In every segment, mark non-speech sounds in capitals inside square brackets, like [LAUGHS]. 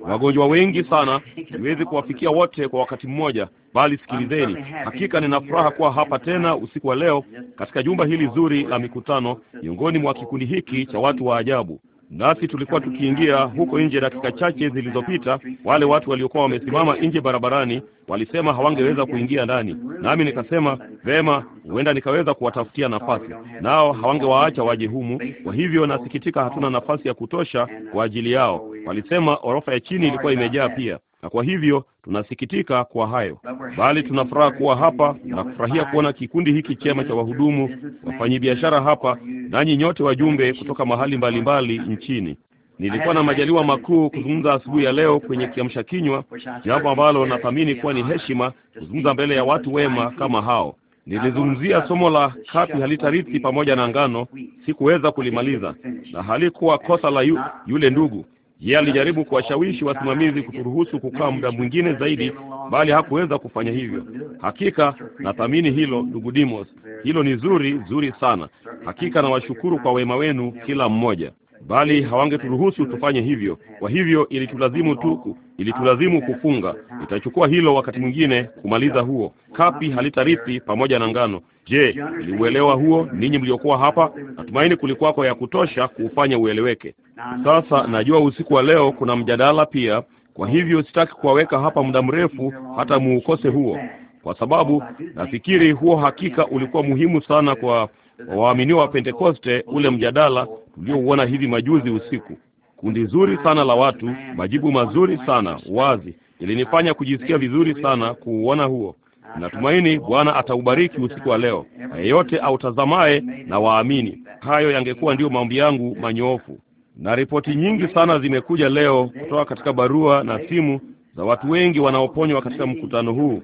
wagonjwa wengi sana, siwezi kuwafikia wote kwa wakati mmoja, bali sikilizeni, hakika nina furaha kuwa hapa tena usiku wa leo katika jumba hili zuri la mikutano, miongoni mwa kikundi hiki cha watu wa ajabu nasi tulikuwa tukiingia huko nje dakika chache zilizopita. Wale watu waliokuwa wamesimama nje barabarani walisema hawangeweza kuingia ndani, nami nikasema vema, huenda nikaweza kuwatafutia nafasi, nao hawangewaacha waje humu. Kwa hivyo nasikitika, hatuna nafasi ya kutosha kwa ajili yao. Walisema orofa ya chini ilikuwa imejaa pia na kwa hivyo tunasikitika kwa hayo, bali tunafuraha kuwa hapa na kufurahia kuona kikundi hiki chema cha wahudumu wafanyabiashara hapa, nanyi nyote wajumbe kutoka mahali mbalimbali mbali nchini. Nilikuwa na majaliwa makuu kuzungumza asubuhi ya leo kwenye kiamsha kinywa, jambo ambalo nathamini kuwa ni heshima kuzungumza mbele ya watu wema kama hao. Nilizungumzia somo la kapi halitarithi pamoja na ngano, sikuweza kulimaliza, na halikuwa kosa la yu, yule ndugu yeye alijaribu kuwashawishi wasimamizi kuturuhusu kukaa muda mwingine zaidi, bali hakuweza kufanya hivyo. Hakika nathamini hilo, ndugu Dimos, hilo ni zuri zuri sana. Hakika nawashukuru kwa wema wenu kila mmoja bali hawangeturuhusu tufanye hivyo. Kwa hivyo ilitulazimu tu, ilitulazimu kufunga. Itachukua hilo wakati mwingine kumaliza huo. Kapi halitarithi pamoja na ngano. Je, iliuelewa huo, ninyi mliokuwa hapa? Natumaini kulikuwako ya kutosha kuufanya ueleweke. Sasa najua usiku wa leo kuna mjadala pia, kwa hivyo sitaki kuwaweka hapa muda mrefu, hata muukose huo, kwa sababu nafikiri huo hakika ulikuwa muhimu sana kwa waaminiwa wa Pentekoste, ule mjadala tuliouona hivi majuzi usiku. Kundi zuri sana la watu, majibu mazuri sana, wazi. Ilinifanya kujisikia vizuri sana kuuona huo. Natumaini Bwana ataubariki usiku wa leo, na yeyote autazamaye na waamini. Hayo yangekuwa ndiyo maombi yangu manyoofu. Na ripoti nyingi sana zimekuja leo kutoka katika barua na simu za watu wengi wanaoponywa katika mkutano huu.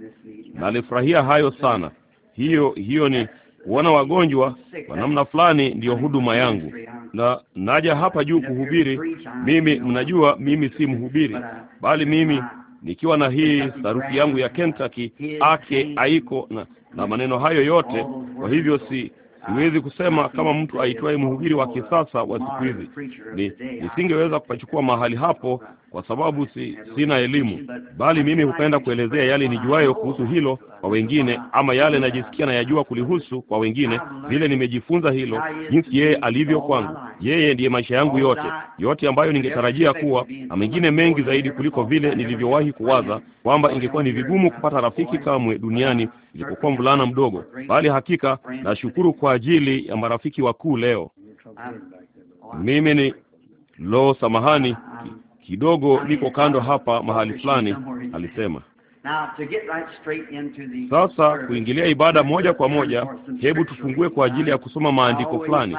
Nalifurahia hayo sana. Hiyo hiyo ni kuona wagonjwa kwa namna fulani ndiyo huduma yangu, na naja hapa juu kuhubiri. Mimi mnajua mimi si mhubiri, uh, bali mimi uh, nikiwa na hii sarufi yangu ya Kentucky ake aiko na, na maneno hayo yote. Kwa hivyo si siwezi kusema uh, kama mtu aitwaye mhubiri wa kisasa wa siku hizi, ni nisingeweza kupachukua mahali hapo kwa sababu si, sina elimu, bali mimi hupenda kuelezea yale nijuayo kuhusu hilo kwa wengine, ama yale najisikia nayajua kulihusu kwa wengine, vile nimejifunza hilo, jinsi yeye alivyo kwangu. Yeye ndiye maisha yangu yote, yote ambayo ningetarajia kuwa na mengine mengi zaidi kuliko vile nilivyowahi kuwaza kwamba ingekuwa ni vigumu kupata rafiki kamwe duniani nilipokuwa mvulana mdogo, bali hakika nashukuru kwa ajili ya marafiki wakuu leo. Mimi ni lo, samahani kidogo liko kando hapa mahali fulani, alisema. Sasa kuingilia ibada moja kwa moja, hebu tufungue kwa ajili ya kusoma maandiko fulani.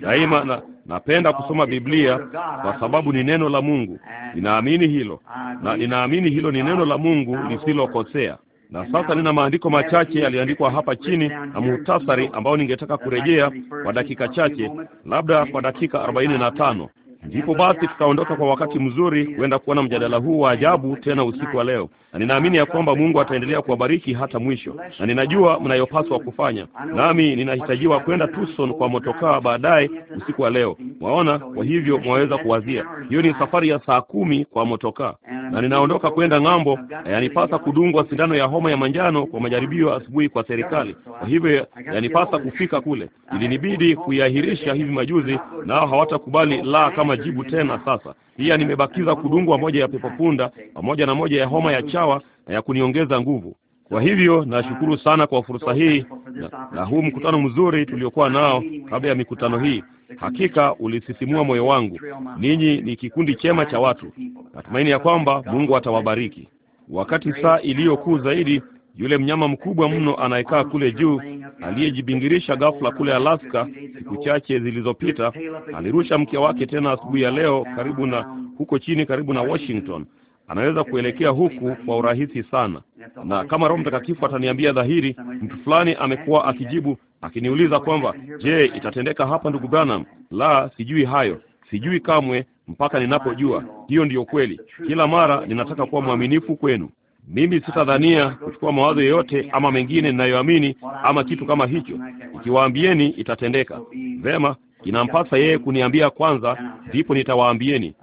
Daima na, napenda oh, kusoma Biblia kwa sababu ni neno la Mungu. Ninaamini hilo na ninaamini hilo ni neno la Mungu lisilokosea. Na sasa nina maandiko machache yaliyoandikwa hapa chini na muhtasari ambao ningetaka kurejea kwa dakika chache, labda kwa dakika arobaini na tano. Ndipo basi tutaondoka kwa wakati mzuri kwenda kuona mjadala huu wa ajabu tena usiku wa leo, na ninaamini ya kwamba Mungu ataendelea kuwabariki hata mwisho, na ninajua mnayopaswa kufanya, nami ninahitajiwa kwenda Tucson kwa motokaa baadaye usiku wa leo. Mwaona, kwa hivyo mwaweza kuwazia, hiyo ni safari ya saa kumi kwa motokaa, na ninaondoka kwenda ng'ambo, na yanipasa kudungwa sindano ya homa ya manjano kwa majaribio asubuhi kwa serikali. Kwa hivyo yanipasa kufika kule, ilinibidi kuiahirisha hivi majuzi, nao hawatakubali la kama majibu tena sasa. Pia nimebakiza kudungwa moja ya punda pamoja na moja ya homa ya chawa na ya kuniongeza nguvu. Kwa hivyo nashukuru sana kwa fursa hii na, na huu mkutano mzuri tuliokuwa nao kabla ya mikutano hii. Hakika ulisisimua moyo wangu. Ninyi ni kikundi chema cha watu. Natumaini ya kwamba Mungu atawabariki. Wakati saa iliyokuu zaidi yule mnyama mkubwa mno anayekaa kule juu, aliyejibingirisha ghafla kule Alaska siku chache zilizopita, alirusha mkia wake tena asubuhi ya leo, karibu na huko chini, karibu na Washington. Anaweza kuelekea huku kwa urahisi sana, na kama Roho Mtakatifu ataniambia dhahiri, mtu fulani amekuwa akijibu akiniuliza kwamba je, itatendeka hapa ndugu Branham? La, sijui hayo, sijui kamwe mpaka ninapojua. Hiyo ndiyo kweli. Kila mara ninataka kuwa mwaminifu kwenu. Mimi sitadhania kuchukua mawazo yoyote ama mengine ninayoamini ama kitu kama hicho. Ikiwaambieni itatendeka vema, inampasa yeye kuniambia kwanza, ndipo nitawaambieni.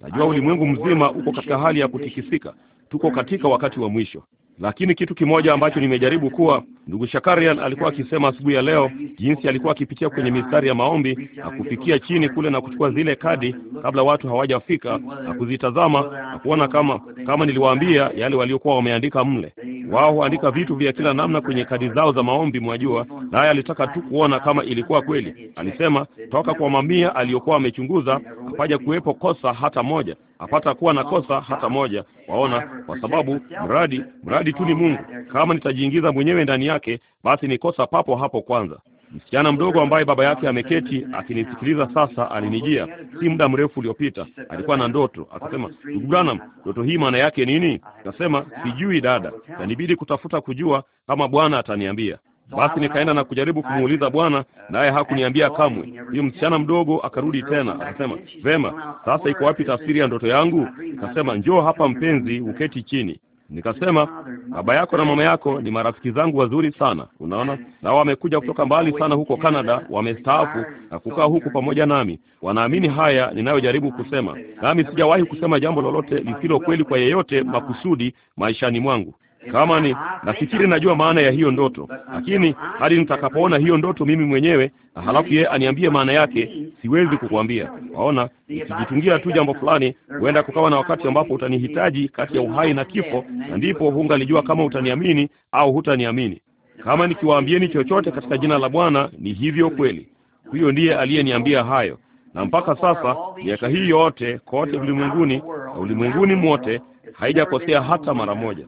najua ulimwengu mzima uko katika hali ya kutikisika, tuko katika wakati wa mwisho. Lakini kitu kimoja ambacho nimejaribu kuwa, ndugu Shakarian alikuwa akisema asubuhi ya leo, jinsi alikuwa akipitia kwenye mistari ya maombi na kufikia chini kule na kuchukua zile kadi kabla watu hawajafika na kuzitazama na kuona kama kama niliwaambia yale waliokuwa wameandika mle. Wao huandika vitu vya kila namna kwenye kadi zao za maombi, mwajua, naye alitaka tu kuona kama ilikuwa kweli. Alisema toka kwa mamia aliyokuwa amechunguza hapaja kuwepo kosa hata moja hapata kuwa na kosa hata moja. Waona, kwa sababu mradi mradi tu ni Mungu. Kama nitajiingiza mwenyewe ndani yake, basi ni kosa papo hapo. Kwanza, msichana mdogo ambaye baba yake ameketi akinisikiliza sasa, alinijia si muda mrefu uliopita. Alikuwa na ndoto, akasema, ndugu Branham, ndoto hii maana yake nini? Akasema, sijui dada, na nibidi kutafuta kujua kama Bwana ataniambia. Basi nikaenda na kujaribu kumuuliza Bwana, naye hakuniambia kamwe. Huyu msichana mdogo akarudi tena akasema, vema, sasa iko wapi tafsiri ya ndoto yangu? Akasema, njoo hapa mpenzi, uketi chini. Nikasema, baba yako na mama yako ni marafiki zangu wazuri sana, unaona, na wamekuja kutoka mbali sana huko Canada, wamestaafu na kukaa huku pamoja nami. Wanaamini haya ninayojaribu kusema, nami sijawahi kusema jambo lolote lisilo kweli kwa yeyote makusudi maishani mwangu kama ni, nafikiri najua maana ya hiyo ndoto, lakini hadi nitakapoona hiyo ndoto mimi mwenyewe na halafu yeye aniambie maana yake, siwezi kukuambia. Waona, usijitungia tu jambo fulani, huenda kukawa na wakati ambapo utanihitaji kati ya uhai na kifo, na ndipo hungalijua kama utaniamini au hutaniamini. Kama nikiwaambieni chochote katika jina la Bwana, ni hivyo kweli. Huyo ndiye aliyeniambia hayo, na mpaka sasa miaka hii yote kote ulimwenguni na ulimwenguni mwote haijakosea hata mara moja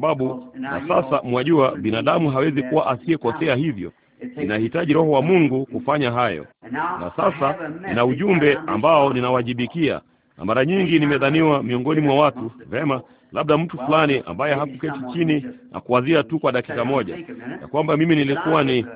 sababu na sasa mwajua, binadamu hawezi kuwa asiyekosea, hivyo inahitaji Roho wa Mungu kufanya hayo. Na sasa nina ujumbe ambao ninawajibikia, na mara nyingi nimedhaniwa miongoni mwa watu vema, labda mtu fulani ambaye hakuketi chini na kuwazia tu kwa dakika moja ya kwamba mimi nilikuwa ni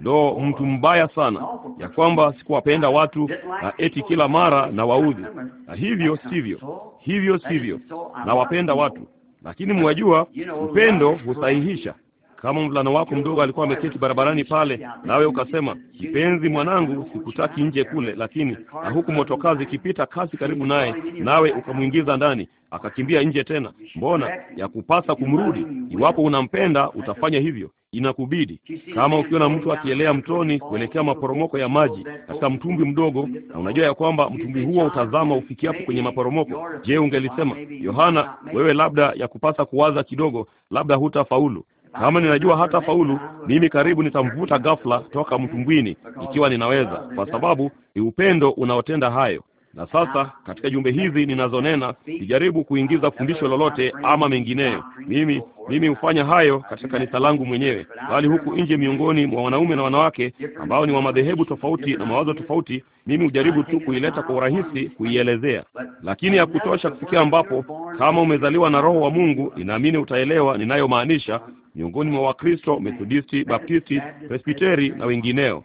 ndo mtu mbaya sana, ya kwamba sikuwapenda watu na eti kila mara na waudhi, na hivyo sivyo, hivyo sivyo, nawapenda watu lakini mwajua upendo husahihisha. Kama mvulana wako mdogo alikuwa ameketi barabarani pale, nawe ukasema, kipenzi mwanangu, sikutaki nje kule, lakini na huku motokazi ikipita kasi karibu naye, nawe ukamwingiza ndani, akakimbia nje tena, mbona ya kupasa kumrudi? Iwapo unampenda utafanya hivyo, inakubidi. Kama ukiona mtu akielea mtoni kuelekea maporomoko ya maji katika mtumbwi mdogo, na unajua ya kwamba mtumbwi huo utazama ufikiapo kwenye maporomoko, je, ungelisema Yohana, wewe labda ya kupasa kuwaza kidogo, labda hutafaulu. Kama ninajua hata faulu, mimi karibu nitamvuta ghafla toka mtumbwini, ikiwa ninaweza, kwa sababu ni upendo unaotenda hayo. Na sasa katika jumbe hizi ninazonena, nijaribu kuingiza fundisho lolote ama mengineyo. Mimi mimi hufanya hayo katika kanisa langu mwenyewe, bali huku nje miongoni mwa wanaume na wanawake ambao ni wa madhehebu tofauti na mawazo tofauti, mimi hujaribu tu kuileta kwa urahisi, kuielezea, lakini ya kutosha kufikia ambapo kama umezaliwa na Roho wa Mungu, ninaamini utaelewa ninayomaanisha, miongoni mwa Wakristo, Methodisti, Baptisti, Presbiteri na wengineo.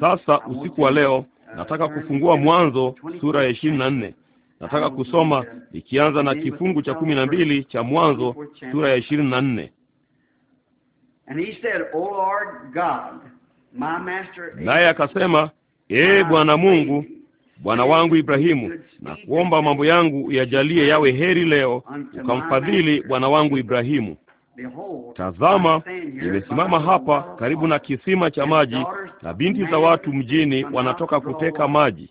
Sasa usiku wa leo nataka kufungua Mwanzo sura ya ishirini na nne. Nataka kusoma ikianza na kifungu cha kumi na mbili cha Mwanzo sura ya ishirini na nne. Naye akasema, ee Bwana Mungu, bwana wangu Ibrahimu, na kuomba mambo yangu yajalie yawe heri leo, ukamfadhili bwana wangu Ibrahimu. Tazama, nimesimama hapa karibu na kisima cha maji, na binti za watu mjini wanatoka kuteka maji.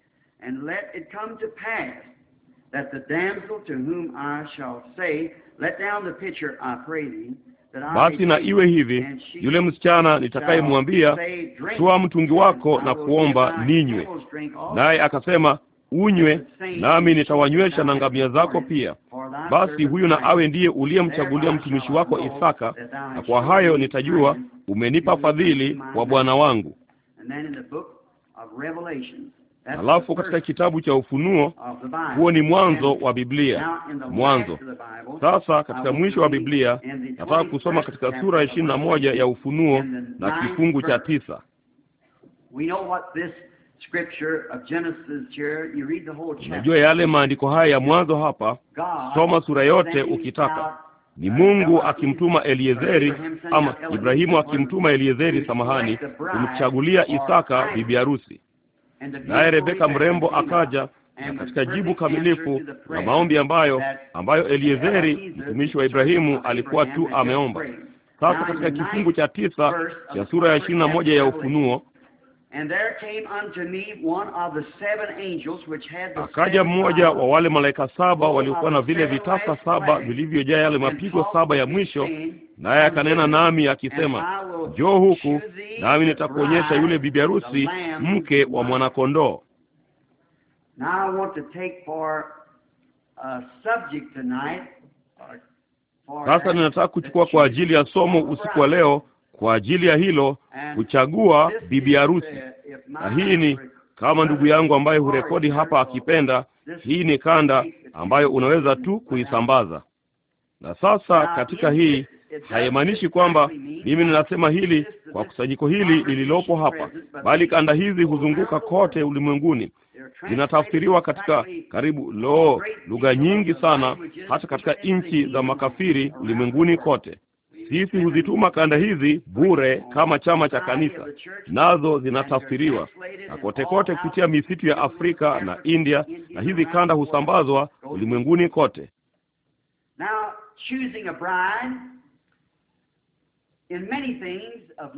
Basi na iwe hivi, yule msichana nitakayemwambia, toa mtungi wako na kuomba ninywe, naye akasema unywe, nami nitawanywesha na ngamia zako pia. Basi huyu na awe ndiye uliyemchagulia mtumishi wako Isaka, na kwa hayo nitajua umenipa fadhili kwa bwana wangu. alafu katika kitabu cha Ufunuo, huo ni mwanzo wa Biblia, mwanzo. Sasa katika mwisho wa Biblia, nataka kusoma katika sura ishirini na moja ya Ufunuo na kifungu cha tisa. Unajua yale maandiko haya ya mwanzo hapa, soma sura yote ukitaka. Ni uh, Mungu akimtuma Eliezeri ama Ibrahimu akimtuma Eliezeri, samahani, kumchagulia Isaka bibi harusi, naye Rebeka mrembo akaja na katika jibu kamilifu na maombi ambayo ambayo Eliezeri mtumishi wa Ibrahimu alikuwa tu ameomba. Sasa katika kifungu cha tisa cha sura ya ishirini na moja ya Ufunuo Akaja mmoja wa wale malaika saba waliokuwa na vile vitasa saba vilivyojaa yale mapigo saba ya mwisho, naye akanena nami akisema, njoo huku nami nitakuonyesha yule bibi harusi, mke wa mwanakondoo. Uh, Sasa ninataka kuchukua kwa ajili ya somo usiku wa leo kwa ajili ya hilo huchagua bibi harusi. Na hii ni kama ndugu yangu ambaye hurekodi hapa akipenda, hii ni kanda ambayo unaweza tu kuisambaza. Na sasa katika hii haimaanishi kwamba mimi ninasema hili kwa kusanyiko hili lililopo hapa, bali kanda hizi huzunguka kote ulimwenguni, zinatafsiriwa katika karibu loo lugha nyingi sana, hata katika nchi za makafiri ulimwenguni kote. Sisi huzituma kanda hizi bure kama chama cha kanisa, nazo zinatafsiriwa na kote kote kupitia misitu ya Afrika na India, na hizi kanda husambazwa ulimwenguni kote.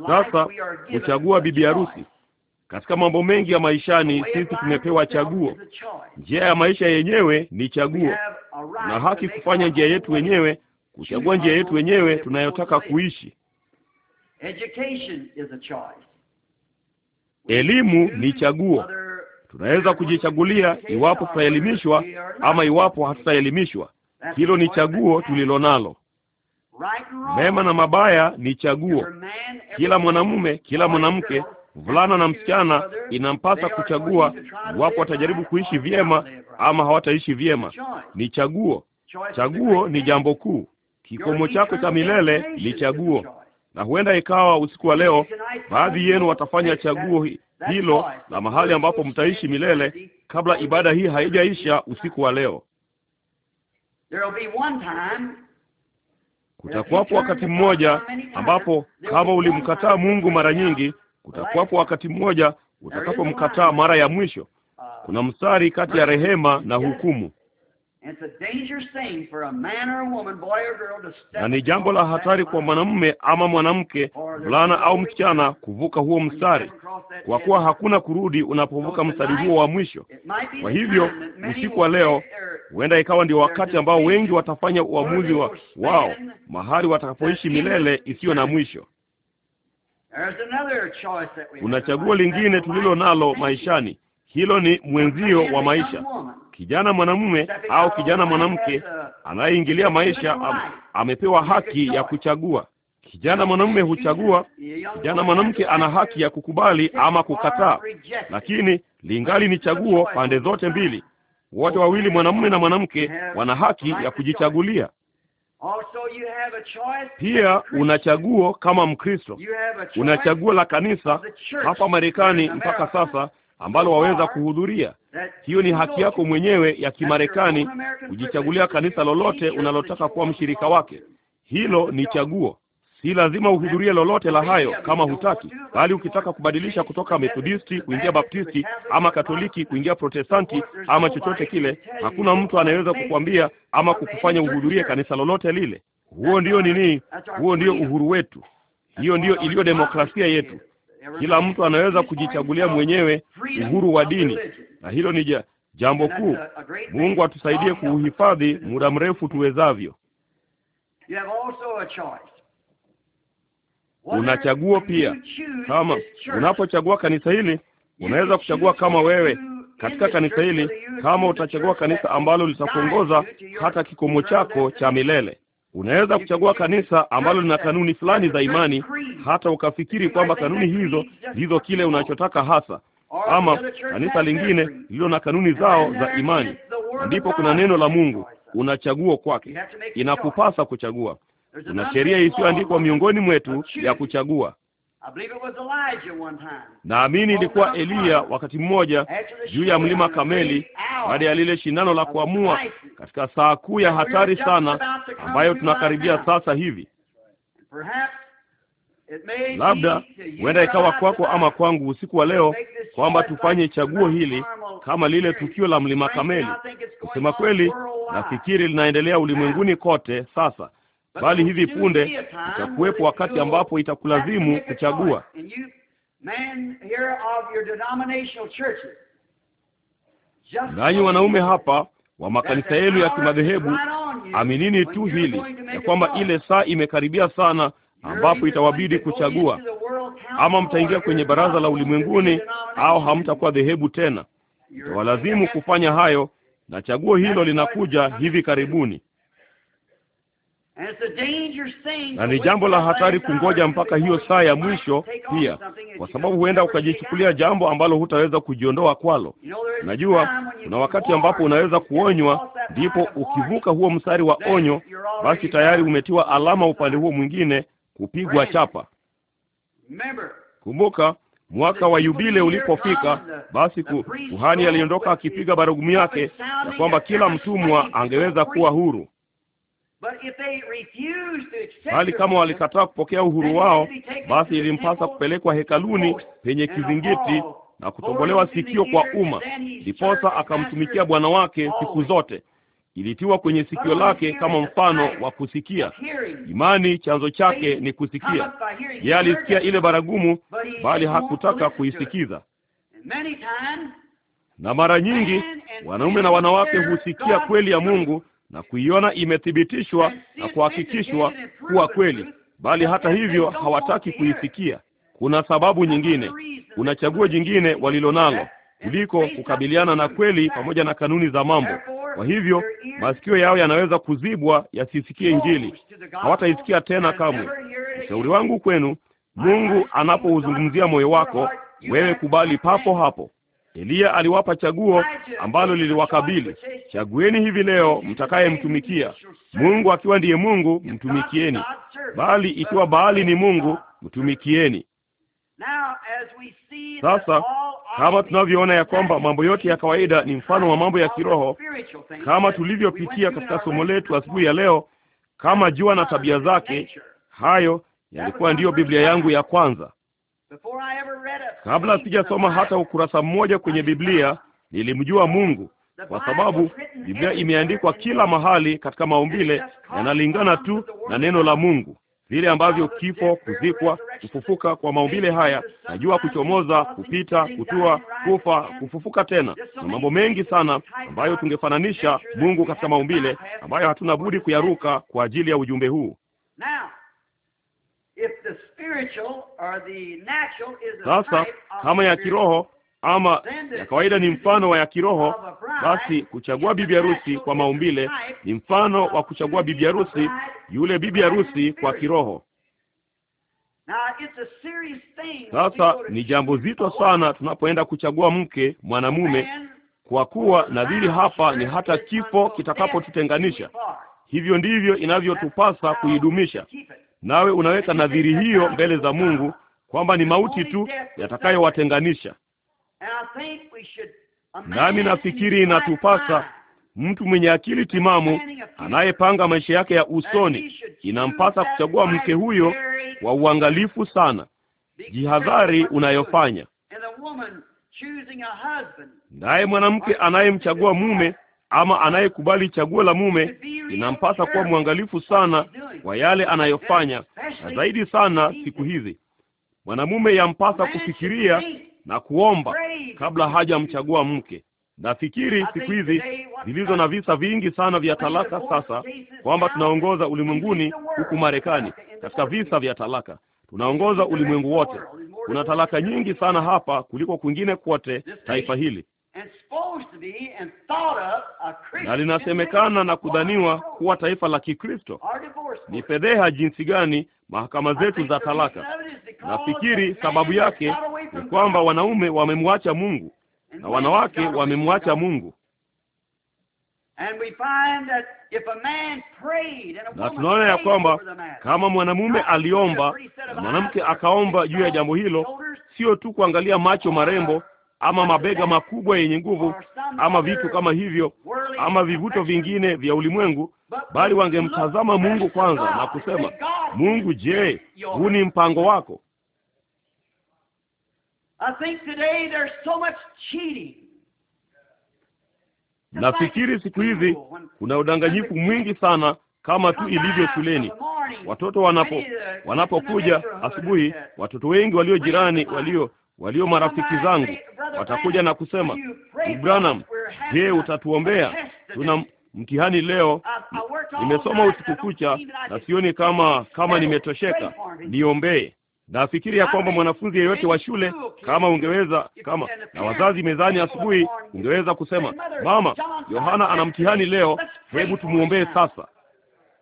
Sasa kuchagua bibi harusi katika mambo mengi ya maishani, sisi tumepewa chaguo. Njia ya maisha yenyewe ni chaguo, na haki kufanya njia yetu wenyewe kuchagua njia yetu wenyewe tunayotaka kuishi. Elimu ni chaguo, tunaweza kujichagulia iwapo tutaelimishwa ama iwapo hatutaelimishwa. Hilo ni chaguo tulilo nalo. Mema na mabaya ni chaguo. Kila mwanamume, kila mwanamke, mvulana na msichana, inampasa kuchagua iwapo watajaribu kuishi vyema ama hawataishi vyema. Ni chaguo. Chaguo ni jambo kuu. Kikomo chako cha milele ni chaguo, na huenda ikawa usiku wa leo baadhi yenu watafanya chaguo hilo la mahali ambapo mtaishi milele kabla ibada hii haijaisha usiku wa leo. Kutakuwapo wakati mmoja ambapo kama ulimkataa Mungu mara nyingi, kutakuwapo wakati mmoja utakapomkataa mara ya mwisho. Kuna mstari kati ya rehema na hukumu na ni jambo la hatari kwa mwanamume ama mwanamke, mvulana au msichana, kuvuka huo mstari, kwa kuwa hakuna kurudi unapovuka mstari huo wa mwisho. Kwa hivyo usiku wa leo, huenda ikawa ndio wakati ambao wengi watafanya uamuzi wa wao mahali watakapoishi milele isiyo na mwisho. Kuna chaguo lingine tulilo nalo maishani, hilo ni mwenzio wa maisha kijana mwanamume au kijana mwanamke anayeingilia maisha am, amepewa haki ya kuchagua. Kijana mwanamume huchagua, kijana mwanamke ana haki ya kukubali ama kukataa, lakini lingali ni chaguo pande zote mbili. Wote wawili, mwanamume na mwanamke, wana haki ya kujichagulia. Pia una chaguo kama Mkristo, una chaguo la kanisa hapa Marekani mpaka sasa ambalo waweza kuhudhuria. Hiyo ni haki yako mwenyewe ya Kimarekani kujichagulia kanisa lolote unalotaka kuwa mshirika wake. Hilo ni chaguo. Si lazima uhudhurie lolote la hayo kama hutaki, bali ukitaka kubadilisha kutoka Methodisti kuingia Baptisti ama Katoliki kuingia Protestanti ama chochote kile, hakuna mtu anayeweza kukwambia ama kukufanya uhudhurie kanisa lolote lile. Huo ndio nini? Huo ndio uhuru wetu. Hiyo ndiyo iliyo demokrasia yetu. Kila mtu anaweza kujichagulia mwenyewe uhuru wa dini, na hilo ni jambo kuu. Mungu atusaidie kuuhifadhi muda mrefu tuwezavyo. Unachagua pia, kama unapochagua kanisa hili, unaweza kuchagua kama wewe katika kanisa hili, kama utachagua kanisa ambalo litakuongoza hata kikomo chako cha milele. Unaweza kuchagua kanisa ambalo lina kanuni fulani za imani, hata ukafikiri kwamba kanuni hizo ndizo kile unachotaka hasa, ama kanisa lingine lililo na kanuni zao za imani. Ndipo kuna neno la Mungu, una chaguo kwake, inakupasa kuchagua. Kuna sheria isiyoandikwa miongoni mwetu ya kuchagua. Naamini ilikuwa Eliya wakati mmoja juu ya mlima Kameli, baada ya lile shindano la kuamua katika saa kuu ya hatari sana ambayo tunakaribia sasa hivi. Labda huenda ikawa kwako ama kwangu usiku wa leo kwamba tufanye chaguo hili kama lile tukio la mlima Kameli. Kusema kweli, nafikiri linaendelea ulimwenguni kote sasa bali hivi punde itakuwepo wakati ambapo itakulazimu kuchagua. Nanyi wanaume hapa wa makanisa yenu ya kimadhehebu, aminini tu hili ya kwamba ile saa imekaribia sana ambapo itawabidi kuchagua, ama mtaingia kwenye baraza la ulimwenguni au hamtakuwa dhehebu tena. Itawalazimu kufanya hayo, na chaguo hilo linakuja hivi karibuni na ni jambo la hatari kungoja mpaka hiyo saa ya mwisho pia, kwa sababu huenda ukajichukulia jambo ambalo hutaweza kujiondoa kwalo. Najua kuna wakati ambapo unaweza kuonywa, ndipo ukivuka huo mstari wa onyo, basi tayari umetiwa alama upande huo mwingine, kupigwa chapa. Kumbuka mwaka wa yubile ulipofika, basi kuhani aliondoka akipiga baragumu yake, ya kwamba kila mtumwa angeweza kuwa huru bali kama walikataa kupokea uhuru wao, basi ilimpasa kupelekwa hekaluni penye kizingiti na kutobolewa sikio kwa umma, ndiposa akamtumikia bwana wake siku zote. Ilitiwa kwenye sikio lake kama mfano wa kusikia. Imani chanzo chake ni kusikia. Yeye alisikia ile baragumu, bali hakutaka kuisikiza. Na mara nyingi wanaume na wanawake husikia kweli ya Mungu na kuiona imethibitishwa na kuhakikishwa kuwa kweli, bali hata hivyo hawataki kuifikia. Kuna sababu nyingine, kuna chaguo jingine walilonalo kuliko kukabiliana na kweli pamoja na kanuni za mambo. Kwa hivyo masikio yao yanaweza kuzibwa yasisikie Injili, hawataisikia tena kamwe. Ushauri wangu kwenu, Mungu anapouzungumzia moyo wako, wewe kubali papo hapo. Eliya aliwapa chaguo ambalo liliwakabili, chagueni hivi leo mtakayemtumikia. Mungu akiwa ndiye Mungu, mtumikieni, bali ikiwa Baali ni Mungu, mtumikieni. Sasa kama tunavyoona ya kwamba mambo yote ya kawaida ni mfano wa mambo ya kiroho, kama tulivyopitia katika somo letu asubuhi ya leo, kama jua na tabia zake, hayo yalikuwa ndiyo Biblia yangu ya kwanza. Kabla sijasoma hata ukurasa mmoja kwenye Biblia, nilimjua Mungu kwa sababu Biblia imeandikwa kila mahali katika maumbile, yanalingana tu na neno la Mungu, vile ambavyo kifo, kuzikwa, kufufuka kwa maumbile haya, najua kuchomoza, kupita, kutua, kufa, kufufuka tena, na mambo mengi sana ambayo tungefananisha Mungu katika maumbile, ambayo hatuna budi kuyaruka kwa ajili ya ujumbe huu. Sasa kama ya kiroho ama ya kawaida ni mfano wa ya kiroho, basi kuchagua bibi harusi kwa maumbile ni mfano wa kuchagua bibi harusi yule bibi harusi kwa kiroho. Sasa ni jambo zito sana tunapoenda kuchagua mke mwanamume, kwa kuwa nadhiri hapa ni hata kifo kitakapotutenganisha. Hivyo ndivyo inavyotupasa kuidumisha nawe unaweka nadhiri hiyo mbele za Mungu kwamba ni mauti tu yatakayowatenganisha. Nami nafikiri inatupasa mtu mwenye akili timamu anayepanga maisha yake ya usoni, inampasa kuchagua mke huyo kwa uangalifu sana. Jihadhari unayofanya naye mwanamke anayemchagua mume ama anayekubali chaguo la mume, inampasa kuwa mwangalifu sana kwa yale anayofanya, na zaidi sana siku hizi mwanamume yampasa kufikiria na kuomba kabla hajamchagua mke. Nafikiri siku hizi zilizo na visa vingi sana vya talaka, sasa kwamba tunaongoza ulimwenguni huku Marekani katika visa vya talaka, tunaongoza ulimwengu wote. Kuna talaka nyingi sana hapa kuliko kwingine kote taifa hili na linasemekana na kudhaniwa kuwa taifa la Kikristo. Ni fedheha jinsi gani mahakama zetu za talaka! Nafikiri sababu yake ni kwamba wanaume wamemwacha Mungu na wanawake wamemwacha Mungu, na tunaona ya kwamba kama mwanamume aliomba na mwanamke akaomba juu ya jambo hilo, sio tu kuangalia macho marembo ama mabega makubwa yenye nguvu ama vitu kama hivyo ama vivuto vingine vya ulimwengu, bali wangemtazama Mungu kwanza na kusema, Mungu, je, huu ni mpango wako? Nafikiri siku hizi kuna udanganyifu mwingi sana, kama tu ilivyo shuleni. Watoto wanapo wanapokuja asubuhi, watoto wengi walio jirani walio walio marafiki zangu watakuja na kusema, Branham, je, utatuombea? Tuna mtihani leo, uh, nimesoma usiku kucha na sioni kama kama nimetosheka, niombee. Nafikiri ya kwamba mwanafunzi yeyote wa shule kama ungeweza kama na wazazi mezani asubuhi, ungeweza kusema, mama, Yohana ana mtihani leo, hebu tumwombee sasa.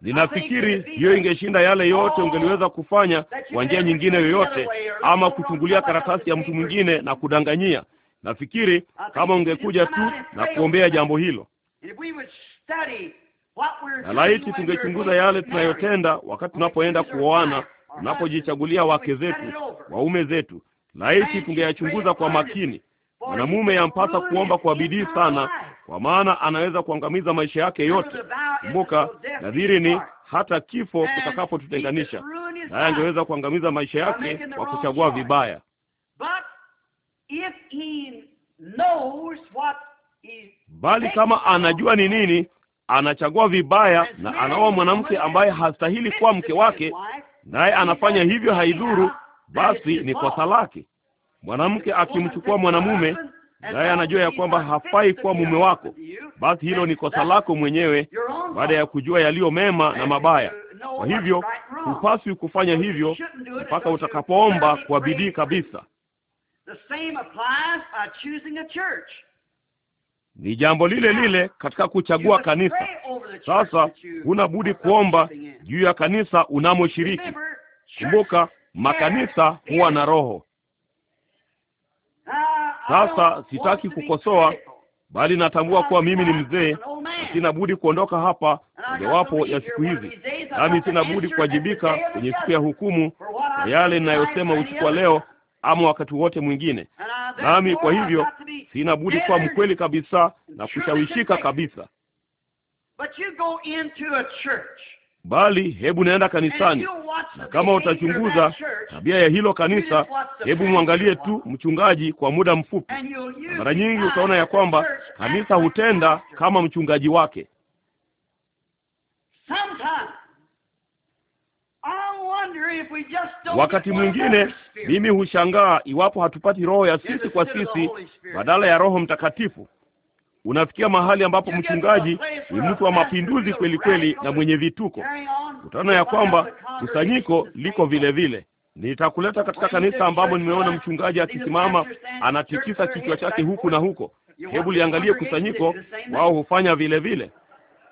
Ninafikiri hiyo ingeshinda yale yote ungeliweza kufanya kwa njia nyingine yoyote, ama kuchungulia karatasi ya mtu mwingine na kudanganyia. Nafikiri kama ungekuja tu na kuombea jambo hilo, na laiti tungechunguza yale tunayotenda wakati tunapoenda kuoana, tunapojichagulia wake zetu, waume zetu, laiti tungeyachunguza kwa makini. Mwanamume yampasa kuomba kwa bidii sana kwa maana anaweza kuangamiza maisha yake yote. Kumbuka, nadhiri ni hata kifo kitakapotutenganisha naye. Angeweza kuangamiza maisha yake kwa kuchagua vibaya, bali kama anajua ni nini anachagua vibaya na anaoa mwanamke ambaye hastahili kuwa mke wake, naye anafanya hivyo haidhuru, basi ni kosa lake. Mwanamke akimchukua mwanamume naye anajua ya kwamba hafai kuwa mume wako, basi hilo ni kosa lako mwenyewe, baada ya kujua yaliyo mema na mabaya. Kwa hivyo hupaswi kufanya hivyo mpaka utakapoomba kwa bidii kabisa. Ni jambo lile lile katika kuchagua kanisa. Sasa huna budi kuomba juu ya kanisa unamoshiriki. Kumbuka, makanisa huwa na roho sasa sitaki kukosoa, bali natambua kuwa mimi ni mzee, sina budi kuondoka hapa, mojawapo ya siku hizi, nami sina budi kuwajibika kwenye siku ya hukumu na yale ninayosema uchukua leo ama wakati wote mwingine. Nami kwa hivyo sina budi kuwa mkweli kabisa na kushawishika kabisa bali hebu naenda kanisani, na kama utachunguza tabia ya hilo kanisa, hebu mwangalie tu mchungaji kwa muda mfupi, na mara nyingi utaona ya kwamba kanisa hutenda kama mchungaji wake. Wakati mwingine mimi hushangaa iwapo hatupati roho ya sisi kwa sisi badala ya Roho Mtakatifu unafikia mahali ambapo mchungaji ni mtu wa mapinduzi kweli kweli na mwenye vituko. Utaona ya kwamba kusanyiko liko vile vile. Nitakuleta katika kanisa ambamo nimeona mchungaji akisimama anatikisa kichwa chake huku na huko. Hebu liangalie kusanyiko, wao hufanya vile vile.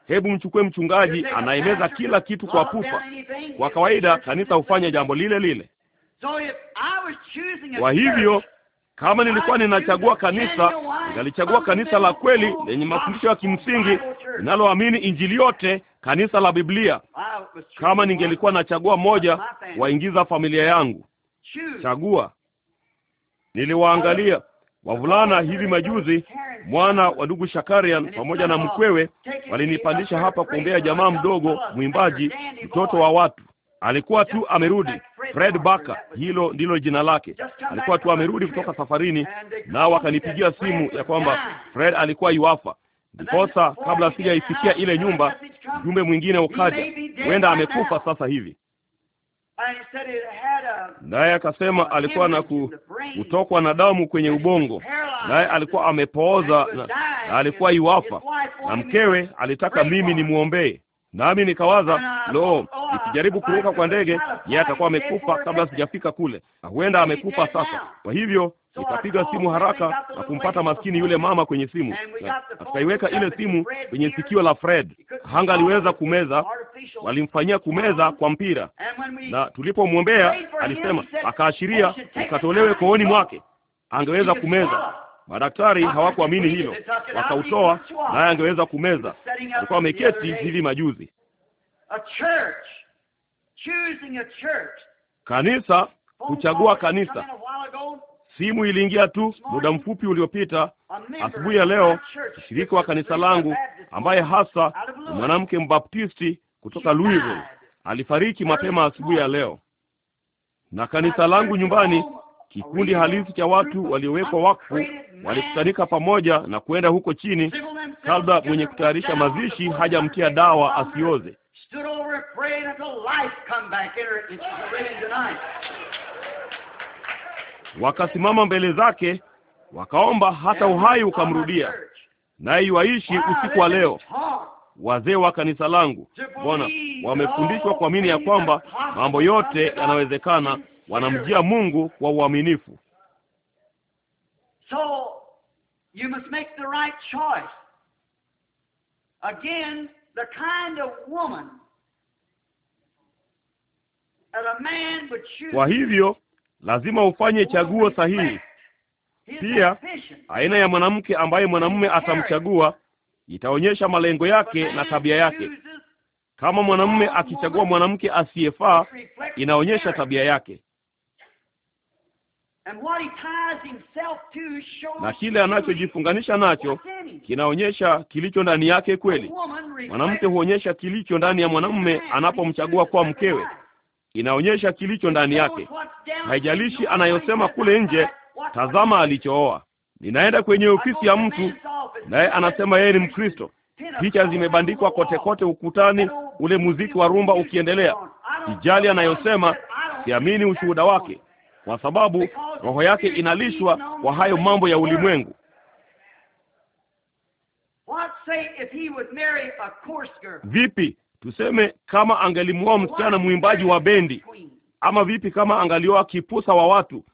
Hebu mchukue mchungaji anaemeza kila kitu kwa pupa. Kwa kawaida kanisa hufanya jambo lile lile. Kwa hivyo kama nilikuwa ninachagua kanisa, ningalichagua kanisa la kweli lenye mafundisho ya kimsingi linaloamini injili yote, kanisa la Biblia. Kama ningelikuwa nachagua moja, waingiza familia yangu. Chagua. Niliwaangalia wavulana hivi majuzi, mwana wa ndugu Shakarian pamoja na mkwewe walinipandisha hapa kuombea jamaa mdogo mwimbaji, mtoto wa watu, alikuwa tu amerudi Fred Barker, hilo ndilo jina lake. Alikuwa tu amerudi kutoka safarini, nao wakanipigia simu ya kwamba Fred alikuwa yuafa. Ndiposa kabla sijaifikia ile nyumba, mjumbe mwingine ukaja, huenda amekufa sasa hivi. Naye akasema alikuwa na kutokwa na damu kwenye ubongo, naye alikuwa amepooza na, na alikuwa iwafa, na mkewe alitaka mimi nimwombee. Nami nikawaza lo, nikijaribu kuruka kwa ndege, yeye atakuwa amekufa kabla sijafika kule, na huenda amekufa sasa. Kwa hivyo nikapiga simu haraka na kumpata maskini yule mama kwenye simu, na tukaiweka ile simu kwenye sikio la Fred. Hanga aliweza kumeza, walimfanyia kumeza um, kwa mpira, na tulipomwombea alisema, akaashiria oh, ukatolewe kooni mwake, angeweza kumeza Madaktari hawakuamini hilo, wakautoa naye angeweza kumeza. Alikuwa wameketi hivi majuzi, kanisa kuchagua kanisa. Simu iliingia tu muda mfupi uliopita asubuhi ya leo. Mshiriki wa kanisa langu ambaye hasa ni mwanamke mbaptisti kutoka Louisville alifariki mapema asubuhi ya leo, na kanisa langu nyumbani kikundi halisi cha watu waliowekwa wakfu walikusanyika pamoja na kwenda huko chini, kabla mwenye kutayarisha mazishi hajamtia dawa asioze. Wakasimama mbele zake wakaomba hata uhai ukamrudia, naye yuaishi usiku wa leo. Wazee wa kanisa langu, Bwana, wamefundishwa kuamini ya kwamba mambo yote yanawezekana wanamjia Mungu kwa uaminifu. So you must make the right choice. Again, the kind of woman that a man would choose. Kwa hivyo lazima ufanye chaguo sahihi. Pia aina ya mwanamke ambaye mwanamume atamchagua itaonyesha malengo yake na tabia yake. Kama mwanamume akichagua mwanamke asiyefaa, inaonyesha tabia yake na kile anachojifunganisha nacho kinaonyesha kilicho ndani yake kweli. Mwanamke huonyesha kilicho ndani ya mwanamume anapomchagua kuwa mkewe, inaonyesha kilicho ndani yake. Haijalishi anayosema kule nje, tazama alichooa. Ninaenda kwenye ofisi ya mtu naye anasema yeye ni Mkristo, picha zimebandikwa kote kote ukutani, ule muziki wa rumba ukiendelea. Sijali anayosema, siamini ushuhuda wake kwa sababu roho yake inalishwa kwa hayo mambo ya ulimwengu. Vipi tuseme kama angalimwoa msichana mwimbaji wa bendi, ama vipi kama angalioa kipusa wa watu,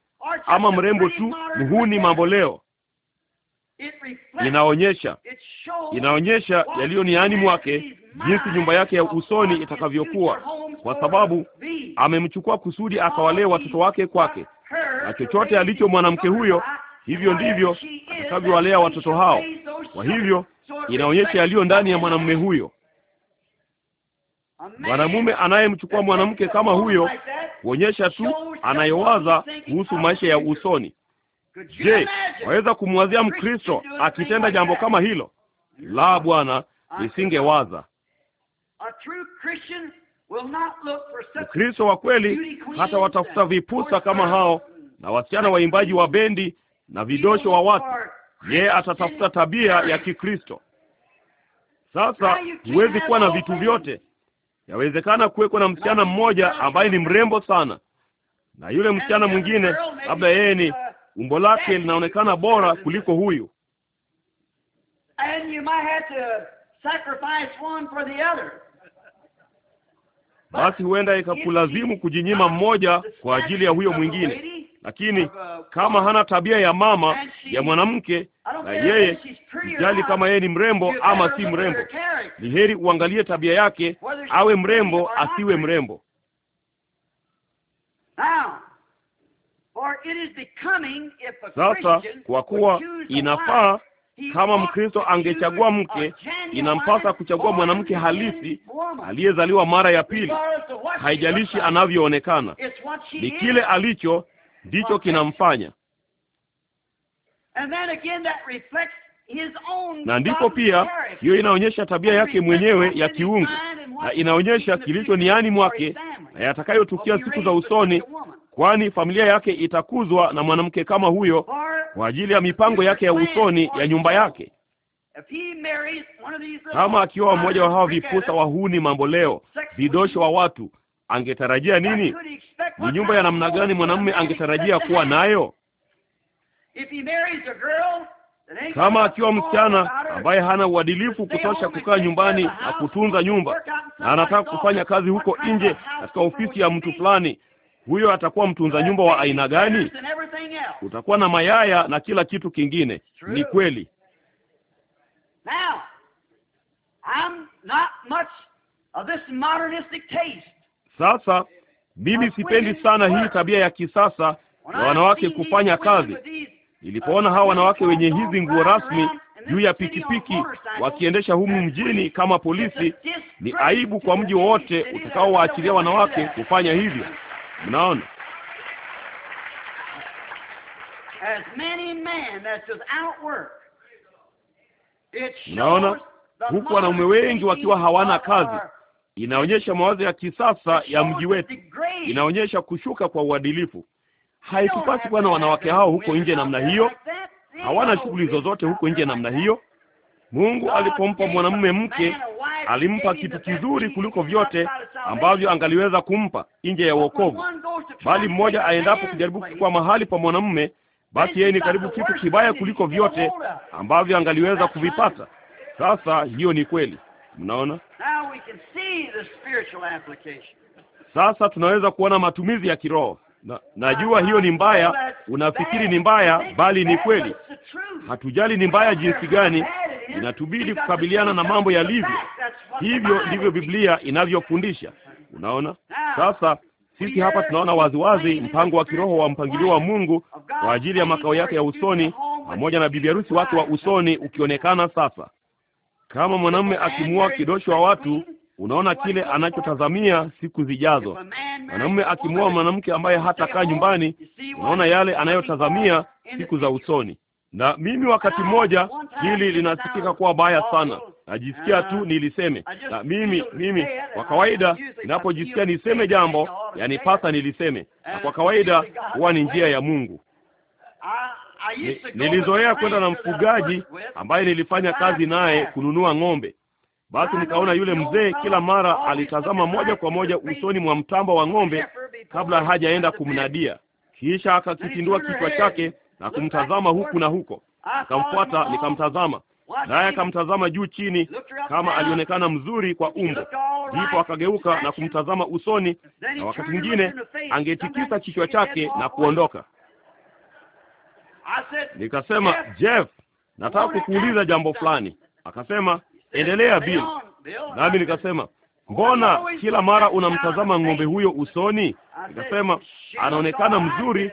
ama mrembo tu mhuni mamboleo, Inaonyesha inaonyesha yaliyo niani mwake, jinsi nyumba yake ya usoni itakavyokuwa, kwa sababu amemchukua kusudi akawalee watoto wake kwake, na chochote alicho mwanamke huyo, hivyo ndivyo atakavyowalea watoto hao. Kwa hivyo inaonyesha yaliyo ndani ya mwanamume huyo. Mwanamume anayemchukua mwanamke kama huyo, kuonyesha tu anayowaza kuhusu maisha ya usoni Je, waweza kumwazia Mkristo akitenda jambo kama hilo? La, bwana, isingewaza. Mkristo wa kweli hata watafuta vipusa kama hao na wasichana waimbaji wa bendi na vidosho wa watu. Yeye atatafuta tabia ya Kikristo. Sasa huwezi kuwa na vitu vyote. Yawezekana kuwekwa na msichana mmoja ambaye ni mrembo sana, na yule msichana mwingine labda yeye ni umbo lake linaonekana bora kuliko huyu, basi huenda ikakulazimu kujinyima mmoja kwa ajili ya huyo mwingine. Lakini kama hana tabia ya mama ya mwanamke, na yeye ijali kama yeye ni mrembo ama si mrembo, ni heri uangalie tabia yake, awe mrembo asiwe mrembo. Now, sasa kwa kuwa inafaa kama Mkristo angechagua mke, inampasa kuchagua mwanamke halisi aliyezaliwa mara ya pili. Haijalishi anavyoonekana, ni kile alicho ndicho kinamfanya. Na ndipo pia hiyo inaonyesha tabia yake mwenyewe ya kiungu, na inaonyesha kilicho niani mwake na yatakayotukia siku za usoni kwani familia yake itakuzwa na mwanamke kama huyo kwa ajili ya mipango yake ya usoni ya nyumba yake. Kama akiwa mmoja wa hawa vipusa wahuni, mambo leo, vidosho wa watu, angetarajia nini? Ni nyumba ya namna gani mwanamume angetarajia kuwa nayo? Kama akiwa msichana ambaye hana uadilifu kutosha kukaa nyumbani na kutunza nyumba, na anataka kufanya kazi huko nje katika ofisi ya mtu fulani huyo atakuwa mtunza nyumba wa aina gani? Utakuwa na mayaya na kila kitu kingine. Ni kweli. Sasa mimi sipendi sana hii tabia ya kisasa ya wanawake kufanya kazi. Nilipoona uh, hawa wanawake wenye hizi nguo rasmi juu ya pikipiki wakiendesha humu mjini kama polisi, ni aibu kwa mji wowote utakaowaachilia wanawake kufanya hivyo. Mnaona, mnaona huku wanaume wengi wakiwa hawana kazi. Inaonyesha mawazo ya kisasa ya mji wetu, inaonyesha kushuka kwa uadilifu. Haitupasi kuwa na wanawake hao huko nje namna hiyo, hawana shughuli zozote huko nje namna hiyo. Mungu alipompa mwanamume mke alimpa kitu kizuri kuliko vyote ambavyo angaliweza kumpa nje ya wokovu. Bali mmoja aendapo kujaribu kuchukua mahali pa mwanamume, basi yeye ni karibu kitu kibaya kuliko vyote ambavyo angaliweza kuvipata. Sasa hiyo ni kweli, mnaona. Sasa tunaweza kuona matumizi ya kiroho na, najua hiyo ni mbaya, unafikiri ni mbaya, bali ni kweli. Hatujali ni mbaya jinsi gani, inatubidi kukabiliana na mambo yalivyo. Hivyo ndivyo Biblia inavyofundisha. Unaona, sasa sisi hapa tunaona waziwazi mpango wa kiroho wa mpangilio wa Mungu kwa ajili ya makao yake ya usoni pamoja na bibi harusi wake wa usoni ukionekana sasa. Kama mwanamume akimua kidosho wa watu, unaona kile anachotazamia siku zijazo. Mwanamume akimua mwanamke ambaye hatakaa nyumbani, unaona yale anayotazamia siku za usoni. Na mimi wakati mmoja, hili linasikika kuwa baya sana, najisikia tu niliseme. Na mimi mimi kwa kawaida ninapojisikia niseme jambo, yanipasa niliseme, na kwa kawaida huwa ni njia ya Mungu. Ni, nilizoea kwenda na mfugaji ambaye nilifanya kazi naye kununua ng'ombe. Basi nikaona yule mzee kila mara alitazama moja kwa moja usoni mwa mtamba wa ng'ombe kabla hajaenda kumnadia, kisha akakitindua kichwa chake na kumtazama huku na huko. Akamfuata nikamtazama, naye akamtazama juu chini, kama alionekana mzuri kwa umbo. Ndipo akageuka na kumtazama usoni, na wakati mwingine angetikisa kichwa chake na kuondoka. Nikasema, Jeff, nataka kukuuliza jambo fulani. Akasema, endelea Bill. Nami nikasema mbona kila mara unamtazama ng'ombe huyo usoni? Nikasema anaonekana mzuri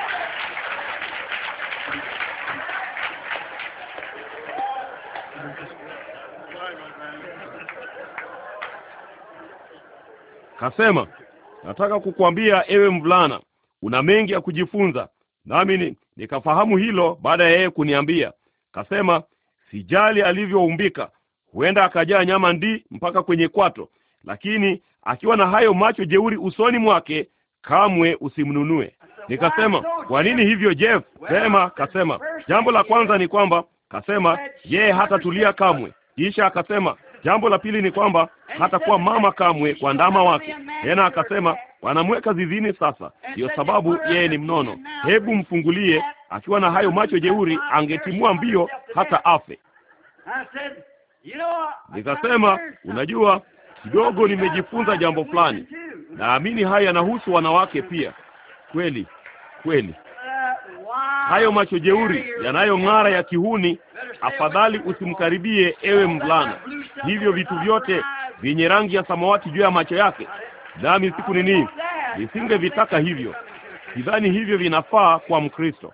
kasema nataka kukuambia ewe mvulana, una mengi ya kujifunza. Nami nikafahamu hilo baada ya yeye kuniambia. Kasema, sijali alivyoumbika, huenda akajaa nyama ndi mpaka kwenye kwato, lakini akiwa na hayo macho jeuri usoni mwake kamwe usimnunue. Nikasema, kwa nini hivyo Jeff? Sema. Kasema, jambo la kwanza ni kwamba, kasema yeye hatatulia kamwe. Kisha akasema Jambo la pili ni kwamba hatakuwa mama kamwe kwa ndama wake. Tena akasema wanamweka zizini. Sasa ndiyo sababu yeye ni mnono. Hebu mfungulie. Akiwa na hayo macho jeuri, angetimua mbio hata afe. Nikasema, unajua, kidogo nimejifunza jambo fulani. Naamini haya yanahusu wanawake pia. Kweli kweli hayo macho jeuri yanayong'ara ya kihuni, afadhali usimkaribie, ewe mvulana. Hivyo vitu vyote vyenye rangi ya samawati juu ya macho yake, nami siku nini nisingevitaka hivyo. Sidhani hivyo vinafaa kwa Mkristo.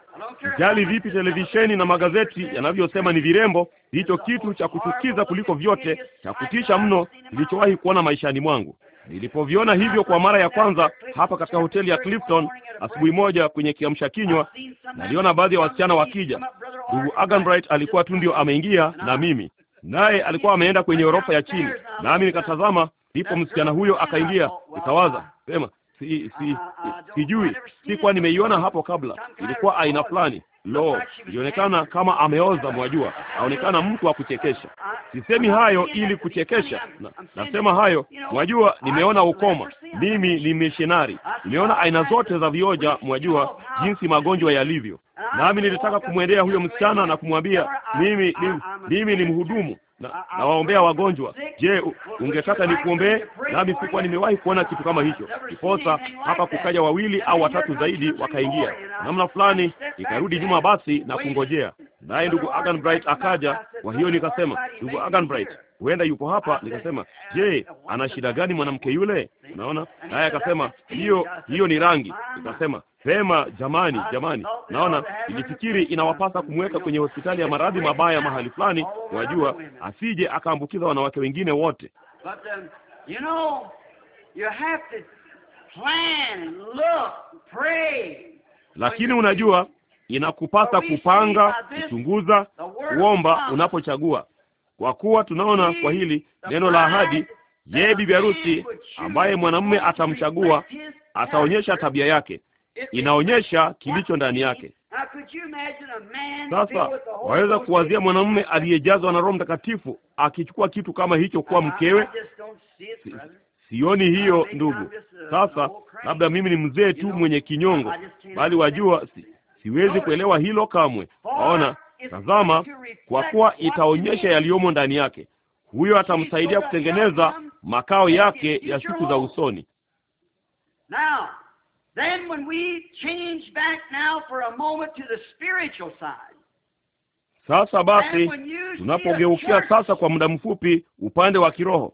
Jali vipi televisheni na magazeti yanavyosema ni virembo, hicho kitu cha kuchukiza kuliko vyote, cha kutisha mno nilichowahi kuona maishani mwangu. Nilipoviona hivyo kwa mara ya kwanza hapa katika hoteli ya Clifton asubuhi moja kwenye kiamsha kinywa, naliona baadhi ya wasichana wakija. Ndugu Aganbright alikuwa tu ndio ameingia na mimi, naye alikuwa ameenda kwenye orofa ya chini, nami nikatazama. Ndipo msichana huyo akaingia, nikawaza sema, si si sijui, si, si, si, si, si, si, si, si, si, kwa nimeiona hapo kabla, ilikuwa aina fulani Lo, ilionekana kama ameoza, mwajua, aonekana mtu wa kuchekesha. Sisemi hayo ili kuchekesha na, nasema hayo mwajua, nimeona ukoma, mimi ni mishinari, nimeona aina zote za vioja, mwajua jinsi magonjwa yalivyo nami nilitaka kumwendea huyo msichana na kumwambia mimi, mimi, mimi ni mhudumu na, waombea wagonjwa. Je, ungetaka nikuombee? Nami sikuwa nimewahi kuona kitu kama hicho, kiposa hapa kukaja wawili au watatu zaidi, wakaingia namna fulani, ikarudi nyuma basi na kungojea, naye ndugu Agan Bright akaja. Kwa hiyo nikasema, ndugu Agan Bright, huenda yuko hapa. Nikasema, uh, je, ana shida gani mwanamke yule? Unaona, naye akasema, hiyo hiyo ni rangi. Nikasema, pema jamani, jamani, naona ilifikiri inawapasa kumweka kwenye hospitali ya maradhi mabaya mahali fulani, wajua, asije akaambukiza wanawake wengine wote. Um, Lakini unajua inakupasa kupanga, kuchunguza, kuomba unapochagua kwa kuwa tunaona kwa hili neno la ahadi, yeye bibi harusi ambaye mwanamume atamchagua ataonyesha tabia yake, inaonyesha kilicho ndani yake. Sasa waweza kuwazia mwanamume aliyejazwa na Roho Mtakatifu akichukua kitu kama hicho kuwa mkewe? Si, sioni hiyo ndugu. Sasa labda mimi ni mzee tu mwenye kinyongo, bali wajua, si, siwezi kuelewa hilo kamwe. Waona, Tazama, kwa kuwa itaonyesha yaliyomo ndani yake. Huyo atamsaidia kutengeneza makao yake ya siku za usoni. Sasa basi, tunapogeukia sasa kwa muda mfupi upande wa kiroho,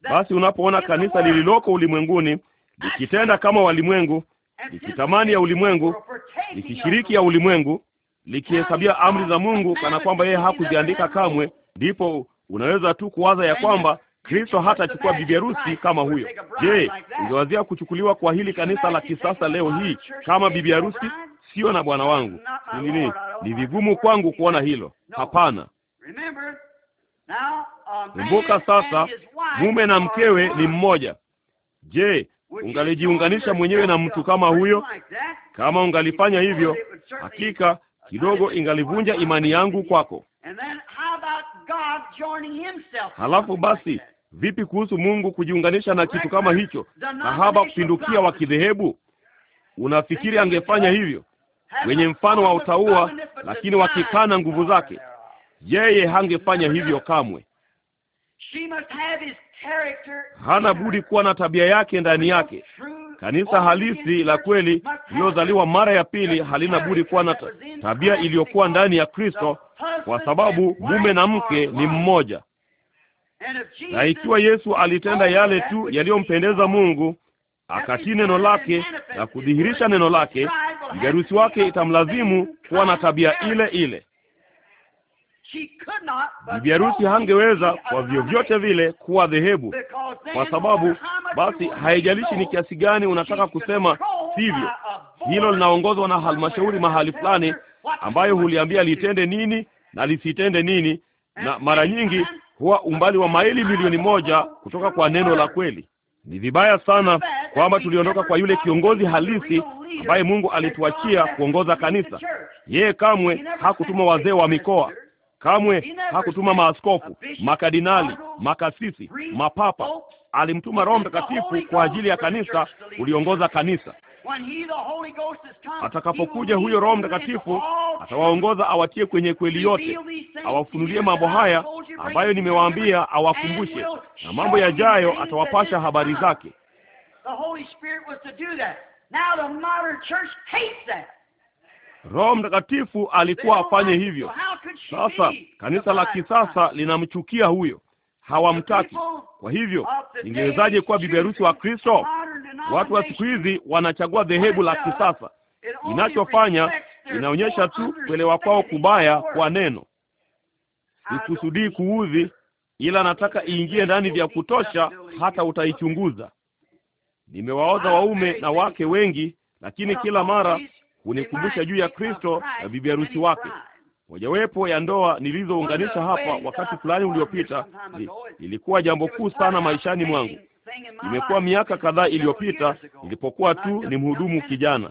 basi unapoona kanisa lililoko ulimwenguni likitenda kama walimwengu, likitamani ya ulimwengu, likishiriki ya ulimwengu likihesabia amri za Mungu kana kwamba yeye hakuziandika kamwe, ndipo unaweza tu kuwaza ya kwamba Kristo hatachukua bibi harusi kama huyo. Je, ungewazia kuchukuliwa kwa hili kanisa la kisasa leo hii kama bibi harusi? Sio na bwana wangu, nini, ni vigumu kwangu kuona hilo. Hapana. Um, Kumbuka sasa, mume na mkewe ni mmoja. Je, ungalijiunganisha mwenyewe na mtu kama huyo? Kama ungalifanya hivyo, hakika kidogo ingalivunja imani yangu kwako. Halafu basi vipi kuhusu Mungu kujiunganisha na kitu kama hicho, kahaba kupindukia wa kidhehebu? Unafikiri angefanya hivyo? Wenye mfano wa utaua, lakini wakikana nguvu zake. Yeye hangefanya hivyo kamwe. Hana budi kuwa na tabia yake ndani yake, Kanisa halisi la kweli lililozaliwa mara ya pili halina budi kuwa na tabia iliyokuwa ndani ya Kristo, kwa sababu mume na mke ni mmoja. Na ikiwa Yesu alitenda yale tu yaliyompendeza Mungu, akatii neno lake na kudhihirisha neno lake, mjarusi wake itamlazimu kuwa na tabia ile ile. Bibi harusi hangeweza kwa vyovyote vile kuwa dhehebu, kwa sababu basi, haijalishi ni kiasi gani unataka kusema, sivyo? Hilo linaongozwa na halmashauri mahali fulani, ambayo huliambia litende nini na lisitende nini, na mara nyingi huwa umbali wa maili milioni moja kutoka kwa neno la kweli. Ni vibaya sana kwamba tuliondoka kwa yule kiongozi halisi ambaye Mungu alituachia kuongoza kanisa. Yeye kamwe hakutuma wazee wa mikoa, Kamwe hakutuma maaskofu, makadinali makasisi, mapapa. Alimtuma Roho Mtakatifu kwa ajili ya kanisa uliongoza kanisa. Atakapokuja huyo Roho Mtakatifu atawaongoza, awatie kwenye kweli yote, awafunulie mambo haya ambayo nimewaambia, awakumbushe na mambo yajayo, atawapasha habari zake. Roho Mtakatifu alikuwa afanye hivyo. Sasa kanisa la kisasa linamchukia huyo, hawamtaki. Kwa hivyo ningewezaje kuwa bibi harusi wa Kristo? Watu wa siku hizi wanachagua dhehebu la kisasa. Inachofanya inaonyesha tu kuelewa kwao kubaya kwa neno. Sikusudii kuudhi, ila nataka iingie ndani vya kutosha, hata utaichunguza. Nimewaoza waume na wake wengi, lakini kila mara hunikumbusha juu ya Kristo na bibi harusi wake. Mojawapo ya ndoa nilizounganisha hapa wakati fulani uliopita ilikuwa jambo kuu sana maishani mwangu. Imekuwa miaka kadhaa iliyopita nilipokuwa tu ni mhudumu kijana.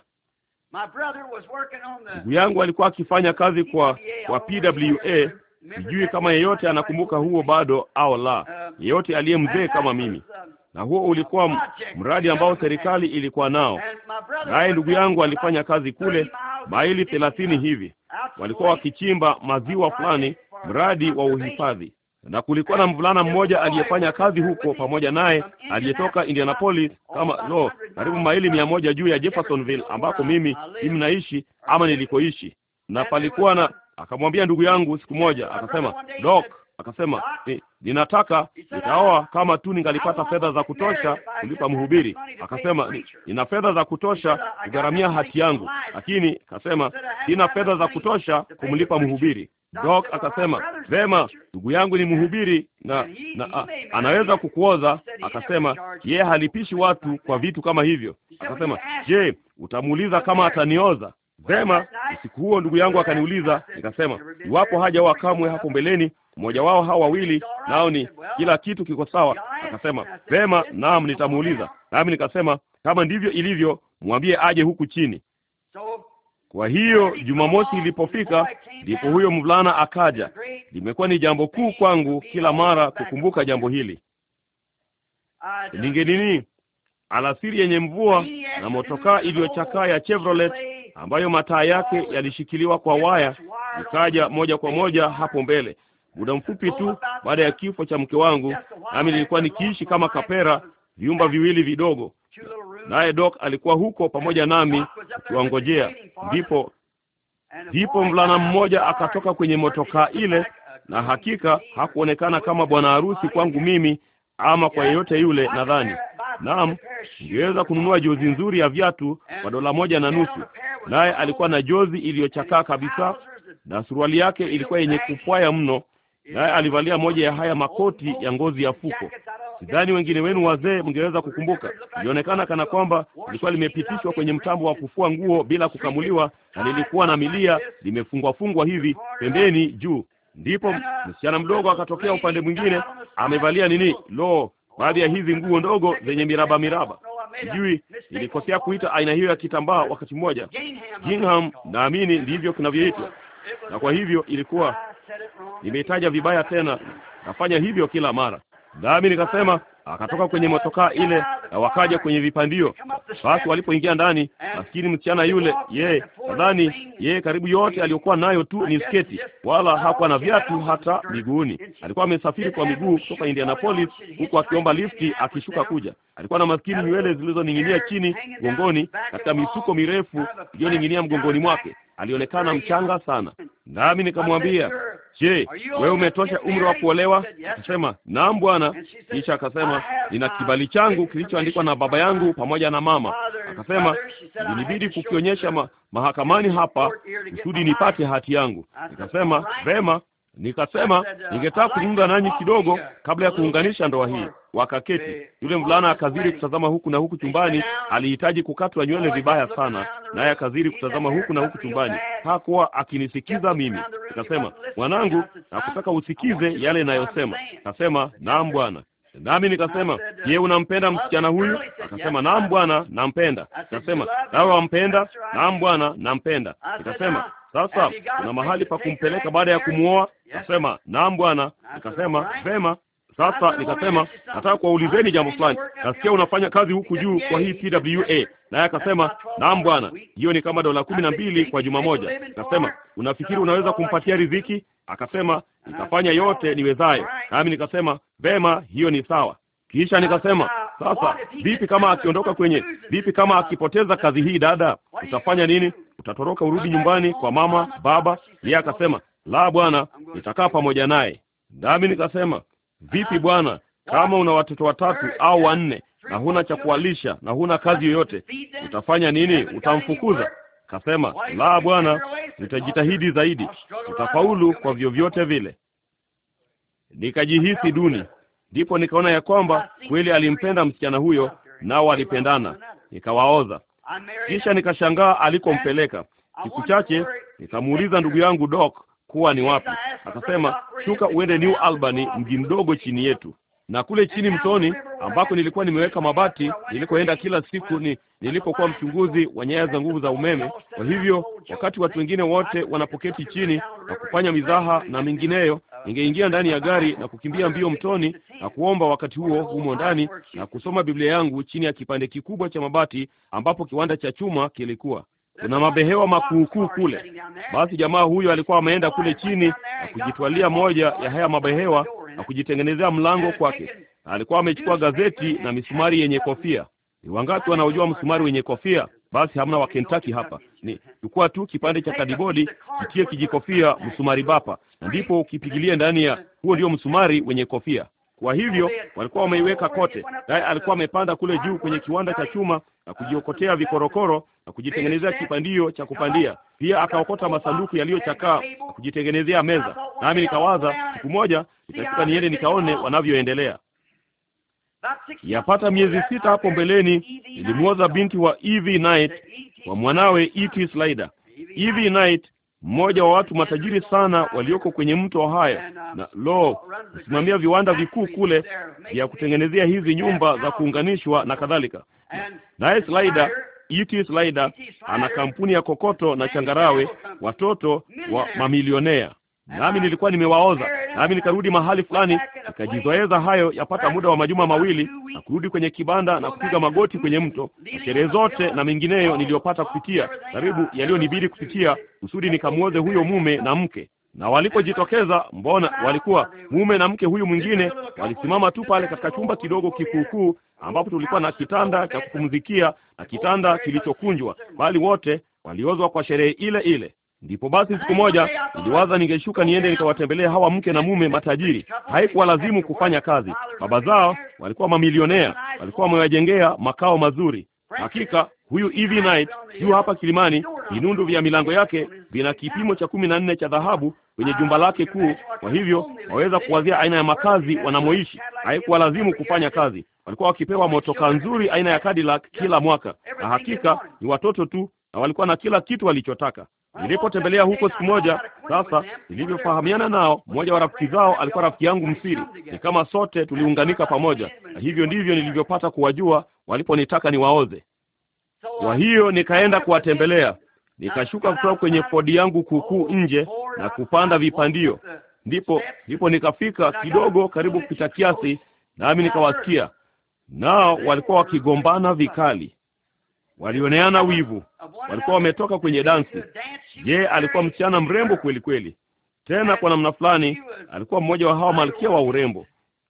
Ndugu yangu alikuwa akifanya kazi kwa kwa PWA. Sijui kama yeyote anakumbuka huo bado au la, um, yeyote aliye mzee kama mimi. Um, na huo ulikuwa mradi ambao serikali ilikuwa nao, naye ndugu yangu alifanya kazi kule maili thelathini hivi, walikuwa wakichimba maziwa fulani, mradi wa uhifadhi. Na kulikuwa na mvulana mmoja aliyefanya kazi huko pamoja naye aliyetoka Indianapolis, kama lo, karibu maili mia moja juu ya Jeffersonville, ambako mimi naishi ama nilikoishi, na palikuwa na akamwambia ndugu yangu siku moja, akasema Doc, Akasema ni, ninataka nitaoa kama tu ningalipata fedha za kutosha kulipa mhubiri. Akasema ni, nina fedha za kutosha kugharamia hati yangu, lakini akasema sina fedha za kutosha kumlipa mhubiri. Doc akasema vema, ndugu yangu ni mhubiri na, na a, anaweza kukuoza. Akasema yeye halipishi watu kwa vitu kama hivyo. Akasema je, utamuuliza kama atanioza? Vema. Usiku huo ndugu yangu akaniuliza, nikasema iwapo haja wakamwe hapo mbeleni mmoja wao hao wawili nao ni kila kitu kiko sawa. Akasema vema, naam, nitamuuliza. Nami nikasema kama ndivyo ilivyo, mwambie aje huku chini. Kwa hiyo Jumamosi ilipofika, ndipo huyo mvulana akaja. Limekuwa ni jambo kuu kwangu kila mara kukumbuka jambo hili. Ninge nini, alasiri yenye mvua na motokaa iliyochakaa ya Chevrolet ambayo mataa yake yalishikiliwa kwa waya, ikaja moja kwa moja hapo mbele muda mfupi tu baada ya kifo cha mke wangu, nami nilikuwa nikiishi kama kapera, vyumba viwili vidogo, naye Doc alikuwa huko pamoja nami akiwangojea. Ndipo ndipo mvulana mmoja akatoka kwenye motokaa ile, na hakika hakuonekana kama bwana harusi kwangu mimi ama kwa yeyote yule. Nadhani naam, ningeweza kununua jozi nzuri ya viatu kwa dola moja na nusu, naye alikuwa na jozi iliyochakaa kabisa na suruali yake ilikuwa yenye kupwaya mno, naye alivalia moja ya haya makoti ya ngozi ya fuko. Sidhani wengine wenu wazee mngeweza kukumbuka. Ilionekana kana kwamba lilikuwa limepitishwa kwenye mtambo wa kufua nguo bila kukamuliwa, na lilikuwa na milia limefungwafungwa hivi pembeni juu. Ndipo msichana mdogo akatokea upande mwingine, amevalia nini, lo, baadhi ya hizi nguo ndogo zenye miraba miraba Sijui ilikosea kuita aina hiyo ya kitambaa wakati mmoja gingham, naamini ndivyo kinavyoitwa. Na kwa hivyo ilikuwa Nimeitaja vibaya tena, nafanya hivyo kila mara. Nami nikasema, akatoka kwenye motokaa ile na wakaja kwenye vipandio. Basi walipoingia ndani, maskini msichana yule, ye nadhani yeye karibu yote aliyokuwa nayo tu ni sketi, wala hakuwa na viatu hata miguuni. Alikuwa amesafiri kwa miguu kutoka Indianapolis, huku akiomba lifti akishuka kuja. Alikuwa na maskini nywele zilizoning'inia chini mgongoni, katika misuko mirefu iliyoning'inia mgongoni mwake alionekana mchanga sana, nami nikamwambia, je, wewe umetosha umri wa kuolewa? Akasema, naam bwana. Kisha akasema, nina uh, kibali changu kilichoandikwa na baba yangu pamoja na mama. Akasema, ilinibidi kukionyesha ma mahakamani hapa kusudi nipate hati yangu. Nikasema, vema, Nikasema ningetaka kuzungumza nanyi kidogo kabla ya kuunganisha ndoa hii. Wakaketi. Yule mvulana akaziri kutazama huku na huku chumbani, alihitaji kukatwa nywele vibaya sana, naye akaziri kutazama huku na huku chumbani, hakuwa akinisikiza mimi. Nikasema, mwanangu, nakutaka usikize yale inayosema Kasema, naam bwana. Nami nikasema, je, unampenda msichana huyu? Akasema, naam bwana, nampenda. Nikasema, nawe wampenda? Naam bwana, nampenda. Nikasema, sasa kuna mahali pa kumpeleka baada ya kumwoa? Akasema, naam bwana. Nikasema, vema. Sasa nikasema, nataka kuwaulizeni jambo fulani. Nasikia unafanya kazi huku juu kwa hii CWA. Naye akasema, naam bwana, hiyo ni kama dola kumi na mbili kwa juma moja. Nikasema, unafikiri unaweza kumpatia riziki? Akasema, nitafanya yote niwezayo. Nami nikasema, vema, hiyo ni sawa. Kisha nikasema sasa, vipi kama akiondoka kwenye, vipi kama akipoteza kazi hii, dada, utafanya nini? Utatoroka urudi nyumbani kwa mama baba? Yeye akasema la, bwana, nitakaa pamoja naye. Nami nikasema vipi uh-huh. bwana, kama una watoto watatu au wanne na huna cha kuwalisha na huna kazi yoyote, utafanya nini? Utamfukuza? Kasema la, bwana, nitajitahidi zaidi, utafaulu kwa vyovyote vile. Nikajihisi duni. Ndipo nikaona ya kwamba kweli alimpenda msichana huyo, nao walipendana, nikawaoza. Kisha nikashangaa alikompeleka. Siku chache nikamuuliza ndugu yangu Doc kuwa ni wapi, akasema shuka uende New Albany, mji mdogo chini yetu na kule chini mtoni ambako nilikuwa nimeweka mabati nilikoenda kila siku ni nilipokuwa mchunguzi wa nyaya za nguvu za umeme. Kwa hivyo wakati watu wengine wote wanapoketi chini na kufanya mizaha na mingineyo ningeingia ndani ya gari na kukimbia mbio mtoni na kuomba wakati huo humo ndani na kusoma Biblia yangu chini ya kipande kikubwa cha mabati ambapo kiwanda cha chuma kilikuwa kuna mabehewa makuukuu kule. Basi jamaa huyo alikuwa ameenda kule chini na kujitwalia moja ya haya mabehewa na kujitengenezea mlango kwake. Alikuwa amechukua gazeti na misumari yenye kofia. Ni wangapi wanaojua msumari wenye kofia? Basi hamna wa Kentucky hapa. Ni chukua tu kipande cha kadibodi, kitie kijikofia msumari bapa, na ndipo ukipigilia ndani ya huo, ndio msumari wenye kofia. Kwa hivyo walikuwa wameiweka kote, naye alikuwa amepanda kule juu kwenye kiwanda cha chuma na kujiokotea vikorokoro na kujitengenezea kipandio cha kupandia. Pia akaokota masanduku yaliyochakaa na kujitengenezea meza. Nami nikawaza siku moja nitafika niende nikaone wanavyoendelea. Yapata miezi sita hapo mbeleni nilimwoza binti wa Evie Knight kwa mwanawe E.T. Slider. Evie Knight mmoja wa watu matajiri sana walioko kwenye mto Ohio, na lo, kusimamia viwanda vikuu kule vya kutengenezea hizi nyumba za kuunganishwa na kadhalika. Naye Slaida E.T. Slaida ana kampuni ya kokoto na changarawe, watoto wa mamilionea nami nilikuwa nimewaoza, nami nikarudi mahali fulani nikajizoeza hayo yapata muda wa majuma mawili, na kurudi kwenye kibanda na kupiga magoti kwenye mto na sherehe zote na mengineyo niliyopata kupitia, karibu yaliyonibidi kupitia kusudi nikamwoze huyo mume na mke na walipojitokeza, mbona walikuwa mume na mke huyu mwingine, walisimama tu pale katika chumba kidogo kikuukuu, ambapo tulikuwa na kitanda cha kupumzikia na kitanda kilichokunjwa, bali wote waliozwa kwa sherehe ile ile. Ndipo basi siku moja niliwaza ningeshuka niende nikawatembelea hawa mke na mume matajiri. Haikuwa lazimu kufanya kazi, baba zao walikuwa mamilionea, walikuwa wamewajengea makao mazuri. Hakika huyu Evie Knight juu hapa Kilimani, vinundu vya milango yake vina kipimo cha kumi na nne cha dhahabu kwenye jumba lake kuu. Kwa hivyo waweza kuwazia aina ya makazi wanamoishi. Haikuwa lazimu kufanya kazi, walikuwa wakipewa motoka nzuri aina ya Cadillac kila mwaka, na hakika ni watoto tu, na walikuwa na kila kitu walichotaka. Nilipotembelea huko siku moja, sasa nilivyofahamiana nao, mmoja wa rafiki zao alikuwa rafiki yangu msiri, ni kama sote tuliunganika pamoja, na hivyo ndivyo nilivyopata kuwajua waliponitaka niwaoze. Kwa hiyo nikaenda kuwatembelea, nikashuka kutoka kwenye podi yangu kukuu nje na kupanda vipandio, ndipo ndipo nikafika kidogo karibu kupita kiasi, nami nikawasikia nao walikuwa wakigombana vikali walioneana wivu, walikuwa wametoka kwenye dansi. Je, alikuwa msichana mrembo kweli kweli, tena kwa namna fulani alikuwa mmoja wa hawa malkia wa urembo.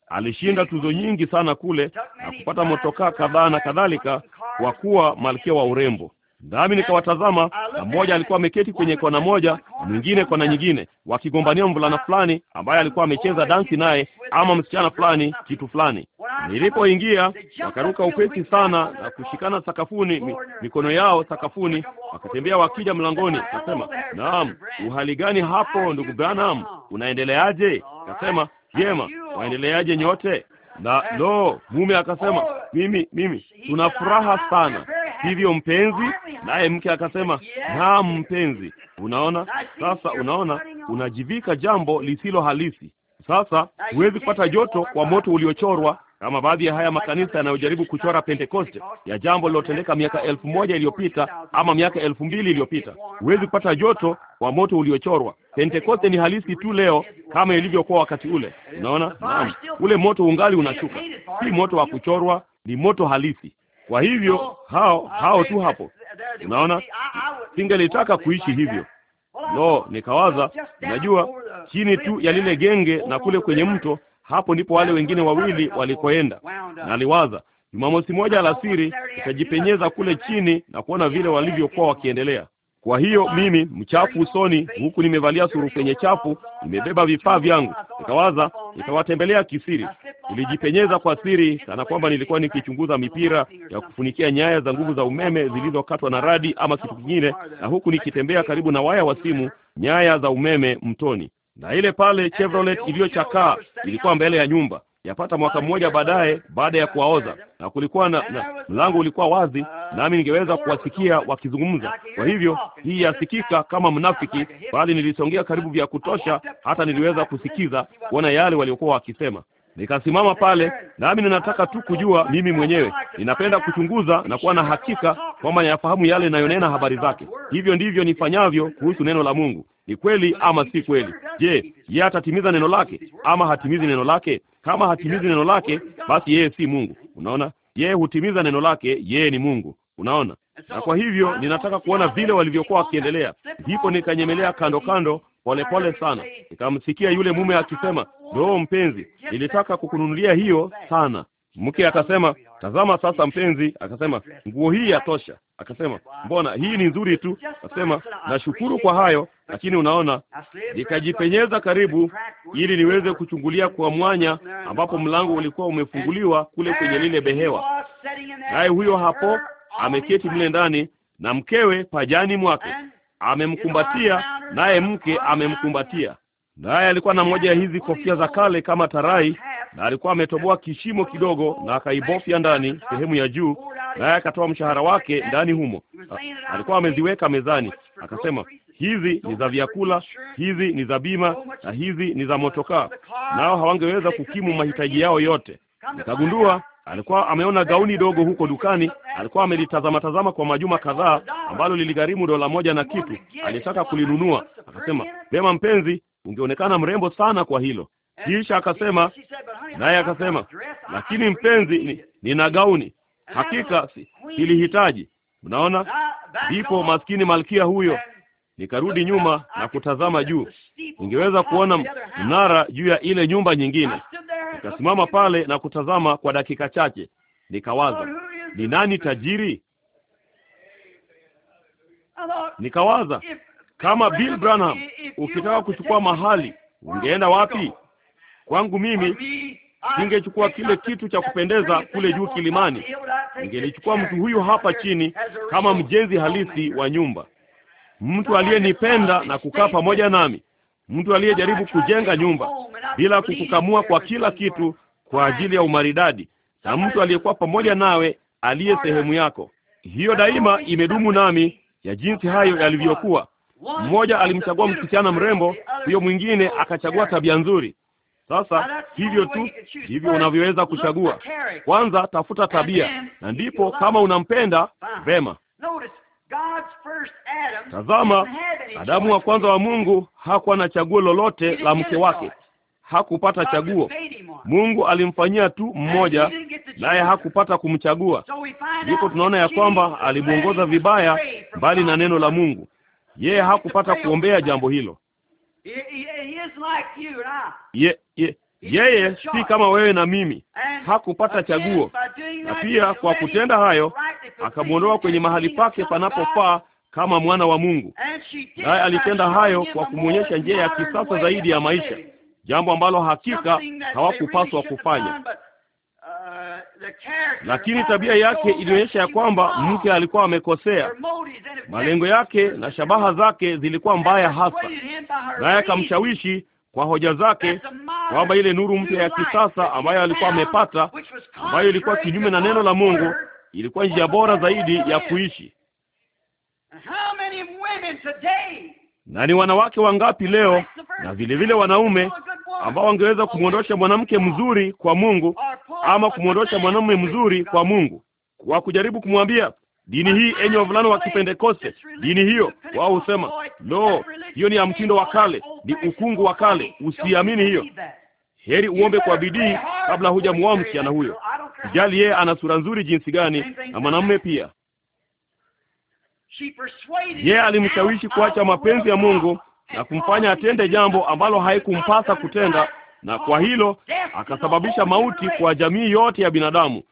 Alishinda tuzo nyingi sana kule na kupata motokaa kadhaa na kadhalika, kwa kuwa malkia wa urembo nami nikawatazama, na mmoja alikuwa ameketi kwenye kona moja na mwingine kona nyingine, wakigombania mvulana fulani ambaye alikuwa amecheza dansi naye, ama msichana fulani, kitu fulani. Nilipoingia wakaruka upesi sana na kushikana sakafuni, mikono yao sakafuni, wakatembea wakija mlangoni. akasema naam, uhali gani hapo ndugu Branham, unaendeleaje? akasema jema, waendeleaje nyote? Na lo, mume akasema, mimi mimi, tuna furaha sana sivyo mpenzi? Naye mke akasema, naam mpenzi. Unaona sasa, unaona unajivika jambo lisilo halisi. Sasa huwezi kupata joto kwa moto uliochorwa kama baadhi ya haya makanisa yanayojaribu kuchora Pentekoste ya jambo lilotendeka miaka elfu moja iliyopita ama miaka elfu mbili iliyopita. Huwezi kupata joto kwa moto uliochorwa. Pentekoste ni halisi tu leo kama ilivyokuwa wakati ule. Unaona, naam, ule moto ungali unashuka, si moto wa kuchorwa, ni moto halisi. Kwa hivyo hao hao tu hapo, unaona, singelitaka kuishi hivyo. Lo, nikawaza, najua chini tu ya lile genge na kule kwenye mto, hapo ndipo wale wengine wawili walikoenda. Naliwaza Jumamosi moja alasiri nikajipenyeza kule chini na kuona vile walivyokuwa wakiendelea. Kwa hiyo mimi mchafu usoni, huku nimevalia kwenye chafu, nimebeba vifaa vyangu, nikawaza nitawatembelea kisiri. Nilijipenyeza kwa siri, kana kwamba nilikuwa nikichunguza mipira ya kufunikia nyaya za nguvu za umeme zilizokatwa na radi ama kitu kingine, na huku nikitembea karibu na waya wa simu, nyaya za umeme mtoni. Na ile pale Chevrolet iliyochakaa ilikuwa mbele ya nyumba, yapata mwaka mmoja baadaye, baada ya kuwaoza, na kulikuwa na, na mlango ulikuwa wazi, nami ningeweza kuwasikia wakizungumza. Kwa hivyo hii yasikika kama mnafiki, bali nilisongea karibu vya kutosha, hata niliweza kusikiza, kuona yale waliokuwa wakisema. Nikasimama pale, nami ninataka tu kujua mimi mwenyewe. Ninapenda kuchunguza na kuwa na hakika kwamba ninafahamu yale inayonena habari zake. Hivyo ndivyo nifanyavyo kuhusu neno la Mungu. Ni kweli ama si kweli? Je, yeye atatimiza neno lake ama hatimizi neno lake? Kama hatimizi neno lake, basi yeye si Mungu. Unaona, yeye hutimiza neno lake, yeye ni Mungu. Unaona, na kwa hivyo ninataka kuona vile walivyokuwa wakiendelea. Ndipo nikanyemelea kando kando, polepole sana, nikamsikia yule mume akisema, ndoo mpenzi, nilitaka kukununulia hiyo sana. Mke akasema, tazama sasa mpenzi, akasema nguo hii yatosha. Akasema mbona hii ni nzuri tu. Akasema nashukuru kwa hayo, lakini unaona, nikajipenyeza karibu ili niweze kuchungulia kwa mwanya ambapo mlango ulikuwa umefunguliwa kule kwenye lile behewa, naye huyo hapo ameketi mle ndani na mkewe pajani mwake, amemkumbatia naye mke amemkumbatia naye. Alikuwa na moja ya hizi kofia za kale kama tarai, na alikuwa ametoboa kishimo kidogo na akaibofya ndani sehemu ya juu, naye akatoa mshahara wake ndani humo. alikuwa ameziweka mezani, akasema hizi ni za vyakula, hizi ni za bima na hizi ni za motokaa, nao hawangeweza kukimu mahitaji yao yote. Nikagundua Alikuwa ameona gauni dogo huko dukani, alikuwa amelitazama tazama kwa majuma kadhaa, ambalo liligharimu dola moja na kitu. Alitaka kulinunua, akasema, "Vema mpenzi, ungeonekana mrembo sana kwa hilo." Kisha akasema, naye akasema, "Lakini mpenzi, ni, nina gauni hakika silihitaji." Mnaona, ndipo maskini malkia huyo. Nikarudi nyuma na kutazama juu, ningeweza kuona mnara juu ya ile nyumba nyingine. Nikasimama pale na kutazama kwa dakika chache, nikawaza ni nani tajiri? Nikawaza kama Bill Branham, ukitaka kuchukua mahali ungeenda wapi? Kwangu mimi singechukua kile kitu cha kupendeza kule juu kilimani, ningelichukua mtu huyu hapa chini, kama mjenzi halisi wa nyumba, mtu aliyenipenda na kukaa pamoja nami mtu aliyejaribu kujenga nyumba bila kukukamua kwa kila kitu kwa ajili ya umaridadi, na mtu aliyekuwa pamoja nawe aliye sehemu yako. Hiyo daima imedumu nami ya jinsi hayo yalivyokuwa. Mmoja alimchagua msichana mrembo, huyo mwingine akachagua tabia nzuri. Sasa hivyo tu hivyo unavyoweza kuchagua. Kwanza tafuta tabia, na ndipo kama unampenda vema, Tazama, Adamu wa kwanza wa Mungu hakuwa na chaguo lolote la mke wake, hakupata chaguo. Mungu alimfanyia tu mmoja, naye hakupata kumchagua. Ndipo tunaona ya kwamba alimwongoza vibaya mbali na neno la Mungu. Yeye hakupata kuombea jambo hilo. Ye, ye, yeye si kama wewe na mimi, hakupata chaguo. Na pia kwa kutenda hayo, akamwondoa kwenye mahali pake panapofaa kama mwana wa Mungu, naye alitenda hayo kwa kumwonyesha njia ya kisasa zaidi ya maisha, jambo ambalo hakika hawakupaswa kufanya. Lakini tabia yake ilionyesha ya kwamba mke alikuwa amekosea. Malengo yake na shabaha zake zilikuwa mbaya hasa, naye akamshawishi kwa hoja zake kwamba ile nuru mpya ya kisasa ambayo alikuwa amepata, ambayo ilikuwa kinyume na neno la Mungu, ilikuwa njia bora zaidi ya kuishi. Na ni wanawake wangapi leo na vile vile wanaume ambao wangeweza kumwondosha mwanamke mzuri kwa Mungu ama kumwondosha mwanamume mzuri kwa Mungu kwa kujaribu kumwambia dini hii, enye wavulana wa Kipentekoste, dini hiyo. Wao husema lo, hiyo ni ya mtindo wa kale, ni ukungu wa kale, usiamini hiyo. Heri uombe kwa bidii kabla hujamuoa msichana huyo. Jali yeye ana sura nzuri jinsi gani, na mwanamume pia. Yeye alimshawishi kuacha mapenzi ya Mungu na kumfanya atende jambo ambalo haikumpasa kutenda, na kwa hilo akasababisha mauti kwa jamii yote ya binadamu.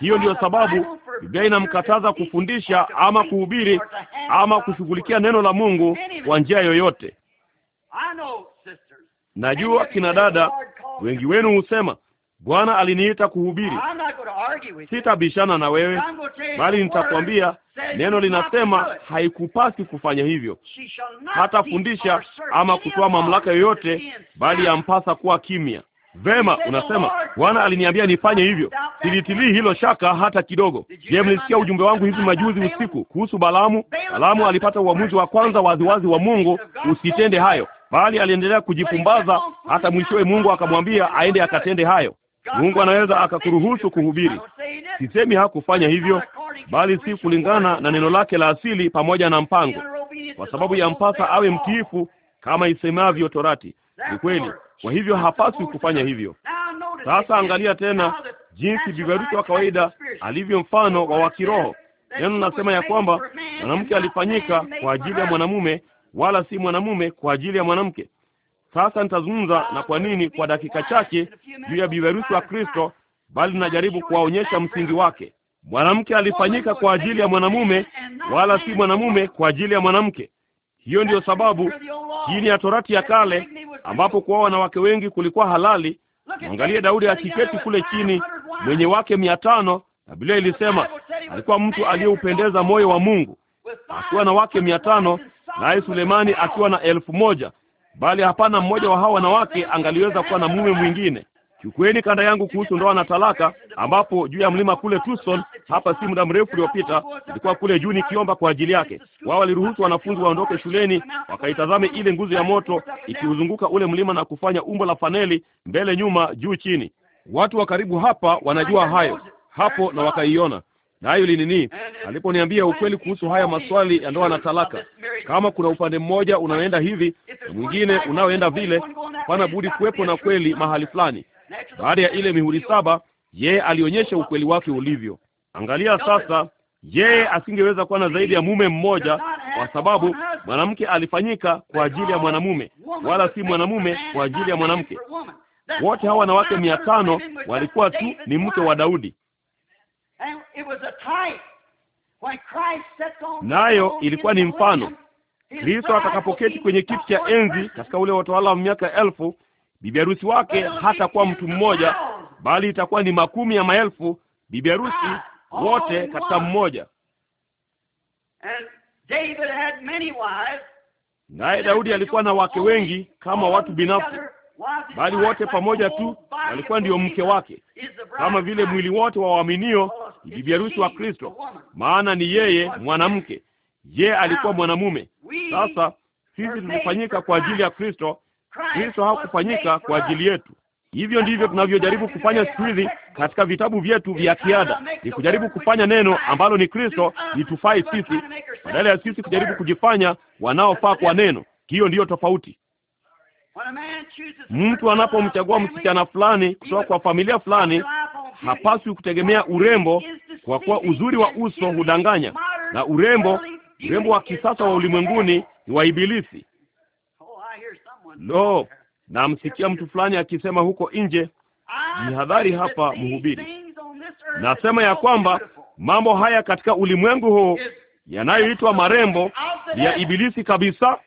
Hiyo ndiyo sababu Biblia inamkataza kufundisha ama kuhubiri ama kushughulikia neno la Mungu kwa njia yoyote. Najua kina dada, Wengi wenu husema Bwana aliniita kuhubiri. Sitabishana na wewe, bali nitakwambia neno linasema haikupasi kufanya hivyo. Hatafundisha ama kutoa mamlaka yoyote, bali yampasa kuwa kimya. Vema, unasema Bwana aliniambia nifanye hivyo. Silitilii hilo shaka hata kidogo. Je, mlisikia ujumbe wangu hivi majuzi usiku kuhusu Balaamu? Balaamu alipata uamuzi wa kwanza waziwazi wa Mungu, usitende hayo bali aliendelea kujipumbaza hata mwishowe Mungu akamwambia aende akatende hayo. Mungu anaweza akakuruhusu kuhubiri. Sisemi hakufanya hivyo, bali si kulingana na neno lake la asili pamoja na mpango, kwa sababu ya mpasa awe mtiifu kama isemavyo Torati. Ni kweli, kwa hivyo hapaswi kufanya hivyo. Sasa angalia tena jinsi biberuti wa kawaida alivyo mfano wa wakiroho Neno nasema ya kwamba mwanamke alifanyika kwa ajili ya mwanamume wala si mwanamume kwa ajili ya mwanamke. Sasa nitazungumza na kwa nini kwa dakika chache juu ya biberusi wa Kristo, bali najaribu kuwaonyesha msingi wake. Mwanamke alifanyika kwa ajili ya mwanamume, wala si mwanamume kwa ajili ya mwanamke. Hiyo ndiyo sababu chini ya torati ya kale, ambapo kwa wanawake wengi kulikuwa halali. Mwangalie Daudi akiketi kule chini, mwenye wake mia tano, na Biblia ilisema alikuwa mtu aliyeupendeza moyo wa Mungu, akiwa na wake mia tano naye Sulemani akiwa na elfu moja, bali hapana mmoja wa hao wanawake angaliweza kuwa na mume mwingine. Chukueni kanda yangu kuhusu ndoa na talaka, ambapo juu ya mlima kule Tucson, hapa si muda mrefu uliopita, ilikuwa kule juu nikiomba kwa ajili yake. Wao waliruhusu wanafunzi waondoke shuleni wakaitazame ile nguzo ya moto ikiuzunguka ule mlima na kufanya umbo la faneli mbele, nyuma, juu, chini. Watu wa karibu hapa wanajua hayo hapo na wakaiona nayo nini aliponiambia ukweli kuhusu haya maswali ya ndoa na talaka, kama kuna upande mmoja unaoenda hivi na mwingine unaoenda vile, pana budi kuwepo na kweli mahali fulani. Baada ya ile mihuri saba, yeye alionyesha ukweli wake ulivyo. Angalia sasa, yeye asingeweza kuwa na zaidi ya mume mmoja, kwa sababu mwanamke alifanyika kwa ajili ya mwanamume, wala si mwanamume kwa ajili ya mwanamke. Wote hawa wanawake mia tano walikuwa tu ni mke wa Daudi nayo ilikuwa ni mfano. Kristo atakapoketi kwenye kiti cha enzi katika ule watawala wa miaka elfu, bibi harusi wake hatakuwa mtu mmoja, bali itakuwa ni makumi ya maelfu bibi harusi ah, wote katika mmoja. Naye Daudi alikuwa na wake wengi kama watu binafsi bali wote pamoja tu walikuwa ndiyo mke wake, kama vile mwili wote wa waaminio ni bibi harusi wa Kristo, maana ni yeye mwanamke, ye alikuwa mwanamume. Sasa sisi tulifanyika kwa ajili ya Kristo, Kristo hakufanyika kwa ajili yetu. Hivyo ndivyo tunavyojaribu kufanya siku hizi katika vitabu vyetu vya kiada, ni kujaribu kufanya neno ambalo ni Kristo litufai sisi, badala ya sisi kujaribu kujifanya wanaofaa kwa neno. Hiyo ndiyo tofauti. Mtu anapomchagua msichana fulani kutoka kwa familia fulani, hapaswi kutegemea urembo, kwa kuwa uzuri wa uso hudanganya, na urembo, urembo wa kisasa wa ulimwenguni ni wa Ibilisi. Lo, namsikia mtu fulani akisema huko nje, jihadhari hapa mhubiri, nasema ya kwamba mambo haya katika ulimwengu huu yanayoitwa marembo ya Ibilisi kabisa.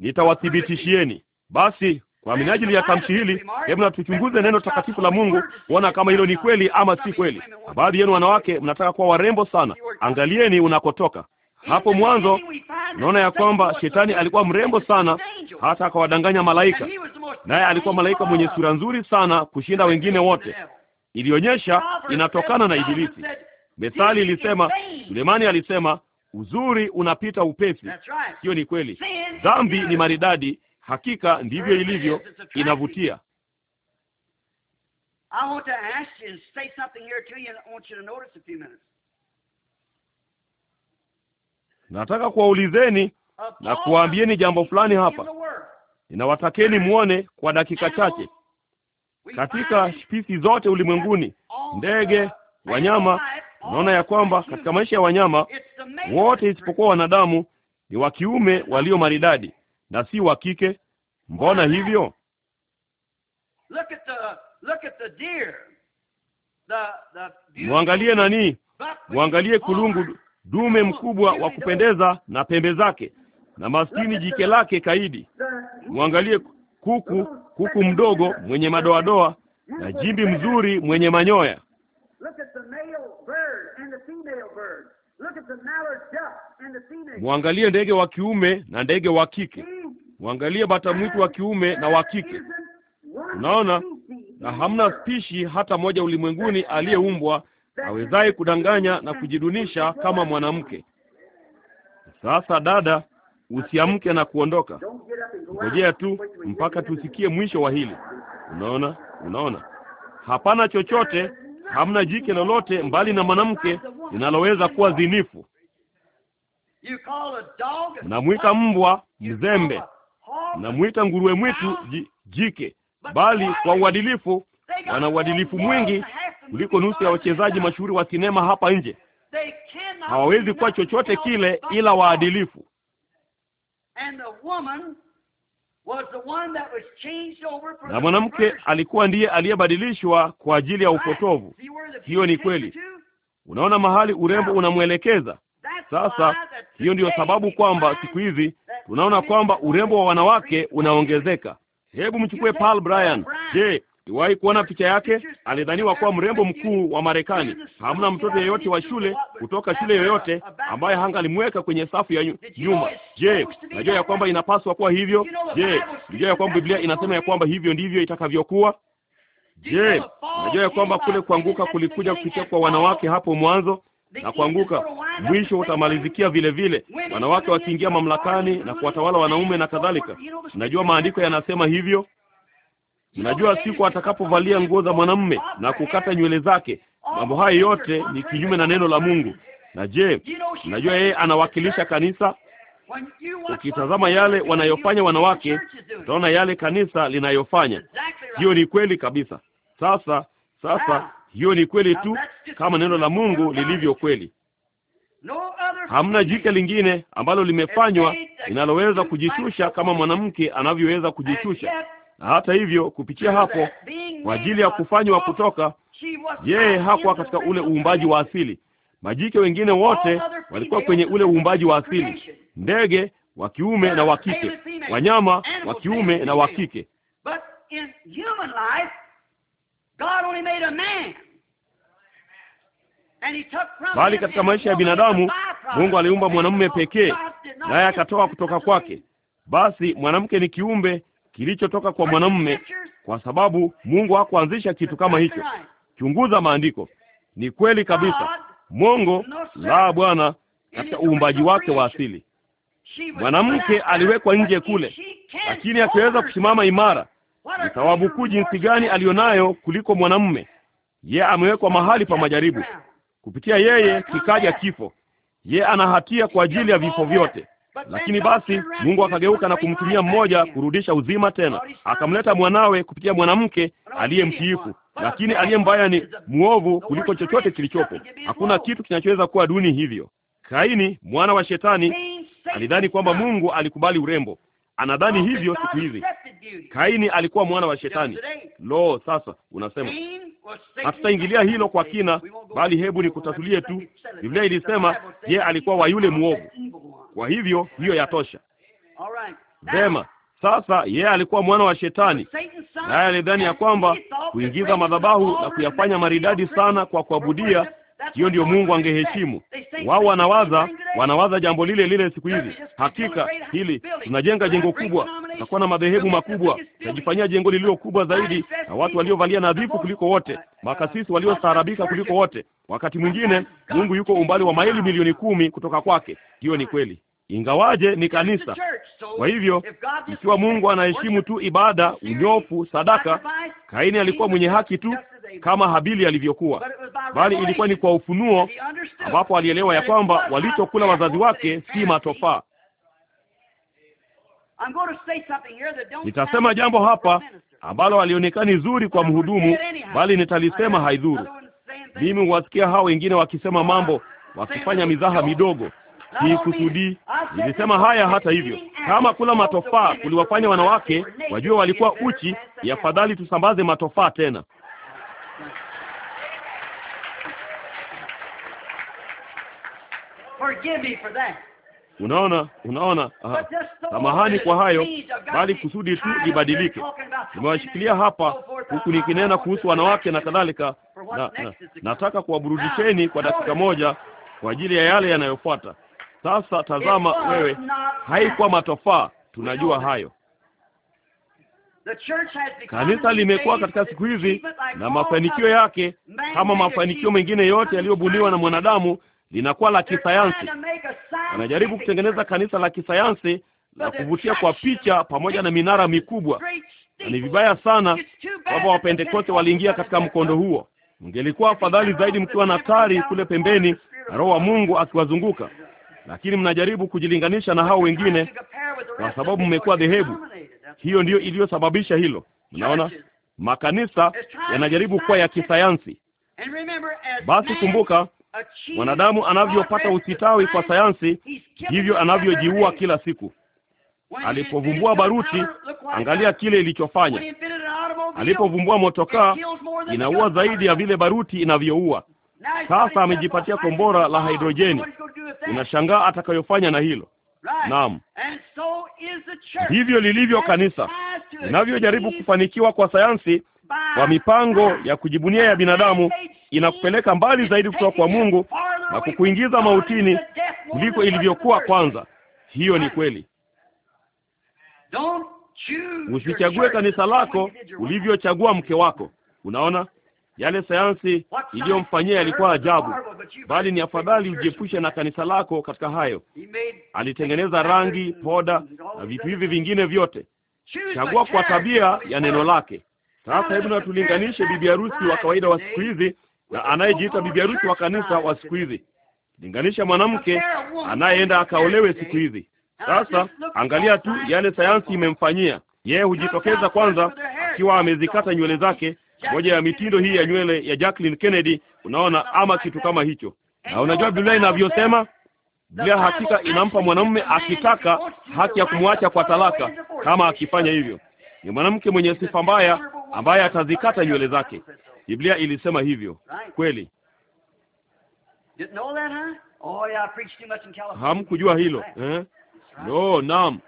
Nitawathibitishieni basi kwa minajili ya tamshi hili, hebu natuchunguze neno takatifu la Mungu kuona kama hilo ni kweli ama si kweli. Na baadhi yenu wanawake mnataka kuwa warembo sana, angalieni unakotoka. Hapo mwanzo naona ya kwamba shetani alikuwa mrembo sana hata akawadanganya malaika, naye alikuwa malaika mwenye sura nzuri sana kushinda wengine wote. Ilionyesha inatokana na Ibilisi. Methali ilisema, Sulemani alisema, uzuri unapita upesi. Hiyo ni kweli, dhambi ni maridadi Hakika ndivyo ilivyo, inavutia. Nataka kuwaulizeni na kuwaambieni jambo fulani hapa, ninawatakeni muone kwa dakika chache. Katika spisi zote ulimwenguni, ndege, wanyama, unaona ya kwamba katika maisha ya wanyama wote isipokuwa wanadamu ni wa kiume walio maridadi na si wa kike? Mbona hivyo? Mwangalie nani, mwangalie kulungu dume mkubwa wa kupendeza na pembe zake, na maskini jike lake kaidi. Mwangalie kuku, kuku mdogo mwenye madoadoa na jimbi mzuri mwenye manyoya. Mwangalie ndege wa kiume na ndege wa kike. Mwangalie bata mwitu wa kiume na wa kike, unaona, na hamna spishi hata moja ulimwenguni aliyeumbwa awezaye kudanganya na kujidunisha kama mwanamke. Sasa dada, usiamke na kuondoka, ngojea tu mpaka tusikie mwisho wa hili. Unaona, unaona, hapana chochote, hamna jike lolote mbali na mwanamke linaloweza kuwa zinifu. Namwita mbwa mzembe namwita nguruwe mwitu jike, bali kwa uadilifu, wana uadilifu mwingi kuliko nusu ya wachezaji mashuhuri wa sinema hapa nje. Hawawezi kuwa chochote kile ila waadilifu. Na mwanamke alikuwa ndiye aliyebadilishwa kwa ajili ya upotovu. Hiyo ni kweli. Unaona mahali urembo unamwelekeza sasa hiyo ndiyo sababu kwamba siku hizi tunaona kwamba urembo wa wanawake unaongezeka. Hebu mchukue Paul Bryan. Je, iwahi kuona picha yake? Alidhaniwa kuwa mrembo mkuu wa Marekani. Hamna mtoto yeyote wa shule kutoka shule yoyote ambaye hangalimweka kwenye safu ya nyuma. Je, najua ya kwamba inapaswa kuwa hivyo? Je, najua ya kwamba Biblia inasema ya kwamba hivyo ndivyo itakavyokuwa? Je, najua ya kwamba kule kuanguka kulikuja kupitia kwa wanawake hapo mwanzo na kuanguka, mwisho utamalizikia vile vile, wanawake wakiingia mamlakani na kuwatawala wanaume na kadhalika. Mnajua maandiko yanasema hivyo. Mnajua siku atakapovalia nguo za mwanamume na kukata nywele zake. Mambo haya yote ni kinyume na neno la Mungu. Na je, mnajua yeye anawakilisha kanisa? Ukitazama yale wanayofanya wanawake, utaona yale kanisa linayofanya. Hiyo ni kweli kabisa. Sasa sasa ah. Hiyo ni kweli tu kama neno la Mungu lilivyo kweli. Hamna jike lingine ambalo limefanywa linaloweza kujishusha kama mwanamke anavyoweza kujishusha. Na hata hivyo, kupitia hapo kwa ajili ya kufanywa kutoka, yeye hakuwa katika ule uumbaji wa asili. Majike wengine wote walikuwa kwenye ule uumbaji wa asili, ndege wa kiume na wa kike, wanyama wa kiume na wa kike bali katika maisha ya binadamu Mungu aliumba mwanamume pekee, naye akatoka kutoka kwake. Basi mwanamke ni kiumbe kilichotoka kwa mwanamume, kwa sababu Mungu hakuanzisha kitu kama hicho. Chunguza maandiko, ni kweli kabisa. Mongo la Bwana katika uumbaji wake wa asili, mwanamke aliwekwa nje kule, lakini akiweza kusimama imara ni thawabu kuu jinsi gani aliyonayo kuliko mwanamume. ye amewekwa mahali pa majaribu, kupitia yeye kikaja kifo. ye ana hatia kwa ajili ya vifo vyote. Lakini basi Mungu akageuka na kumtumia mmoja kurudisha uzima tena, akamleta mwanawe kupitia mwanamke aliye mtiifu. Lakini aliye mbaya ni mwovu kuliko chochote kilichopo. Hakuna kitu kinachoweza kuwa duni hivyo. Kaini mwana wa Shetani alidhani kwamba Mungu alikubali urembo anadhani hivyo siku hizi. Kaini alikuwa mwana wa Shetani. Lo, sasa unasema hatutaingilia hilo kwa kina, bali hebu ni kutatulie tu. Biblia ilisema ye alikuwa wa yule mwovu, kwa hivyo hiyo yatosha. Vema. Sasa ye alikuwa mwana wa Shetani, naye alidhani ya kwamba kuingiza madhabahu na kuyafanya maridadi sana kwa kuabudia hiyo ndiyo Mungu angeheshimu. Wao wanawaza wanawaza jambo lile lile siku hizi. Hakika hili, tunajenga jengo kubwa, tutakuwa na madhehebu makubwa, tutajifanyia jengo lililo kubwa zaidi, na watu waliovalia nadhifu kuliko wote, makasisi waliostaarabika kuliko wote. Wakati mwingine Mungu yuko umbali wa maili milioni kumi kutoka kwake. Hiyo ni kweli, ingawaje ni kanisa. Kwa hivyo ikiwa Mungu anaheshimu tu ibada, unyofu, sadaka, Kaini alikuwa mwenye haki tu kama Habili alivyokuwa, bali ilikuwa ni kwa ufunuo ambapo alielewa ya kwamba walichokula wazazi wake si matofaa. Nitasema jambo hapa ambalo alionekani zuri kwa mhudumu, bali nitalisema haidhuru. Mimi huwasikia hao wengine wakisema mambo, wakifanya mizaha midogo Sikusudii. Nilisema haya hata hivyo, kama kula matofaa kuliwafanya wanawake wajue walikuwa uchi, ya fadhali tusambaze matofaa tena. Unaona, unaona, samahani kwa hayo, bali kusudi tu libadilike. Nimewashikilia hapa huku nikinena kuhusu wanawake na kadhalika, na, na nataka kuwaburudisheni kwa ah, dakika moja kwa ajili ya yale yanayofuata. Sasa tazama wewe, haikuwa matofaa, tunajua hayo. Kanisa limekuwa katika siku hizi na mafanikio yake, kama mafanikio mengine yote yaliyobuniwa na mwanadamu, linakuwa la kisayansi. Anajaribu kutengeneza kanisa la kisayansi la kuvutia kwa picha pamoja na minara mikubwa, na ni vibaya sana kwamba Wapentekoste waliingia katika mkondo huo. Mngelikuwa afadhali zaidi mkiwa na tari kule pembeni na Roho wa Mungu akiwazunguka, lakini mnajaribu kujilinganisha na hao wengine kwa sababu mmekuwa dhehebu. Hiyo ndiyo iliyosababisha hilo. Mnaona, makanisa yanajaribu kuwa ya kisayansi. Basi kumbuka Mwanadamu anavyopata usitawi kwa sayansi, hivyo anavyojiua kila siku. Alipovumbua baruti, angalia kile ilichofanya. Alipovumbua motokaa, inaua zaidi ya vile baruti inavyoua. Sasa amejipatia kombora la hidrojeni. Unashangaa atakayofanya na hilo. Naam, hivyo lilivyo kanisa linavyojaribu kufanikiwa kwa sayansi, kwa mipango ya kujibunia ya binadamu inakupeleka mbali zaidi kutoka kwa Mungu na kukuingiza mautini kuliko ilivyokuwa kwanza. Hiyo ni kweli. Usichague kanisa lako ulivyochagua mke wako. Unaona, yale sayansi iliyomfanyia yalikuwa ajabu, bali ni afadhali ujiepushe na kanisa lako katika hayo. Alitengeneza rangi, poda na vitu hivi vingine vyote. Chagua kwa tabia ya neno lake. Sasa hebu na tulinganishe bibi harusi wa kawaida wa siku hizi na anayejiita bibi harusi wa kanisa wa siku hizi. Linganisha mwanamke anayeenda akaolewe siku hizi. Sasa angalia tu yale sayansi imemfanyia yeye. Hujitokeza kwanza akiwa amezikata nywele zake, moja ya mitindo hii ya nywele ya Jacqueline Kennedy, unaona, ama kitu kama hicho. Na unajua Biblia inavyosema, Biblia hakika inampa mwanamume akitaka haki ya kumwacha kwa talaka kama akifanya hivyo. Ni mwanamke mwenye sifa mbaya ambaye atazikata nywele zake. Biblia ilisema hivyo kweli. Oh, Hamkujua hilo eh? No, naam,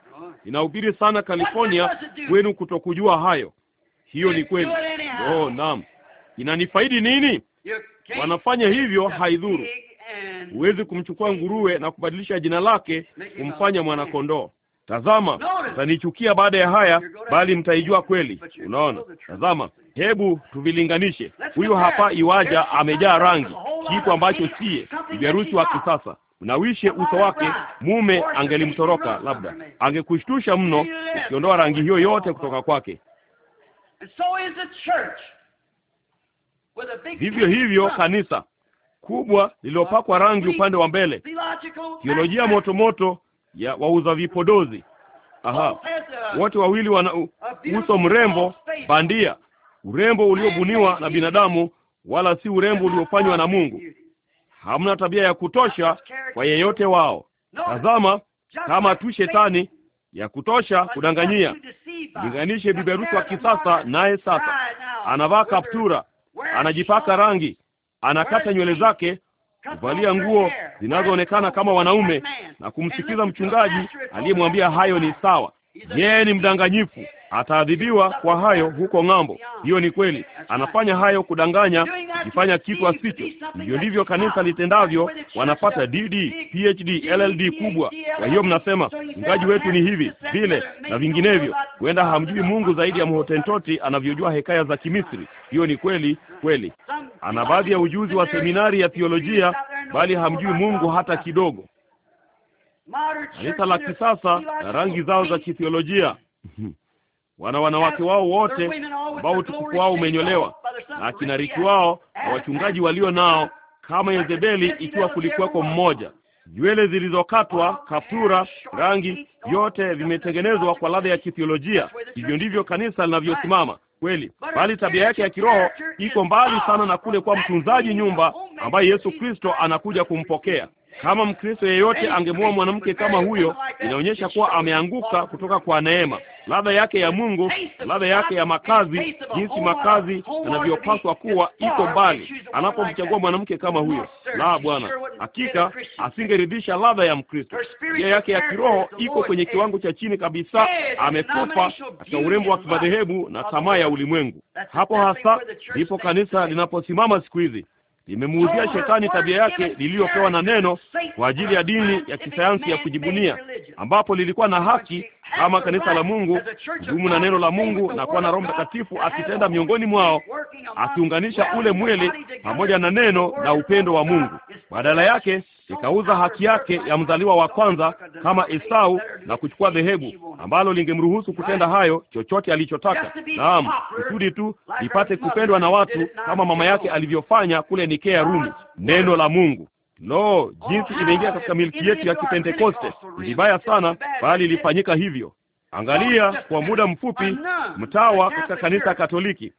inahubiri sana California kwenu kutokujua hayo. Hiyo ni kweli. No, naam, inanifaidi nini? Wanafanya hivyo, haidhuru. Huwezi kumchukua nguruwe na kubadilisha jina lake kumfanya mwanakondoo. Tazama, mtanichukia baada ya haya, bali mtaijua kweli. Unaona, tazama, Hebu tuvilinganishe. Huyu hapa iwaja amejaa rangi, kitu ambacho siye biharusi wa kisasa. mnawishe uso wake, mume angelimtoroka, labda angekushtusha mno, ukiondoa rangi hiyo yote kutoka kwake. Vivyo hivyo kanisa kubwa lililopakwa rangi upande wa mbele, moto motomoto ya wauza vipodozi. Aha, wote wawili wana uso mrembo bandia, urembo uliobuniwa na binadamu, wala si urembo uliofanywa na Mungu. Hamna tabia ya kutosha kwa yeyote wao. Tazama kama tu shetani ya kutosha kudanganyia. Linganishe bibi wa kisasa naye sasa, anavaa kaptura, anajipaka rangi, anakata nywele zake, kuvalia nguo zinazoonekana kama wanaume na kumsikiza mchungaji aliyemwambia hayo ni sawa. Yeye ni mdanganyifu, ataadhibiwa kwa hayo huko ng'ambo. Hiyo ni kweli, anafanya hayo kudanganya, kifanya kitu asicho. Ndivyo ndivyo kanisa litendavyo, wanapata DD, PhD, LLD kubwa. Kwa hiyo mnasema mchungaji wetu ni hivi vile na vinginevyo. Huenda hamjui Mungu zaidi ya mhotentoti anavyojua hekaya za Kimisri. Hiyo ni kweli kweli, ana baadhi ya ujuzi wa seminari ya theolojia, bali hamjui Mungu hata kidogo kanisa la kisasa na rangi zao za kithiolojia [LAUGHS] wana wanawake wao wote ambao utukufu wao umenyolewa na kinariki wao na wachungaji walio nao kama Yezebeli, ikiwa kulikuwako mmoja, nywele zilizokatwa, kaptura, rangi, vyote vimetengenezwa kwa ladha ya kithiolojia. Hivyo ndivyo kanisa linavyosimama kweli, bali tabia yake ya kiroho iko mbali ah, sana na kule kwa mtunzaji nyumba oh, ambaye Yesu Kristo anakuja kumpokea. Kama Mkristo yeyote angemua mwanamke kama huyo, inaonyesha kuwa ameanguka kutoka kwa neema, ladha yake ya Mungu, ladha yake ya makazi, jinsi makazi yanavyopaswa kuwa, iko mbali anapomchagua mwanamke kama huyo. La, Bwana, hakika asingeridhisha ladha ya Mkristo. Njia yake ya kiroho iko kwenye kiwango cha chini kabisa, amekufa katika urembo wa kimadhehebu na tamaa ya ulimwengu. Hapo hasa ndipo kanisa linaposimama siku hizi limemuuzia uh, shetani tabia yake liliyopewa na neno kwa ajili ya dini ya kisayansi ya kujibunia, ambapo lilikuwa na haki kama kanisa la Mungu dumu na neno la Mungu na kuwa na Roho Mtakatifu akitenda miongoni mwao, akiunganisha ule mwili pamoja na neno na upendo wa Mungu. Badala yake ikauza haki yake ya mzaliwa wa kwanza kama Esau na kuchukua dhehebu ambalo lingemruhusu kutenda hayo chochote alichotaka. Naam, kusudi tu ipate kupendwa na watu kama mama yake alivyofanya kule Nikea Rumi. Neno la Mungu Lo, jinsi oh, imeingia katika milki yetu ya Kipentekoste! Ni vibaya sana, bali ilifanyika hivyo. Angalia kwa muda mfupi, mtawa katika kanisa Katoliki,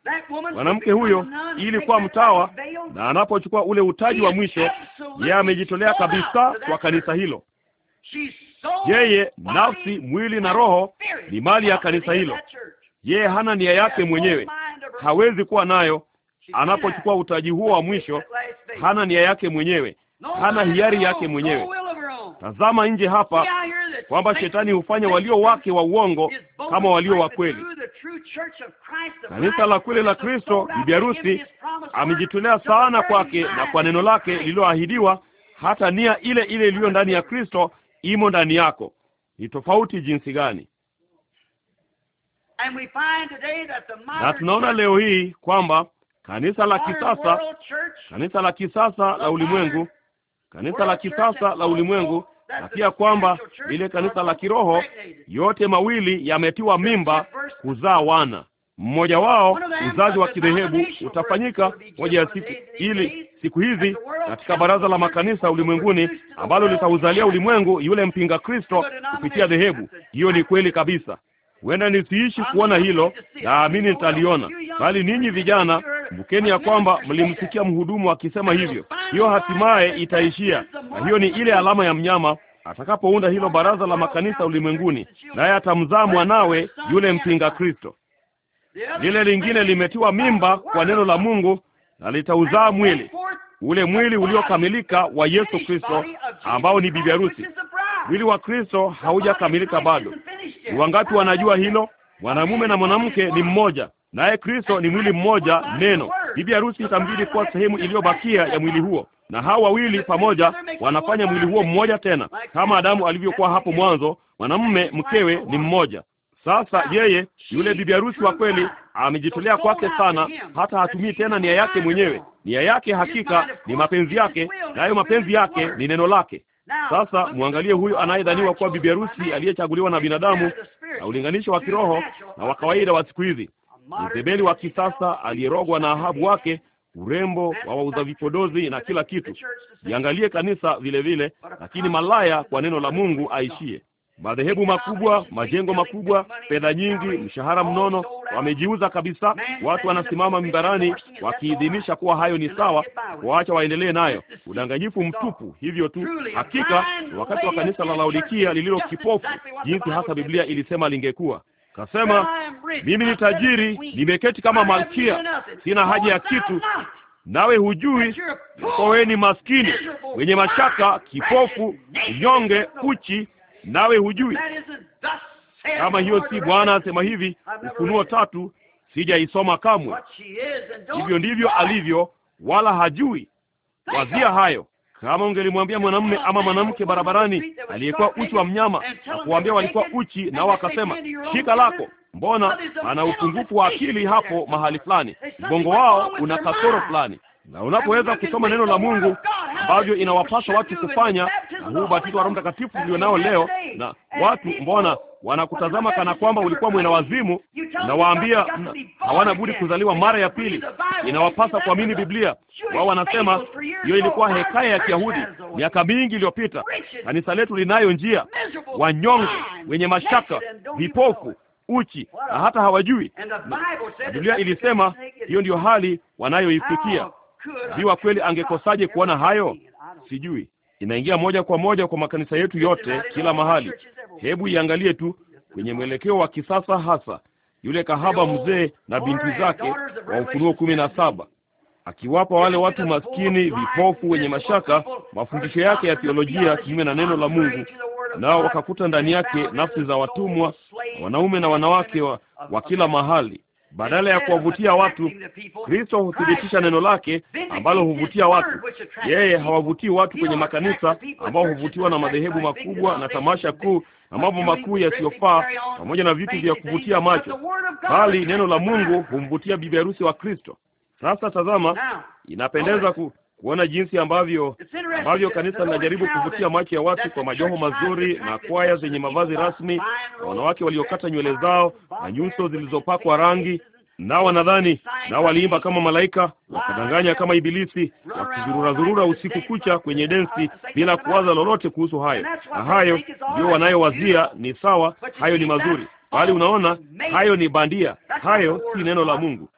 mwanamke huyo ili kuwa mtawa, na anapochukua ule utaji wa mwisho, yeye amejitolea kabisa kwa kanisa hilo. Yeye nafsi, mwili na roho ni mali ya kanisa hilo. Yeye hana nia yake mwenyewe, hawezi kuwa nayo. Anapochukua utaji huo wa mwisho, hana nia yake mwenyewe, hana hiari yake mwenyewe. Tazama nje hapa kwamba shetani hufanya walio wake wa uongo kama walio wa kweli. Kanisa la kweli la Kristo, bibi harusi, amejitolea sana kwake na kwa neno lake lililoahidiwa. Hata nia ile ile iliyo ndani ya Kristo imo ndani yako. Ni tofauti jinsi gani! Na tunaona leo hii kwamba kanisa la kisasa, kanisa la kisasa la ulimwengu kanisa la kisasa la ulimwengu, na pia kwamba lile kanisa la kiroho, yote mawili yametiwa mimba kuzaa wana. Mmoja wao uzazi wa kidhehebu utafanyika moja ya siku, ili siku hizi katika baraza la makanisa ulimwenguni ambalo litauzalia ulimwengu yule mpinga Kristo kupitia dhehebu. Hiyo ni kweli kabisa. Huenda nisiishi kuona hilo, naamini nitaliona. Bali ninyi vijana, kumbukeni ya kwamba mlimsikia mhudumu akisema hivyo, hiyo hatimaye itaishia, na hiyo ni ile alama ya mnyama atakapounda hilo baraza la makanisa ulimwenguni, naye atamzaa mwanawe yule mpinga Kristo. Lile lingine limetiwa mimba kwa neno la Mungu na litauzaa mwili ule mwili uliokamilika wa Yesu Kristo, ambao ni bibi harusi. Mwili wa Kristo haujakamilika bado, Wangapi wanajua hilo? Mwanamume na mwanamke ni mmoja, naye Kristo ni mwili mmoja. Neno bibi harusi itambidi kuwa sehemu iliyobakia ya mwili huo, na hao wawili pamoja wanafanya mwili huo mmoja tena, kama Adamu alivyokuwa hapo mwanzo. Mwanamume mkewe ni mmoja. Sasa yeye yule bibi harusi wa kweli amejitolea kwake sana, hata hatumii tena nia yake mwenyewe. Nia yake hakika ni mapenzi yake, nayo mapenzi yake ni neno lake. Sasa mwangalie huyu anayedhaniwa kuwa bibi harusi aliyechaguliwa na binadamu, na ulinganisho wa kiroho na wa kawaida wa siku hizi, Yezebeli wa kisasa aliyerogwa na Ahabu wake, urembo wa wauza vipodozi na kila kitu. Jiangalie kanisa vile vile, lakini malaya kwa neno la Mungu aishie madhehebu makubwa, majengo makubwa, fedha nyingi, mshahara mnono, wamejiuza kabisa. Watu wanasimama mimbarani wakiidhinisha kuwa hayo ni sawa, waacha waendelee nayo. Udanganyifu mtupu, hivyo tu. Hakika wakati wa kanisa la Laodikia lililo kipofu, jinsi hasa Biblia ilisema lingekuwa Kasema, mimi ni tajiri, nimeketi kama malkia, sina haja ya kitu, nawe hujui kwa wewe ni maskini, mwenye mashaka, kipofu, unyonge, uchi, nawe hujui. Kama hiyo si Bwana asema hivi, Ufunuo tatu sijaisoma kamwe. Hivyo ndivyo alivyo, wala hajui. Wazia hayo. Kama ungelimwambia mwanamume ama mwanamke barabarani aliyekuwa uchi wa mnyama na kuambia walikuwa uchi, nao akasema shika lako, mbona ana upungufu wa akili hapo mahali fulani, mgongo wao una kasoro fulani na unapoweza kusoma neno la Mungu ambavyo inawapasa watu kufanya, na huu ubatizo wa Roho Mtakatifu ulio nao leo, na watu mbona wanakutazama kana kwamba ulikuwa mwena wazimu, na waambia hawana budi kuzaliwa mara ya pili. Inawapasa kuamini Biblia. Wao wanasema hiyo ilikuwa hekaya ya Kiyahudi miaka mingi iliyopita. Kanisa letu linayo njia, wanyonge, wenye mashaka, vipofu uchi na hata hawajui. Biblia ilisema hiyo ndiyo hali wanayoifikia. Oh, Viwa kweli angekosaje kuona hayo? Sijui. Inaingia moja kwa moja kwa makanisa yetu yote, kila mahali. Hebu iangalie tu kwenye mwelekeo wa kisasa, hasa yule kahaba mzee na binti zake wa Ufunuo kumi na saba akiwapa wale watu maskini, vipofu, wenye mashaka mafundisho yake ya theolojia kinyume na neno la Mungu, nao wakakuta ndani yake nafsi za watumwa, wanaume na wanawake wa, wa kila mahali badala ya kuwavutia watu, Kristo huthibitisha neno lake ambalo huvutia watu. Yeye hawavutii watu kwenye makanisa ambao huvutiwa na madhehebu makubwa na tamasha kuu na mambo makuu yasiyofaa pamoja na vitu vya kuvutia macho, bali neno la Mungu humvutia bibi harusi wa Kristo. Sasa tazama, inapendeza ku kuona jinsi ambavyo ambavyo kanisa linajaribu kuvutia macho ya watu kwa majoho mazuri na kwaya zenye mavazi rasmi na wanawake waliokata nywele zao na nyuso zilizopakwa rangi nao wanadhani nao waliimba kama malaika, wakadanganya kama ibilisi, wakizururazurura usiku kucha uh, kwenye uh, densi uh, bila kuwaza lolote kuhusu hayo. Na hayo ndio wanayowazia ni sawa, hayo ni mazuri, bali unaona, hayo ni bandia, hayo si neno la Mungu.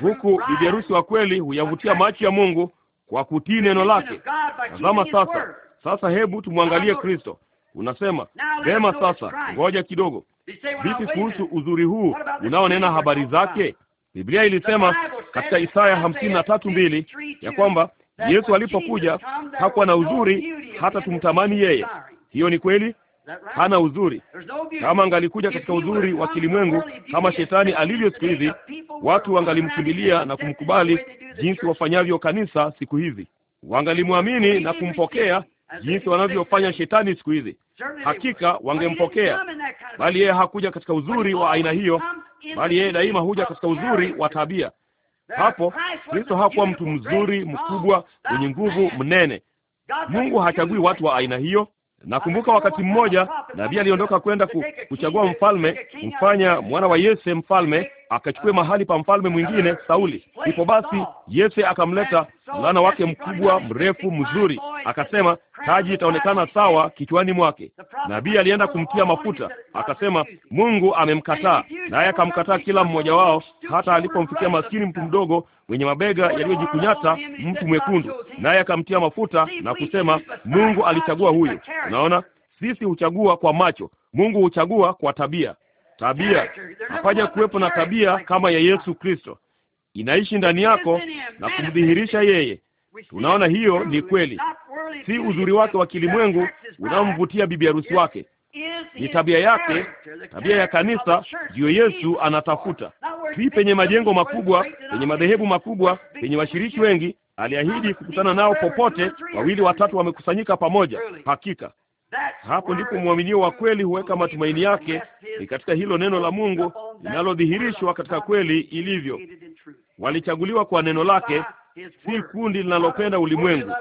Huku bibi harusi wa kweli huyavutia macho ya Mungu kwa kutii neno lake. Tazama sasa, sasa hebu tumwangalie Kristo. Unasema sema, sasa ngoja kidogo, vipi kuhusu uzuri huu unaonena habari zake? Biblia ilisema katika Isaya hamsini na tatu mbili ya kwamba Yesu alipokuja hakuwa na uzuri hata tumtamani yeye. Hiyo ni kweli hana uzuri. Kama angalikuja katika uzuri wa kilimwengu kama shetani alivyo siku hizi, watu wangalimkimbilia na kumkubali jinsi wafanyavyo kanisa siku hizi, wangalimwamini na kumpokea jinsi wanavyofanya shetani siku hizi. Hakika wangempokea, bali yeye hakuja katika uzuri wa aina hiyo, bali yeye daima huja katika uzuri wa tabia. Hapo Kristo hakuwa mtu mzuri, mkubwa, mwenye nguvu, mnene. Mungu hachagui watu wa aina hiyo. Nakumbuka wakati mmoja nabii aliondoka kwenda kuchagua mfalme, kumfanya mwana wa Yese mfalme akachukue mahali pa mfalme mwingine Sauli. Ndipo basi Yese akamleta mlana wake mkubwa mrefu mzuri, akasema taji itaonekana sawa kichwani mwake. Nabii alienda kumtia mafuta, akasema Mungu amemkataa, naye akamkataa kila mmoja wao, hata alipomfikia maskini mtu mdogo mwenye mabega yaliyojikunyata, mtu mwekundu, naye akamtia mafuta na kusema Mungu alichagua huyo. Unaona, sisi huchagua kwa macho, Mungu huchagua kwa tabia tabia. Hapaja kuwepo na tabia kama ya Yesu Kristo, inaishi ndani yako na kumdhihirisha yeye. Tunaona hiyo ni kweli, si uzuri wake wa kilimwengu unaomvutia bibi harusi wake, ni tabia yake. Tabia ya kanisa ndiyo Yesu anatafuta. Si penye majengo makubwa, penye madhehebu makubwa, penye washiriki wengi. Aliahidi kukutana nao popote wawili watatu wamekusanyika pamoja. Hakika hapo ndipo mwaminio wa kweli huweka matumaini yake ni katika hilo neno la Mungu linalodhihirishwa katika kweli ilivyo. Walichaguliwa kwa neno lake, si kundi linalopenda ulimwengu,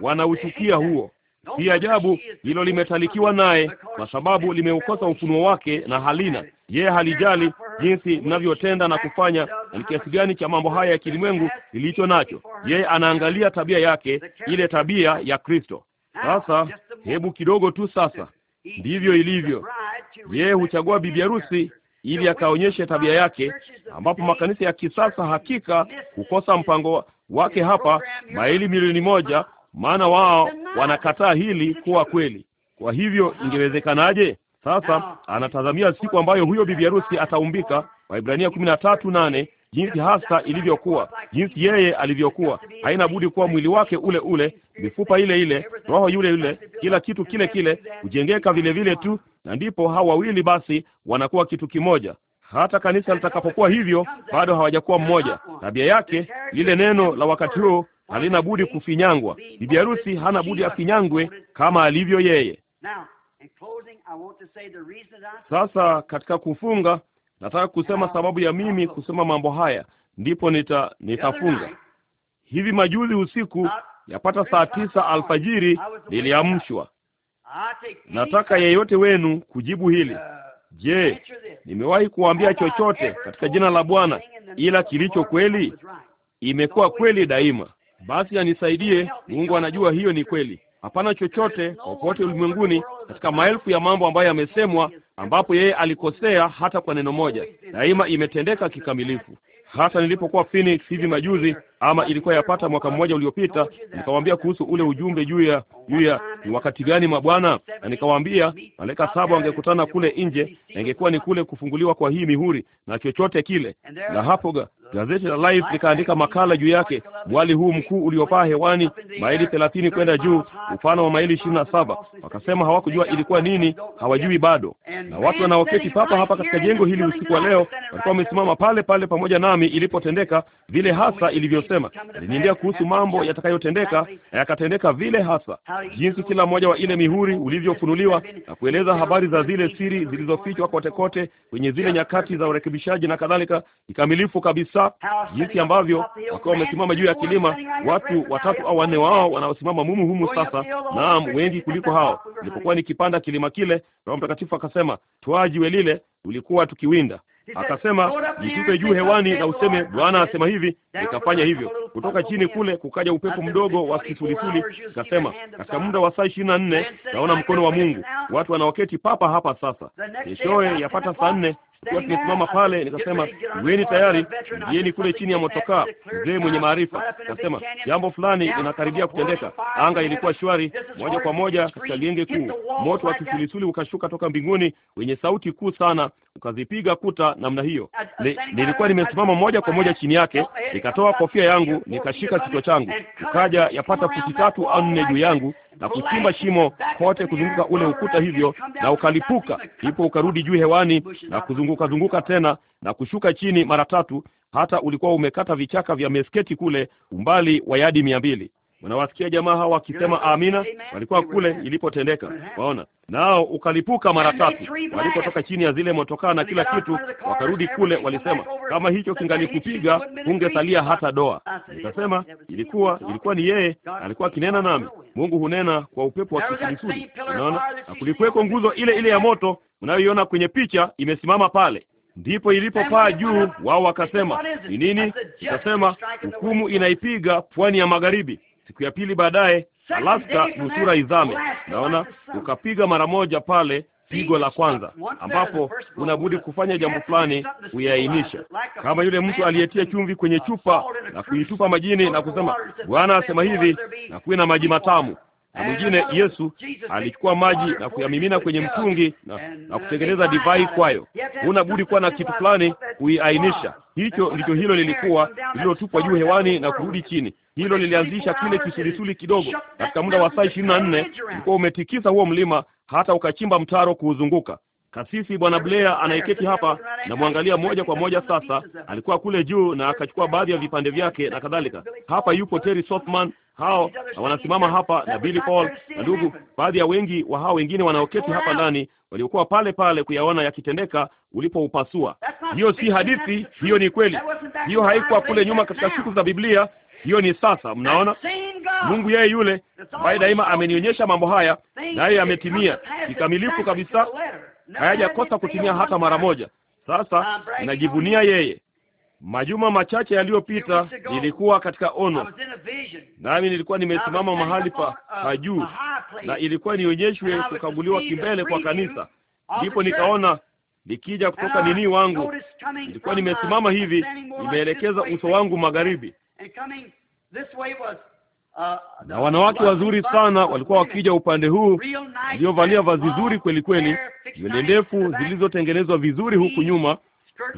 wanauchukia huo. Si ajabu hilo limetalikiwa naye, kwa sababu limeukosa ufunuo wake na halina yeye. Halijali jinsi ninavyotenda na kufanya na kiasi gani cha mambo haya ya kilimwengu nilicho nacho. Yeye anaangalia tabia yake, ile tabia ya Kristo. Sasa ah, hebu kidogo tu, sasa ndivyo ilivyo. Yeye huchagua bibi harusi ili akaonyeshe tabia yake, ambapo makanisa ya kisasa hakika hukosa mpango wake hapa, maili milioni moja, maana wao wanakataa hili kuwa kweli. Kwa hivyo ah. ingewezekanaje? Sasa anatazamia siku ambayo huyo bibi harusi ataumbika, Waibrania kumi na tatu nane jinsi hasa ilivyokuwa, jinsi yeye alivyokuwa. Haina budi kuwa mwili wake ule ule, mifupa ile ile, roho yule yule, kila kitu kile kile kujengeka vile vile tu, na ndipo hao wawili basi wanakuwa kitu kimoja. Hata kanisa litakapokuwa hivyo, bado hawajakuwa mmoja. Tabia yake, lile neno la wakati huo halina budi kufinyangwa. Bibi harusi hana budi afinyangwe kama alivyo yeye. Sasa katika kufunga Nataka kusema sababu ya mimi kusema mambo haya, ndipo nita nitafunga. Yaani Hivi majuzi usiku, yapata saa tisa alfajiri, niliamshwa. Nataka yeyote wenu kujibu hili. Uh, Je, nimewahi kuambia chochote katika jina la Bwana ila kilicho kweli? Imekuwa kweli daima. Basi anisaidie Mungu, anajua hiyo ni kweli. Hapana chochote popote ulimwenguni katika maelfu ya mambo ambayo yamesemwa, ambapo yeye alikosea hata kwa neno moja. Daima imetendeka kikamilifu. Hata nilipokuwa Phoenix hivi majuzi, ama ilikuwa yapata mwaka mmoja uliopita, nikawaambia kuhusu ule ujumbe juu ya juu ya ni wakati gani mabwana, na nikawaambia malaika saba wangekutana kule nje, na ingekuwa ni kule kufunguliwa kwa hii mihuri na chochote kile, na hapo gazeti la Life likaandika makala juu yake, mwali huu mkuu uliopaa hewani maili thelathini kwenda juu, upana wa maili ishirini na saba. Wakasema hawakujua ilikuwa nini, hawajui bado. Na watu wanaoketi papa hapa katika jengo hili usiku wa leo walikuwa wamesimama pale pale pamoja nami ilipotendeka, vile hasa ilivyo alivyosema. Aliniambia kuhusu mambo yatakayotendeka na yakatendeka vile hasa, jinsi kila mmoja wa ile mihuri ulivyofunuliwa na kueleza habari za zile siri zilizofichwa kote kote kwenye zile nyakati za urekebishaji na kadhalika, kikamilifu kabisa, jinsi ambavyo wakiwa wamesimama juu ya kilima, watu watatu au wanne wao wanaosimama mumu humu sasa, naam, wengi kuliko hao. Nilipokuwa nikipanda kilima kile, Roho Mtakatifu akasema, twajiwe lile tulikuwa tukiwinda Akasema, jitupe juu hewani na useme, Bwana asema hivi. Nikafanya hivyo. Kutoka chini kule kukaja upepo mdogo wa kisulisuli, kasema, katika muda wa saa ishirini na nne naona mkono wa Mungu. Watu wanaoketi papa hapa sasa. Keshowe yapata saa nne wakimesimama pale, nikasema weni tayari, mjeni kule chini ya motokaa. Mzee mwenye maarifa kasema jambo fulani inakaribia kutendeka. Anga ilikuwa shwari, moja kwa moja katika genge kuu, moto wa kisulisuli ukashuka toka mbinguni wenye sauti kuu sana, ukazipiga kuta namna hiyo. nilikuwa nimesimama moja kwa moja chini yake, nikatoa kofia yangu nikashika kichwa changu, ukaja yapata futi tatu au nne juu yangu na kuchimba shimo kote kuzunguka ule ukuta hivyo, na ukalipuka, ndipo ukarudi juu hewani na kuzunguka zunguka tena na kushuka chini mara tatu, hata ulikuwa umekata vichaka vya mesketi kule umbali wa yadi mia mbili. Unawasikia jamaa hawa wakisema amina. Walikuwa kule ilipotendeka, waona nao ukalipuka mara tatu. Walipotoka chini ya zile motokaa na kila kitu, wakarudi kule, walisema kama hicho kingalikupiga ungesalia hata doa. Nikasema ilikuwa ilikuwa ni yeye alikuwa akinena nami. Mungu hunena kwa upepo wa kisulisuli, unaona, na kulikuweko nguzo ile ile ya moto unayoiona kwenye picha imesimama pale ndipo ilipopaa juu. Wao wakasema ni nini? Ikasema hukumu inaipiga pwani ya magharibi. Siku ya pili baadaye, Alaska nusura izame, naona ukapiga mara moja pale pigo la kwanza ambapo unabudi kufanya jambo fulani kuyaainisha, kama yule mtu aliyetia chumvi kwenye chupa na kuitupa majini na kusema, Bwana asema hivi, na kuwe na maji matamu na mwingine Yesu alichukua maji na kuyamimina kwenye mtungi na, na kutengeneza divai kwayo. Huna budi kuwa na kitu fulani kuiainisha. Hicho ndicho hilo lilikuwa lililotupwa juu hewani na kurudi chini. Hilo lilianzisha kile kisulisuli kidogo. Katika muda wa saa ishirini na nne ulikuwa umetikisa huo mlima hata ukachimba mtaro kuuzunguka. Kasisi Bwana Blair anayeketi hapa, namwangalia moja kwa moja sasa. Alikuwa kule juu na akachukua baadhi ya vipande vyake na kadhalika. Hapa yupo Terry Softman, hao na wanasimama hapa, na Billy Paul na ndugu, baadhi ya wengi wa hao wengine wanaoketi hapa ndani waliokuwa pale pale kuyaona yakitendeka ulipoupasua. Hiyo si hadithi, hiyo ni kweli. Hiyo haikuwa kule nyuma katika siku za Biblia, hiyo ni sasa. Mnaona, Mungu yeye yule ambaye daima amenionyesha mambo haya, naye ametimia kikamilifu kabisa hayajakosa kutimia hata mara moja. Sasa ah, najivunia yeye. Majuma machache yaliyopita nilikuwa katika ono, nami nilikuwa nimesimama mahali pa, uh, pa juu na ilikuwa nionyeshwe kukaguliwa kimbele kwa kanisa, ndipo nikaona nikija kutoka ah, nini wangu. Nilikuwa uh, nimesimama hivi, nimeelekeza uso wangu magharibi na wanawake wazuri sana walikuwa wakija upande huu, waliovalia vazi zuri kweli kweli, nywele ndefu zilizotengenezwa vizuri huku nyuma,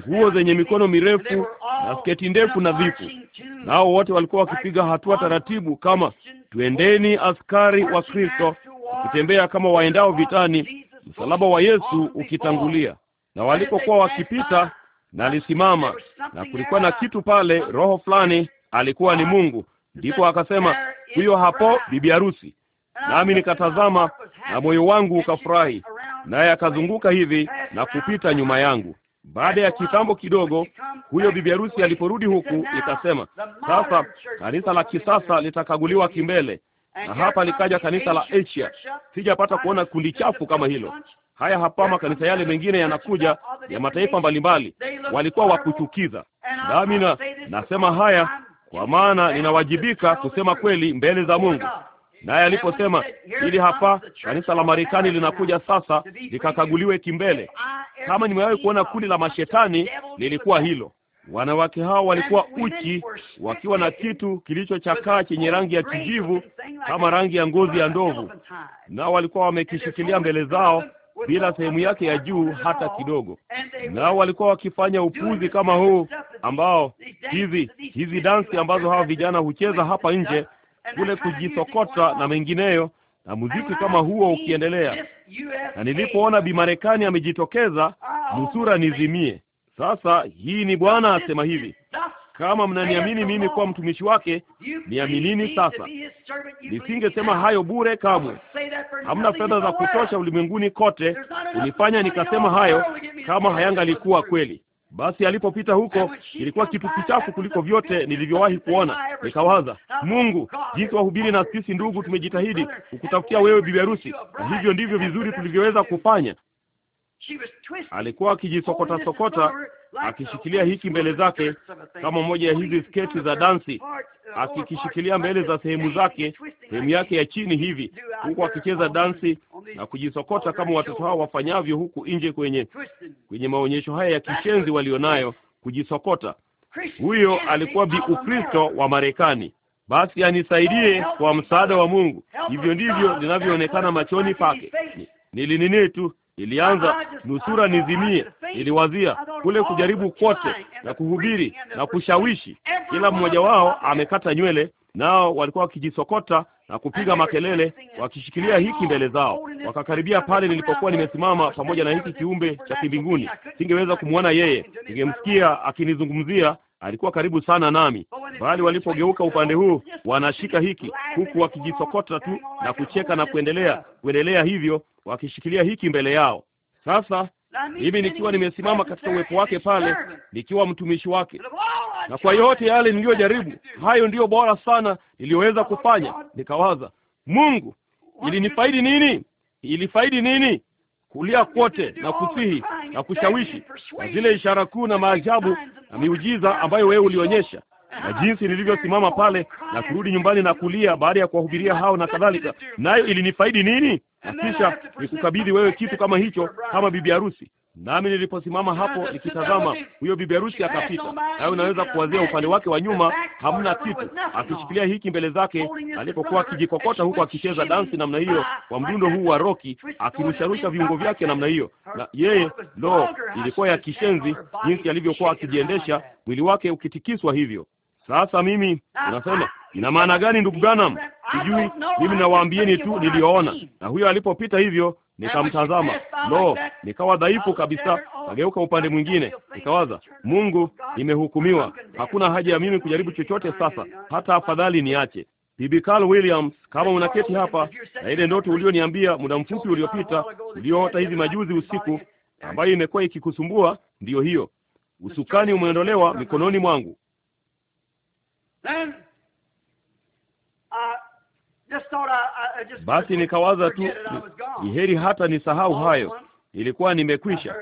nguo zenye mikono mirefu na sketi ndefu nadhifu. Nao wote walikuwa wakipiga hatua taratibu, kama tuendeni askari wa Kristo, wakitembea kama waendao vitani, msalaba wa Yesu ukitangulia. Na walipokuwa wakipita, na alisimama, na kulikuwa na kitu pale, roho fulani, alikuwa ni Mungu Ndipo akasema, huyo hapo bibi harusi. Nami nikatazama na moyo wangu ukafurahi, naye akazunguka hivi na kupita nyuma yangu. Baada ya kitambo kidogo, huyo bibi harusi aliporudi huku, ikasema, sasa kanisa la kisasa litakaguliwa kimbele. Na hapa likaja kanisa la Asia. Sijapata kuona kundi chafu kama hilo. Haya hapa makanisa yale mengine yanakuja ya mataifa mbalimbali, walikuwa wakuchukiza. Nami na nasema haya kwa maana ninawajibika kusema kweli mbele za Mungu. Naye aliposema hili hapa kanisa la Marekani linakuja sasa likakaguliwe kimbele, kama nimewahi kuona kundi la mashetani lilikuwa hilo. Wanawake hao walikuwa uchi, wakiwa na kitu kilichochakaa chenye rangi ya kijivu kama rangi ya ngozi ya ndovu, nao walikuwa wamekishikilia mbele zao bila sehemu yake ya juu hata kidogo. Nao walikuwa wakifanya upuzi kama huu ambao hizi hizi dansi ambazo hawa vijana hucheza hapa nje, kule kujisokota na mengineyo, na muziki kama huo ukiendelea. Na nilipoona Bimarekani amejitokeza, nusura nizimie. Sasa hii ni Bwana asema hivi, kama mnaniamini mimi kuwa mtumishi wake, niaminini sasa. Nisingesema hayo bure kamwe. Hamna fedha za kutosha ulimwenguni kote kunifanya nikasema hayo kama hayangalikuwa kweli. Basi alipopita huko, ilikuwa kitu kichafu kuliko vyote nilivyowahi kuona. Nikawaza, Mungu, jinsi wahubiri na sisi ndugu tumejitahidi kukutafutia wewe bibi harusi, na hivyo ndivyo vizuri tulivyoweza kufanya. Alikuwa akijisokota sokota akishikilia hiki mbele zake kama moja ya hizi sketi za dansi, uh, akikishikilia mbele za sehemu zake, sehemu yake ya chini hivi, huku akicheza dansi na kujisokota kama watoto hao wafanyavyo huku nje kwenye kwenye maonyesho haya ya kishenzi walionayo, kujisokota. Huyo alikuwa Bi Ukristo wa Marekani. Basi anisaidie oh, kwa msaada wa Mungu. Hivyo ndivyo linavyoonekana machoni pake. Nilinini tu Ilianza nusura nizimie, iliwazia kule kujaribu kote na kuhubiri na kushawishi. Kila mmoja wao amekata nywele, nao walikuwa wakijisokota na kupiga makelele, wakishikilia hiki mbele zao. Wakakaribia pale nilipokuwa nimesimama pamoja na hiki kiumbe cha kimbinguni. Singeweza kumwona yeye, ningemsikia akinizungumzia alikuwa karibu sana nami, bali walipogeuka upande huu wanashika hiki, huku wakijisokota tu na kucheka na kuendelea kuendelea hivyo, wakishikilia hiki mbele yao. Sasa mimi nikiwa nimesimama katika uwepo wake pale, nikiwa mtumishi wake, na kwa yote yale niliyojaribu, hayo ndiyo bora sana niliyoweza kufanya. Nikawaza, Mungu, ilinifaidi nini? Ilifaidi nini? kulia kwote na kusihi na kushawishi na zile ishara kuu na maajabu na miujiza ambayo wewe ulionyesha, na jinsi nilivyosimama pale na kurudi nyumbani na kulia baada ya kuwahubiria hao na kadhalika, nayo ilinifaidi nini? Na kisha nikukabidhi wewe kitu kama hicho, kama bibi harusi. Nami niliposimama hapo nikitazama, huyo bibi akapita, naye unaweza kuwazia upande wake wa nyuma, hamna kitu, akishikilia hiki mbele zake, alipokuwa akijikokota huku akicheza dansi namna hiyo, kwa mdundo huu wa roki, akirusharusha viungo vyake namna hiyo. Na yeye lo, ilikuwa ya kishenzi jinsi alivyokuwa akijiendesha, mwili wake ukitikiswa hivyo. Sasa mimi unasema ina maana gani, ndugu Branham? Sijui, mimi nawaambieni tu niliyoona. Na huyo alipopita hivyo nikamtazama, lo no, nikawa dhaifu kabisa. Kageuka upande mwingine, nikawaza, Mungu, nimehukumiwa. Hakuna haja ya mimi kujaribu chochote sasa, hata afadhali niache. Bibi Carl Williams, kama unaketi hapa na ile ndoto ulioniambia muda mfupi uliopita, ulioota hivi majuzi usiku, ambayo imekuwa ikikusumbua, ndiyo hiyo. Usukani umeondolewa mikononi mwangu. Basi nikawaza tu ni heri hata nisahau hayo, nilikuwa nimekwisha.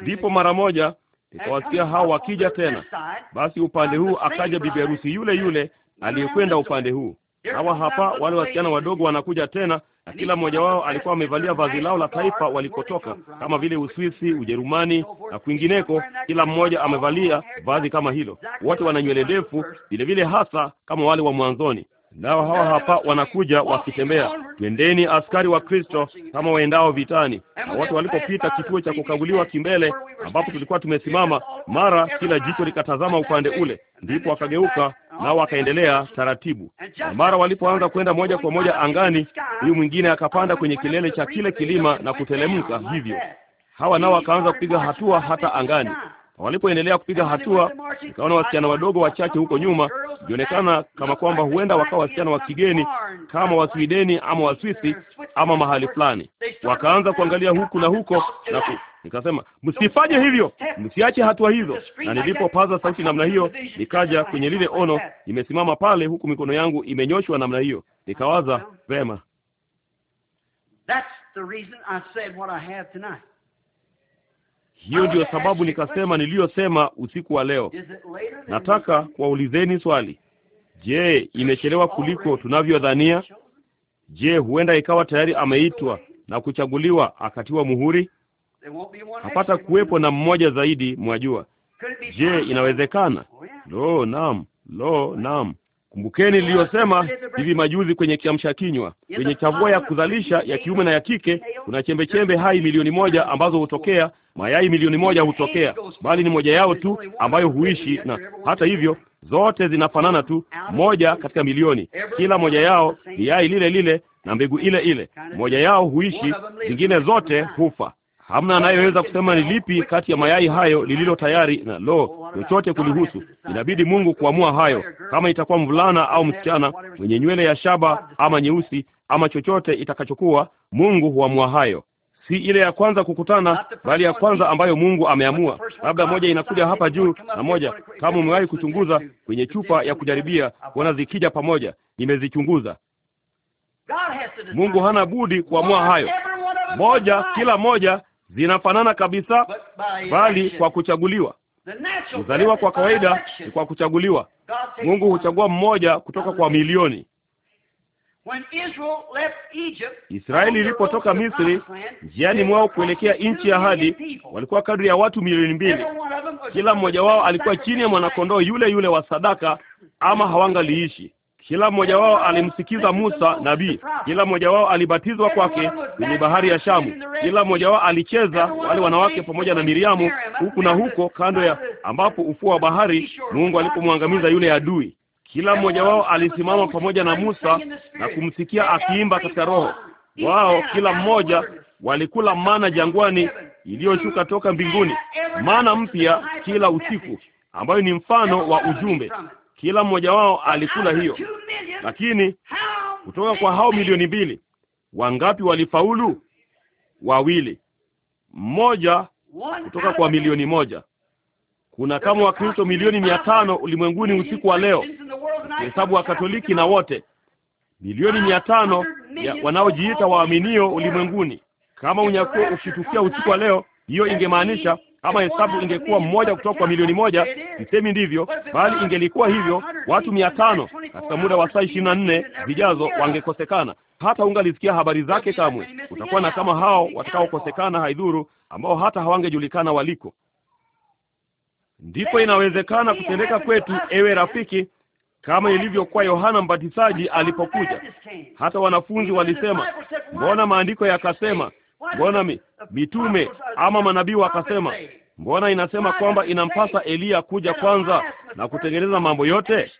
Ndipo mara moja nikawasikia hao wakija tena. Basi upande huu akaja bibi harusi yule yule aliyekwenda upande huu. Hawa hapa wale wasichana wadogo wanakuja tena, na kila mmoja wao alikuwa amevalia vazi lao la taifa walikotoka, kama vile Uswisi, Ujerumani na kwingineko. Kila mmoja amevalia oh, vazi kama hilo, wote wana nywele ndefu vile vile, hasa kama wale wa mwanzoni nao hawa hapa wanakuja wakitembea. Twendeni askari wa Kristo kama waendao vitani. Na watu walipopita kituo cha kukaguliwa kimbele, ambapo tulikuwa tumesimama, mara kila jicho likatazama upande ule, ndipo wakageuka nao wakaendelea taratibu. Na mara walipoanza kwenda moja kwa moja angani, huyu mwingine akapanda kwenye kilele cha kile kilima na kutelemka hivyo hawa nao wakaanza kupiga hatua hata angani. Walipoendelea kupiga hatua, nikaona wasichana wadogo wachache huko nyuma, ikionekana kama kwamba huenda wakawa wasichana wa kigeni kama Waswideni ama Waswisi ama mahali fulani. Wakaanza kuangalia huku na huko na ku... Nikasema, msifanye hivyo, msiache hatua hizo. Na nilipopaza sauti namna hiyo, nikaja kwenye lile ono, nimesimama pale, huku mikono yangu imenyoshwa namna hiyo. Nikawaza vema hiyo ndiyo sababu nikasema niliyosema usiku wa leo. Nataka kuwaulizeni swali. Je, imechelewa kuliko tunavyodhania? Je, huenda ikawa tayari ameitwa na kuchaguliwa akatiwa muhuri? Hapata kuwepo na mmoja zaidi, mwajua. Je, inawezekana? Lo, naam. Lo, naam. Kumbukeni niliyosema hivi majuzi kwenye kiamsha kinywa, kwenye chavua ya kuzalisha ya kiume na ya kike kuna chembechembe hai milioni moja ambazo hutokea, mayai milioni moja hutokea, bali ni moja yao tu ambayo huishi, na hata hivyo zote zinafanana tu, moja katika milioni. Kila moja yao ni yai lile lile na mbegu ile ile. Moja yao huishi, zingine zote hufa. Hamna anayeweza kusema ni lipi kati ya mayai hayo lililo tayari na lo chochote kulihusu. Inabidi Mungu kuamua hayo, kama itakuwa mvulana au msichana, mwenye nywele ya shaba ama nyeusi ama chochote itakachokuwa. Mungu huamua hayo, si ile ya kwanza kukutana, bali ya kwanza ambayo Mungu ameamua. Labda moja inakuja hapa juu na moja, kama umewahi kuchunguza kwenye chupa ya kujaribia, kuona zikija pamoja. Nimezichunguza. Mungu hana budi kuamua hayo moja, kila moja zinafanana kabisa, bali kwa kuchaguliwa. Kuzaliwa kwa kawaida ni kwa kuchaguliwa. Mungu huchagua mmoja kutoka kwa milioni. Israeli ilipotoka Misri, njiani mwao kuelekea nchi ya ahadi, walikuwa kadri ya watu milioni mbili. Kila mmoja wao alikuwa chini ya mwanakondoo yule yule wa sadaka, ama hawangaliishi. Kila mmoja wao alimsikiza Musa nabii, kila mmoja wao alibatizwa kwake kwenye bahari ya Shamu, kila mmoja wao alicheza, wale wanawake pamoja na Miriamu, huku na huko kando ya ambapo ufuo wa bahari Mungu alipomwangamiza yule adui. Kila mmoja wao alisimama pamoja na Musa na kumsikia akiimba katika roho wao. Kila mmoja walikula mana jangwani iliyoshuka toka mbinguni, mana mpya kila usiku, ambayo ni mfano wa ujumbe kila mmoja wao alikula hiyo. Lakini kutoka kwa hao milioni mbili, wangapi walifaulu? Wawili. Mmoja kutoka kwa milioni moja. Kuna kama Wakristo milioni mia tano ulimwenguni usiku wa leo, hesabu wa Katoliki na wote milioni mia tano wanaojiita waaminio ulimwenguni. Kama unyakuo ukitukia usiku wa leo, hiyo ingemaanisha kama hesabu ingekuwa mmoja kutoka kwa milioni moja, sisemi ndivyo, bali ingelikuwa hivyo, watu mia tano katika muda wa saa ishirini na nne zijazo wangekosekana. Hata ungalisikia habari zake kamwe. Utakuwa na kama hao watakaokosekana, haidhuru, ambao hata hawangejulikana waliko. Ndipo inawezekana kutendeka kwetu, ewe rafiki, kama ilivyokuwa Yohana Mbatizaji alipokuja. Hata wanafunzi walisema, mbona maandiko yakasema Mbona mi, mitume ama manabii wakasema, mbona inasema kwamba inampasa Eliya kuja kwanza na kutengeneza mambo yote?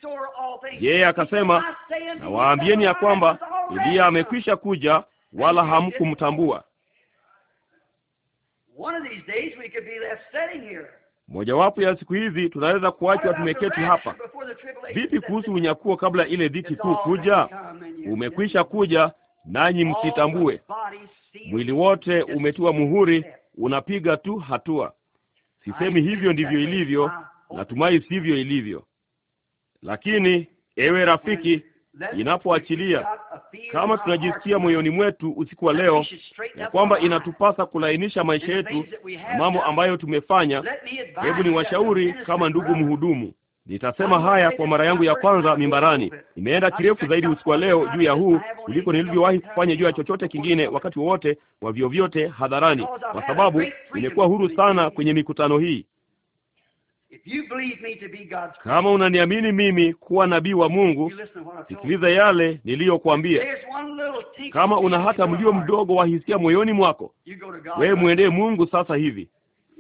Yeye akasema, nawaambieni ya kwamba Eliya amekwisha kuja, wala hamkumtambua. Mojawapo ya siku hizi tunaweza kuachwa tumeketi hapa. Vipi kuhusu unyakuo kabla ile dhiki kuu kuja? Umekwisha kuja, nanyi msitambue. Mwili wote umetiwa muhuri, unapiga tu hatua. Sisemi hivyo ndivyo ilivyo, natumai sivyo ilivyo. Lakini ewe rafiki, inapoachilia kama tunajisikia moyoni mwetu usiku wa leo ya kwamba inatupasa kulainisha maisha yetu, mambo ambayo tumefanya, hebu ni washauri kama ndugu mhudumu, Nitasema haya kwa mara yangu ya kwanza mimbarani. Nimeenda kirefu zaidi usiku wa leo juu ya huu kuliko nilivyowahi kufanya juu ya chochote kingine wakati wowote wa vyovyote hadharani, kwa sababu nimekuwa huru sana kwenye mikutano hii. Kama unaniamini mimi kuwa nabii wa Mungu, sikiliza yale niliyokuambia. Kama una hata mlio mdogo wa hisia moyoni mwako, wewe mwendee Mungu sasa hivi.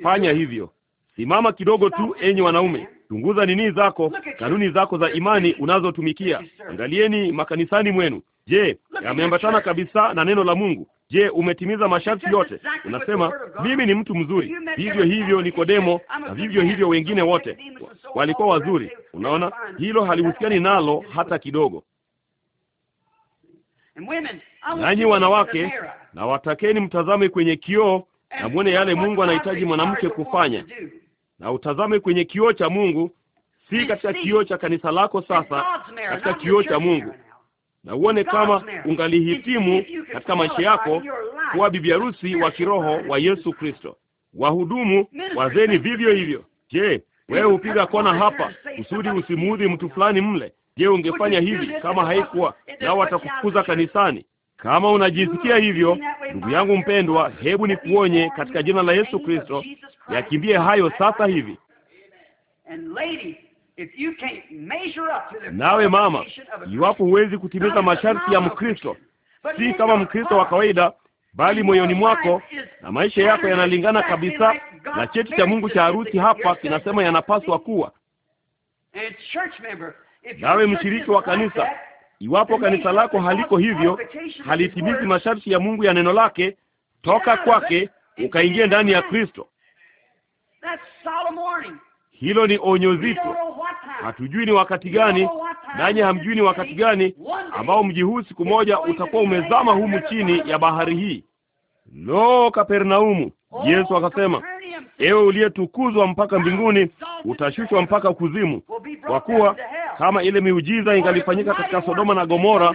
Fanya hivyo, simama kidogo tu, enyi wanaume Chunguza nini zako, kanuni zako za imani unazotumikia. Angalieni makanisani mwenu. Je, yameambatana kabisa na neno la Mungu? Je, umetimiza masharti yote? Unasema mimi ni mtu mzuri. Vivyo hivyo Nikodemo na vivyo hivyo wengine wote walikuwa wazuri. Unaona, hilo halihusiani nalo hata kidogo. Nanyi wanawake, na watakeni mtazame kwenye kioo na mwone yale Mungu anahitaji mwanamke kufanya, na utazame kwenye kioo cha Mungu, si katika kioo cha kanisa lako sasa, katika kioo cha Mungu, na uone kama ungalihitimu katika maisha yako kuwa bibi harusi wa kiroho wa Yesu Kristo. Wahudumu wazeni vivyo hivyo. Je, wewe hupiga kona hapa kusudi usimuudhi mtu fulani mle? Je, ungefanya hivi kama haikuwa nao watakufukuza kanisani? Kama unajisikia hivyo, ndugu yangu mpendwa, hebu nikuonye katika jina la Yesu Kristo, yakimbie hayo sasa hivi. Nawe mama, iwapo huwezi kutimiza masharti ya Mkristo, si kama Mkristo wa kawaida, bali moyoni mwako na maisha yako yanalingana kabisa na cheti cha Mungu cha harusi hapa kinasema yanapaswa kuwa nawe mshiriki wa kanisa Iwapo kanisa lako haliko hivyo, halitimizi masharti ya Mungu ya neno lake, toka kwake ukaingia ndani ya Kristo. Hilo ni onyo zito. Hatujui ni wakati gani, nanyi hamjui ni wakati gani ambao mji huu siku moja utakuwa umezama humu chini ya bahari hii. Lo, Kapernaumu! Oh, Yesu akasema, ewe uliyetukuzwa mpaka mbinguni, utashushwa mpaka kuzimu, kwa kuwa kama ile miujiza ingalifanyika katika Sodoma na Gomora,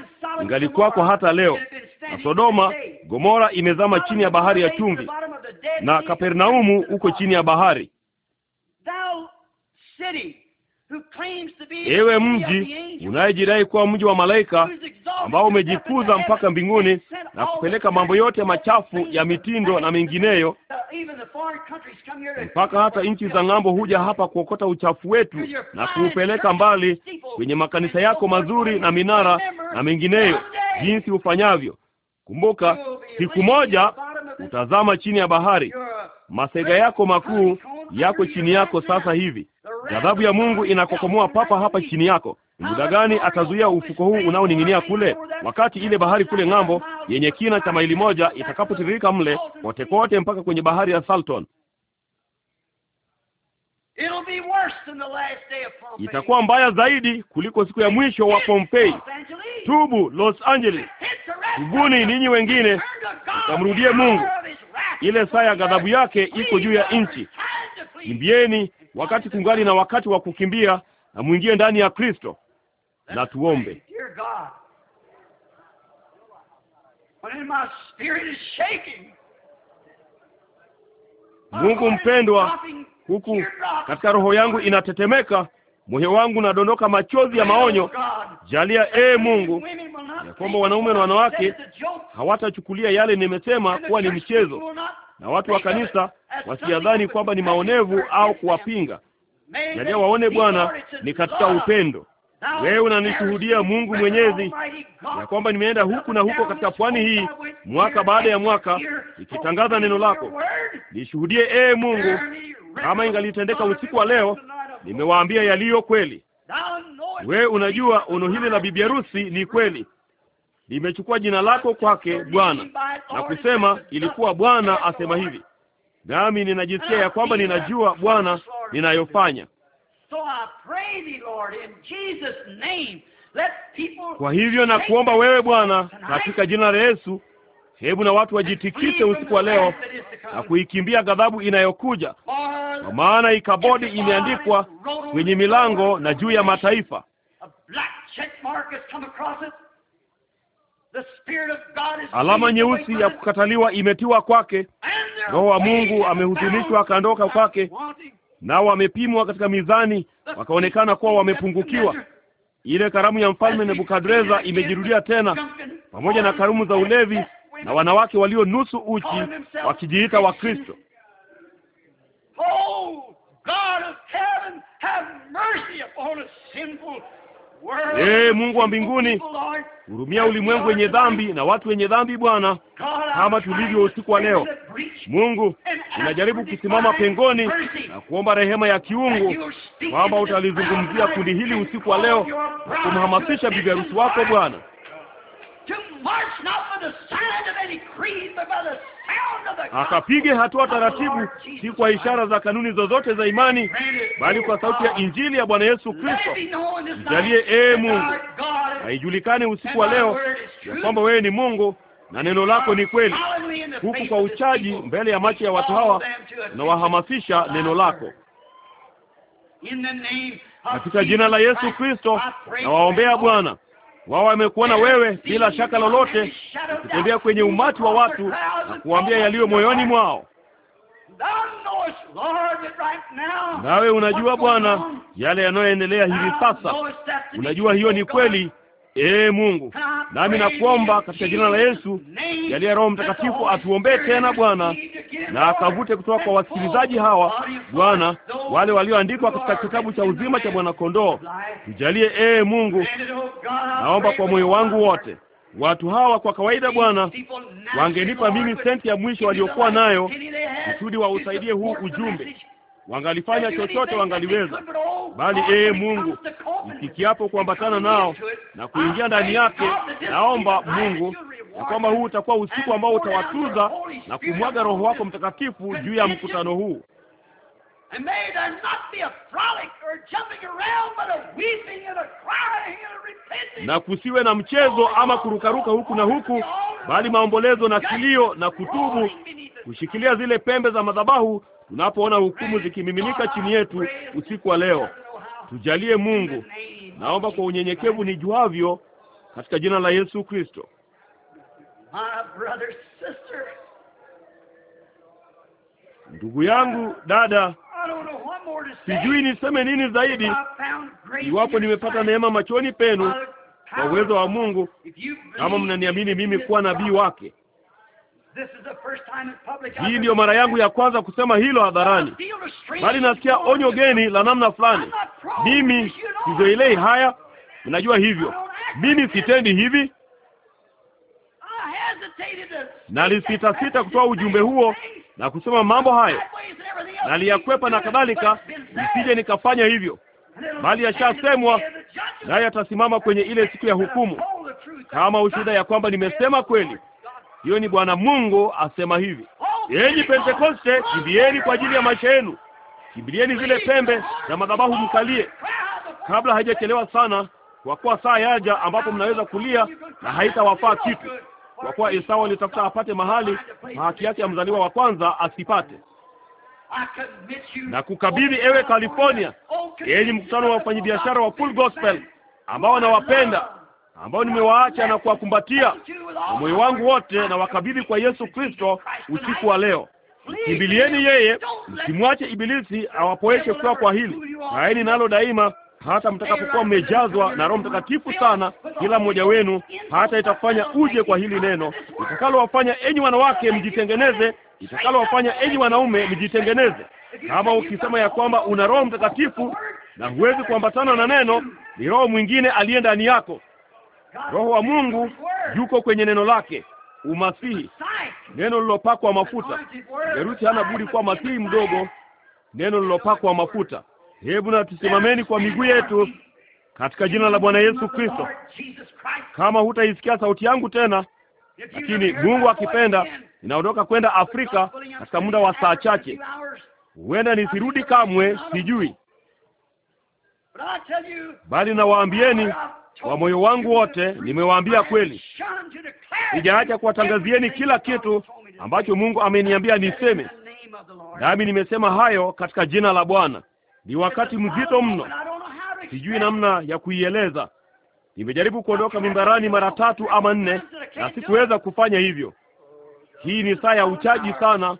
kwa hata leo. Na Sodoma Gomora imezama chini ya bahari ya chumvi, na Kapernaumu uko chini ya bahari ewe mji unayejidai kuwa mji wa malaika ambao umejikuza mpaka mbinguni na kupeleka mambo yote machafu ya mitindo na mengineyo, mpaka hata nchi za ng'ambo huja hapa kuokota uchafu wetu na kuupeleka mbali kwenye makanisa yako mazuri na minara na mengineyo, jinsi ufanyavyo. Kumbuka, siku moja utazama chini ya bahari, masega yako makuu yako chini yako sasa hivi. Ghadhabu ya Mungu inakokomoa papa hapa chini yako. Ni muda gani atazuia ufuko huu unaoning'inia kule? Wakati ile bahari kule ng'ambo yenye kina cha maili moja itakapotiririka mle kote kote mpaka kwenye bahari ya Salton, itakuwa mbaya zaidi kuliko siku ya mwisho wa Pompei. Tubu Los Angeles, tubuni ninyi wengine, mkamrudie Mungu. Ile saa ya ghadhabu yake iko juu ya nchi. Kimbieni, wakati kungali na wakati wa kukimbia, na mwingie ndani ya Kristo. Na tuombe. Mungu mpendwa, huku katika roho yangu inatetemeka, moyo wangu unadondoka machozi ya maonyo, jalia ee Mungu ya kwamba wanaume na wanawake hawatachukulia yale nimesema kuwa ni mchezo, na watu wa kanisa wasiadhani kwamba ni maonevu au kuwapinga. Jalia waone Bwana ni katika upendo. Wewe unanishuhudia Mungu Mwenyezi ya kwamba nimeenda huku na huko katika pwani hii mwaka baada ya mwaka nikitangaza neno lako. Nishuhudie ee Mungu, kama ingalitendeka usiku wa leo, nimewaambia yaliyo kweli. Wewe unajua ono hili la bibi harusi ni kweli, limechukua jina lako kwake Bwana na kusema, ilikuwa Bwana asema hivi, nami ninajisikia ya kwamba ninajua Bwana ninayofanya. Kwa hivyo na kuomba wewe Bwana, katika jina la Yesu, hebu na watu wajitikise usiku wa leo na kuikimbia ghadhabu inayokuja, kwa maana ikabodi imeandikwa kwenye milango na juu ya mataifa. Alama nyeusi ya kukataliwa imetiwa kwake. Roho wa Mungu amehuzunishwa akaondoka kwake, nao wamepimwa katika mizani, wakaonekana kuwa wamepungukiwa. Ile karamu ya mfalme Nebukadreza imejirudia tena, pamoja na karamu za ulevi na wanawake walio nusu uchi wakijiita Wakristo. Oh, ee Mungu wa mbinguni, Hurumia ulimwengu wenye dhambi na watu wenye dhambi, Bwana, kama tulivyo usiku wa leo. Mungu, ninajaribu kusimama pengoni na kuomba rehema ya kiungu kwamba utalizungumzia kundi hili usiku wa leo na kumhamasisha bibi harusi wako Bwana akapige hatua taratibu, si kwa ishara za kanuni zozote za imani, bali kwa sauti ya injili ya Bwana Yesu Kristo. Mjalie ee Mungu, haijulikane usiku wa leo ya kwamba wewe ni Mungu na neno lako ni kweli, huku kwa uchaji mbele ya macho ya watu hawa, unawahamasisha neno lako katika jina la Yesu Kristo. Nawaombea Bwana wao wamekuona wewe bila shaka lolote, kutembea kwenye umati wa watu na kuambia yaliyo moyoni mwao. Nawe unajua Bwana, yale yanayoendelea hivi sasa. Unajua hiyo ni kweli, Ee Mungu, nami nakuomba katika jina la Yesu, jalia Roho Mtakatifu atuombee tena Bwana, na akavute kutoka kwa wasikilizaji hawa Bwana, wale walioandikwa katika kitabu cha uzima cha mwana kondoo. Tujalie ee Mungu, naomba kwa moyo wangu wote. Watu hawa kwa kawaida Bwana, wangenipa mimi senti ya mwisho waliokuwa nayo kusudi wausaidie huu ujumbe wangalifanya chochote wangaliweza, bali ee Mungu, ikikiapo kuambatana nao na kuingia ndani yake, naomba Mungu ya kwamba huu utakuwa usiku ambao utawatuza na kumwaga Roho wako Mtakatifu juu ya mkutano huu na kusiwe na mchezo ama kurukaruka huku na huku, bali maombolezo na kilio na kutubu, kushikilia zile pembe za madhabahu tunapoona hukumu zikimiminika chini yetu usiku wa leo, tujalie Mungu. Naomba kwa unyenyekevu nijuavyo, katika jina la Yesu Kristo. Ndugu yangu, dada, sijui niseme nini zaidi. Iwapo nimepata neema machoni penu kwa uwezo wa Mungu, kama mnaniamini mimi kuwa nabii wake hii ndiyo mara yangu ya kwanza kusema hilo hadharani, bali nasikia onyo geni la namna fulani. Mimi sizoelei haya, mnajua hivyo. Mimi sitendi hivi, nalisitasita kutoa ujumbe huo na kusema mambo hayo, naliyakwepa na kadhalika, nisije nikafanya hivyo, bali yashasemwa, naye atasimama kwenye ile siku ya hukumu kama ushuhuda ya kwamba nimesema kweli hiyo ni Bwana Mungu asema hivi, yenyi Pentekoste, kimbieni kwa ajili ya maisha yenu, kimbilieni zile pembe na madhabahu, mkalie kabla haijachelewa sana, kwa kuwa saa yaja ambapo mnaweza kulia na haitawafaa kitu, kwa kuwa Esau alitafuta apate mahali na haki yake ya mzaliwa wa kwanza asipate na kukabidhi ewe California, yenye mkutano wa wafanyabiashara wa Full Gospel ambao wanawapenda ambao nimewaacha na kuwakumbatia na moyo wangu wote na wakabidhi kwa Yesu Kristo usiku wa leo. Kimbilieni yeye, msimwache ibilisi awapoeshe kwa kwa hili. Kaeni nalo daima, hata mtakapokuwa mmejazwa na Roho Mtakatifu sana, kila mmoja wenu, hata itafanya uje kwa hili neno. Itakalowafanya enyi wanawake mjitengeneze, itakalowafanya enyi wanaume mjitengeneze. Kama ukisema ya kwamba una Roho Mtakatifu na huwezi kuambatana na neno, ni roho mwingine aliye ndani yako Roho wa Mungu yuko kwenye neno lake, umasihi, neno lilopakwa mafuta. Yeruti hana budi kuwa masihi mdogo, neno lilopakwa mafuta. Hebu na tusimameni kwa miguu yetu katika jina la Bwana Yesu Kristo. Kama hutaisikia sauti yangu tena, lakini Mungu akipenda, inaondoka kwenda Afrika katika muda wa saa chache. Huenda nisirudi kamwe, sijui, bali nawaambieni kwa moyo wangu wote, nimewaambia kweli. Sijaacha kuwatangazieni kila kitu ambacho Mungu ameniambia niseme, nami nimesema hayo katika jina la Bwana. Ni wakati mzito mno, sijui namna ya kuieleza. Nimejaribu kuondoka mimbarani mara tatu ama nne na sikuweza kufanya hivyo. Hii ni saa ya uchaji sana,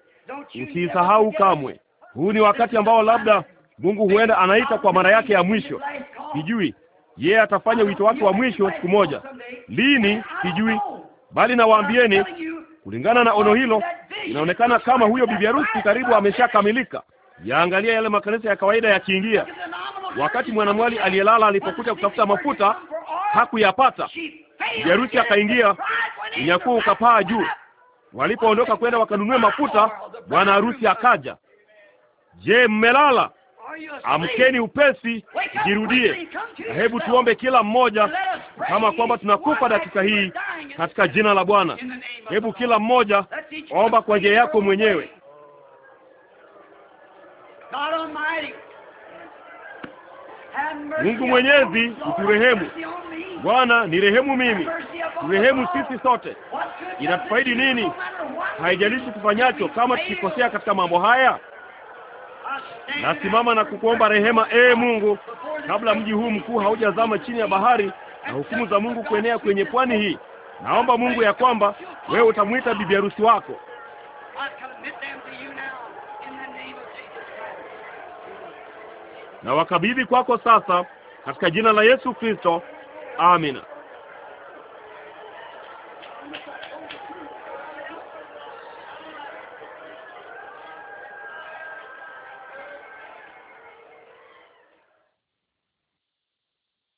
usiisahau kamwe. Huu ni wakati ambao labda Mungu huenda anaita kwa mara yake ya mwisho, sijui yeye atafanya wito wake wa mwisho siku moja. Lini sijui, bali nawaambieni, kulingana na ono hilo, inaonekana kama huyo bibi harusi karibu ameshakamilika. Yaangalia yale makanisa ya kawaida yakiingia. Wakati mwanamwali aliyelala alipokuja kutafuta mafuta hakuyapata, bibi harusi akaingia, unyakuo ukapaa juu. Walipoondoka kwenda wakanunue mafuta, bwana harusi akaja. Je, mmelala? amkeni upesi, jirudie. Na hebu tuombe kila mmoja kama kwamba tunakufa dakika hii katika jina la Bwana. Hebu kila mmoja omba kwa njia yako mwenyewe. Mungu Mwenyezi, uturehemu. Bwana, ni rehemu mimi, turehemu sisi sote. Inatufaidi nini? Haijalishi tufanyacho, kama tukikosea katika mambo haya Nasimama na kukuomba rehema, ee Mungu, kabla mji huu mkuu haujazama chini ya bahari na hukumu za Mungu kuenea kwenye pwani hii. Naomba Mungu ya kwamba wewe utamwita bibi harusi wako. Na wakabidhi kwako sasa katika jina la Yesu Kristo. Amina.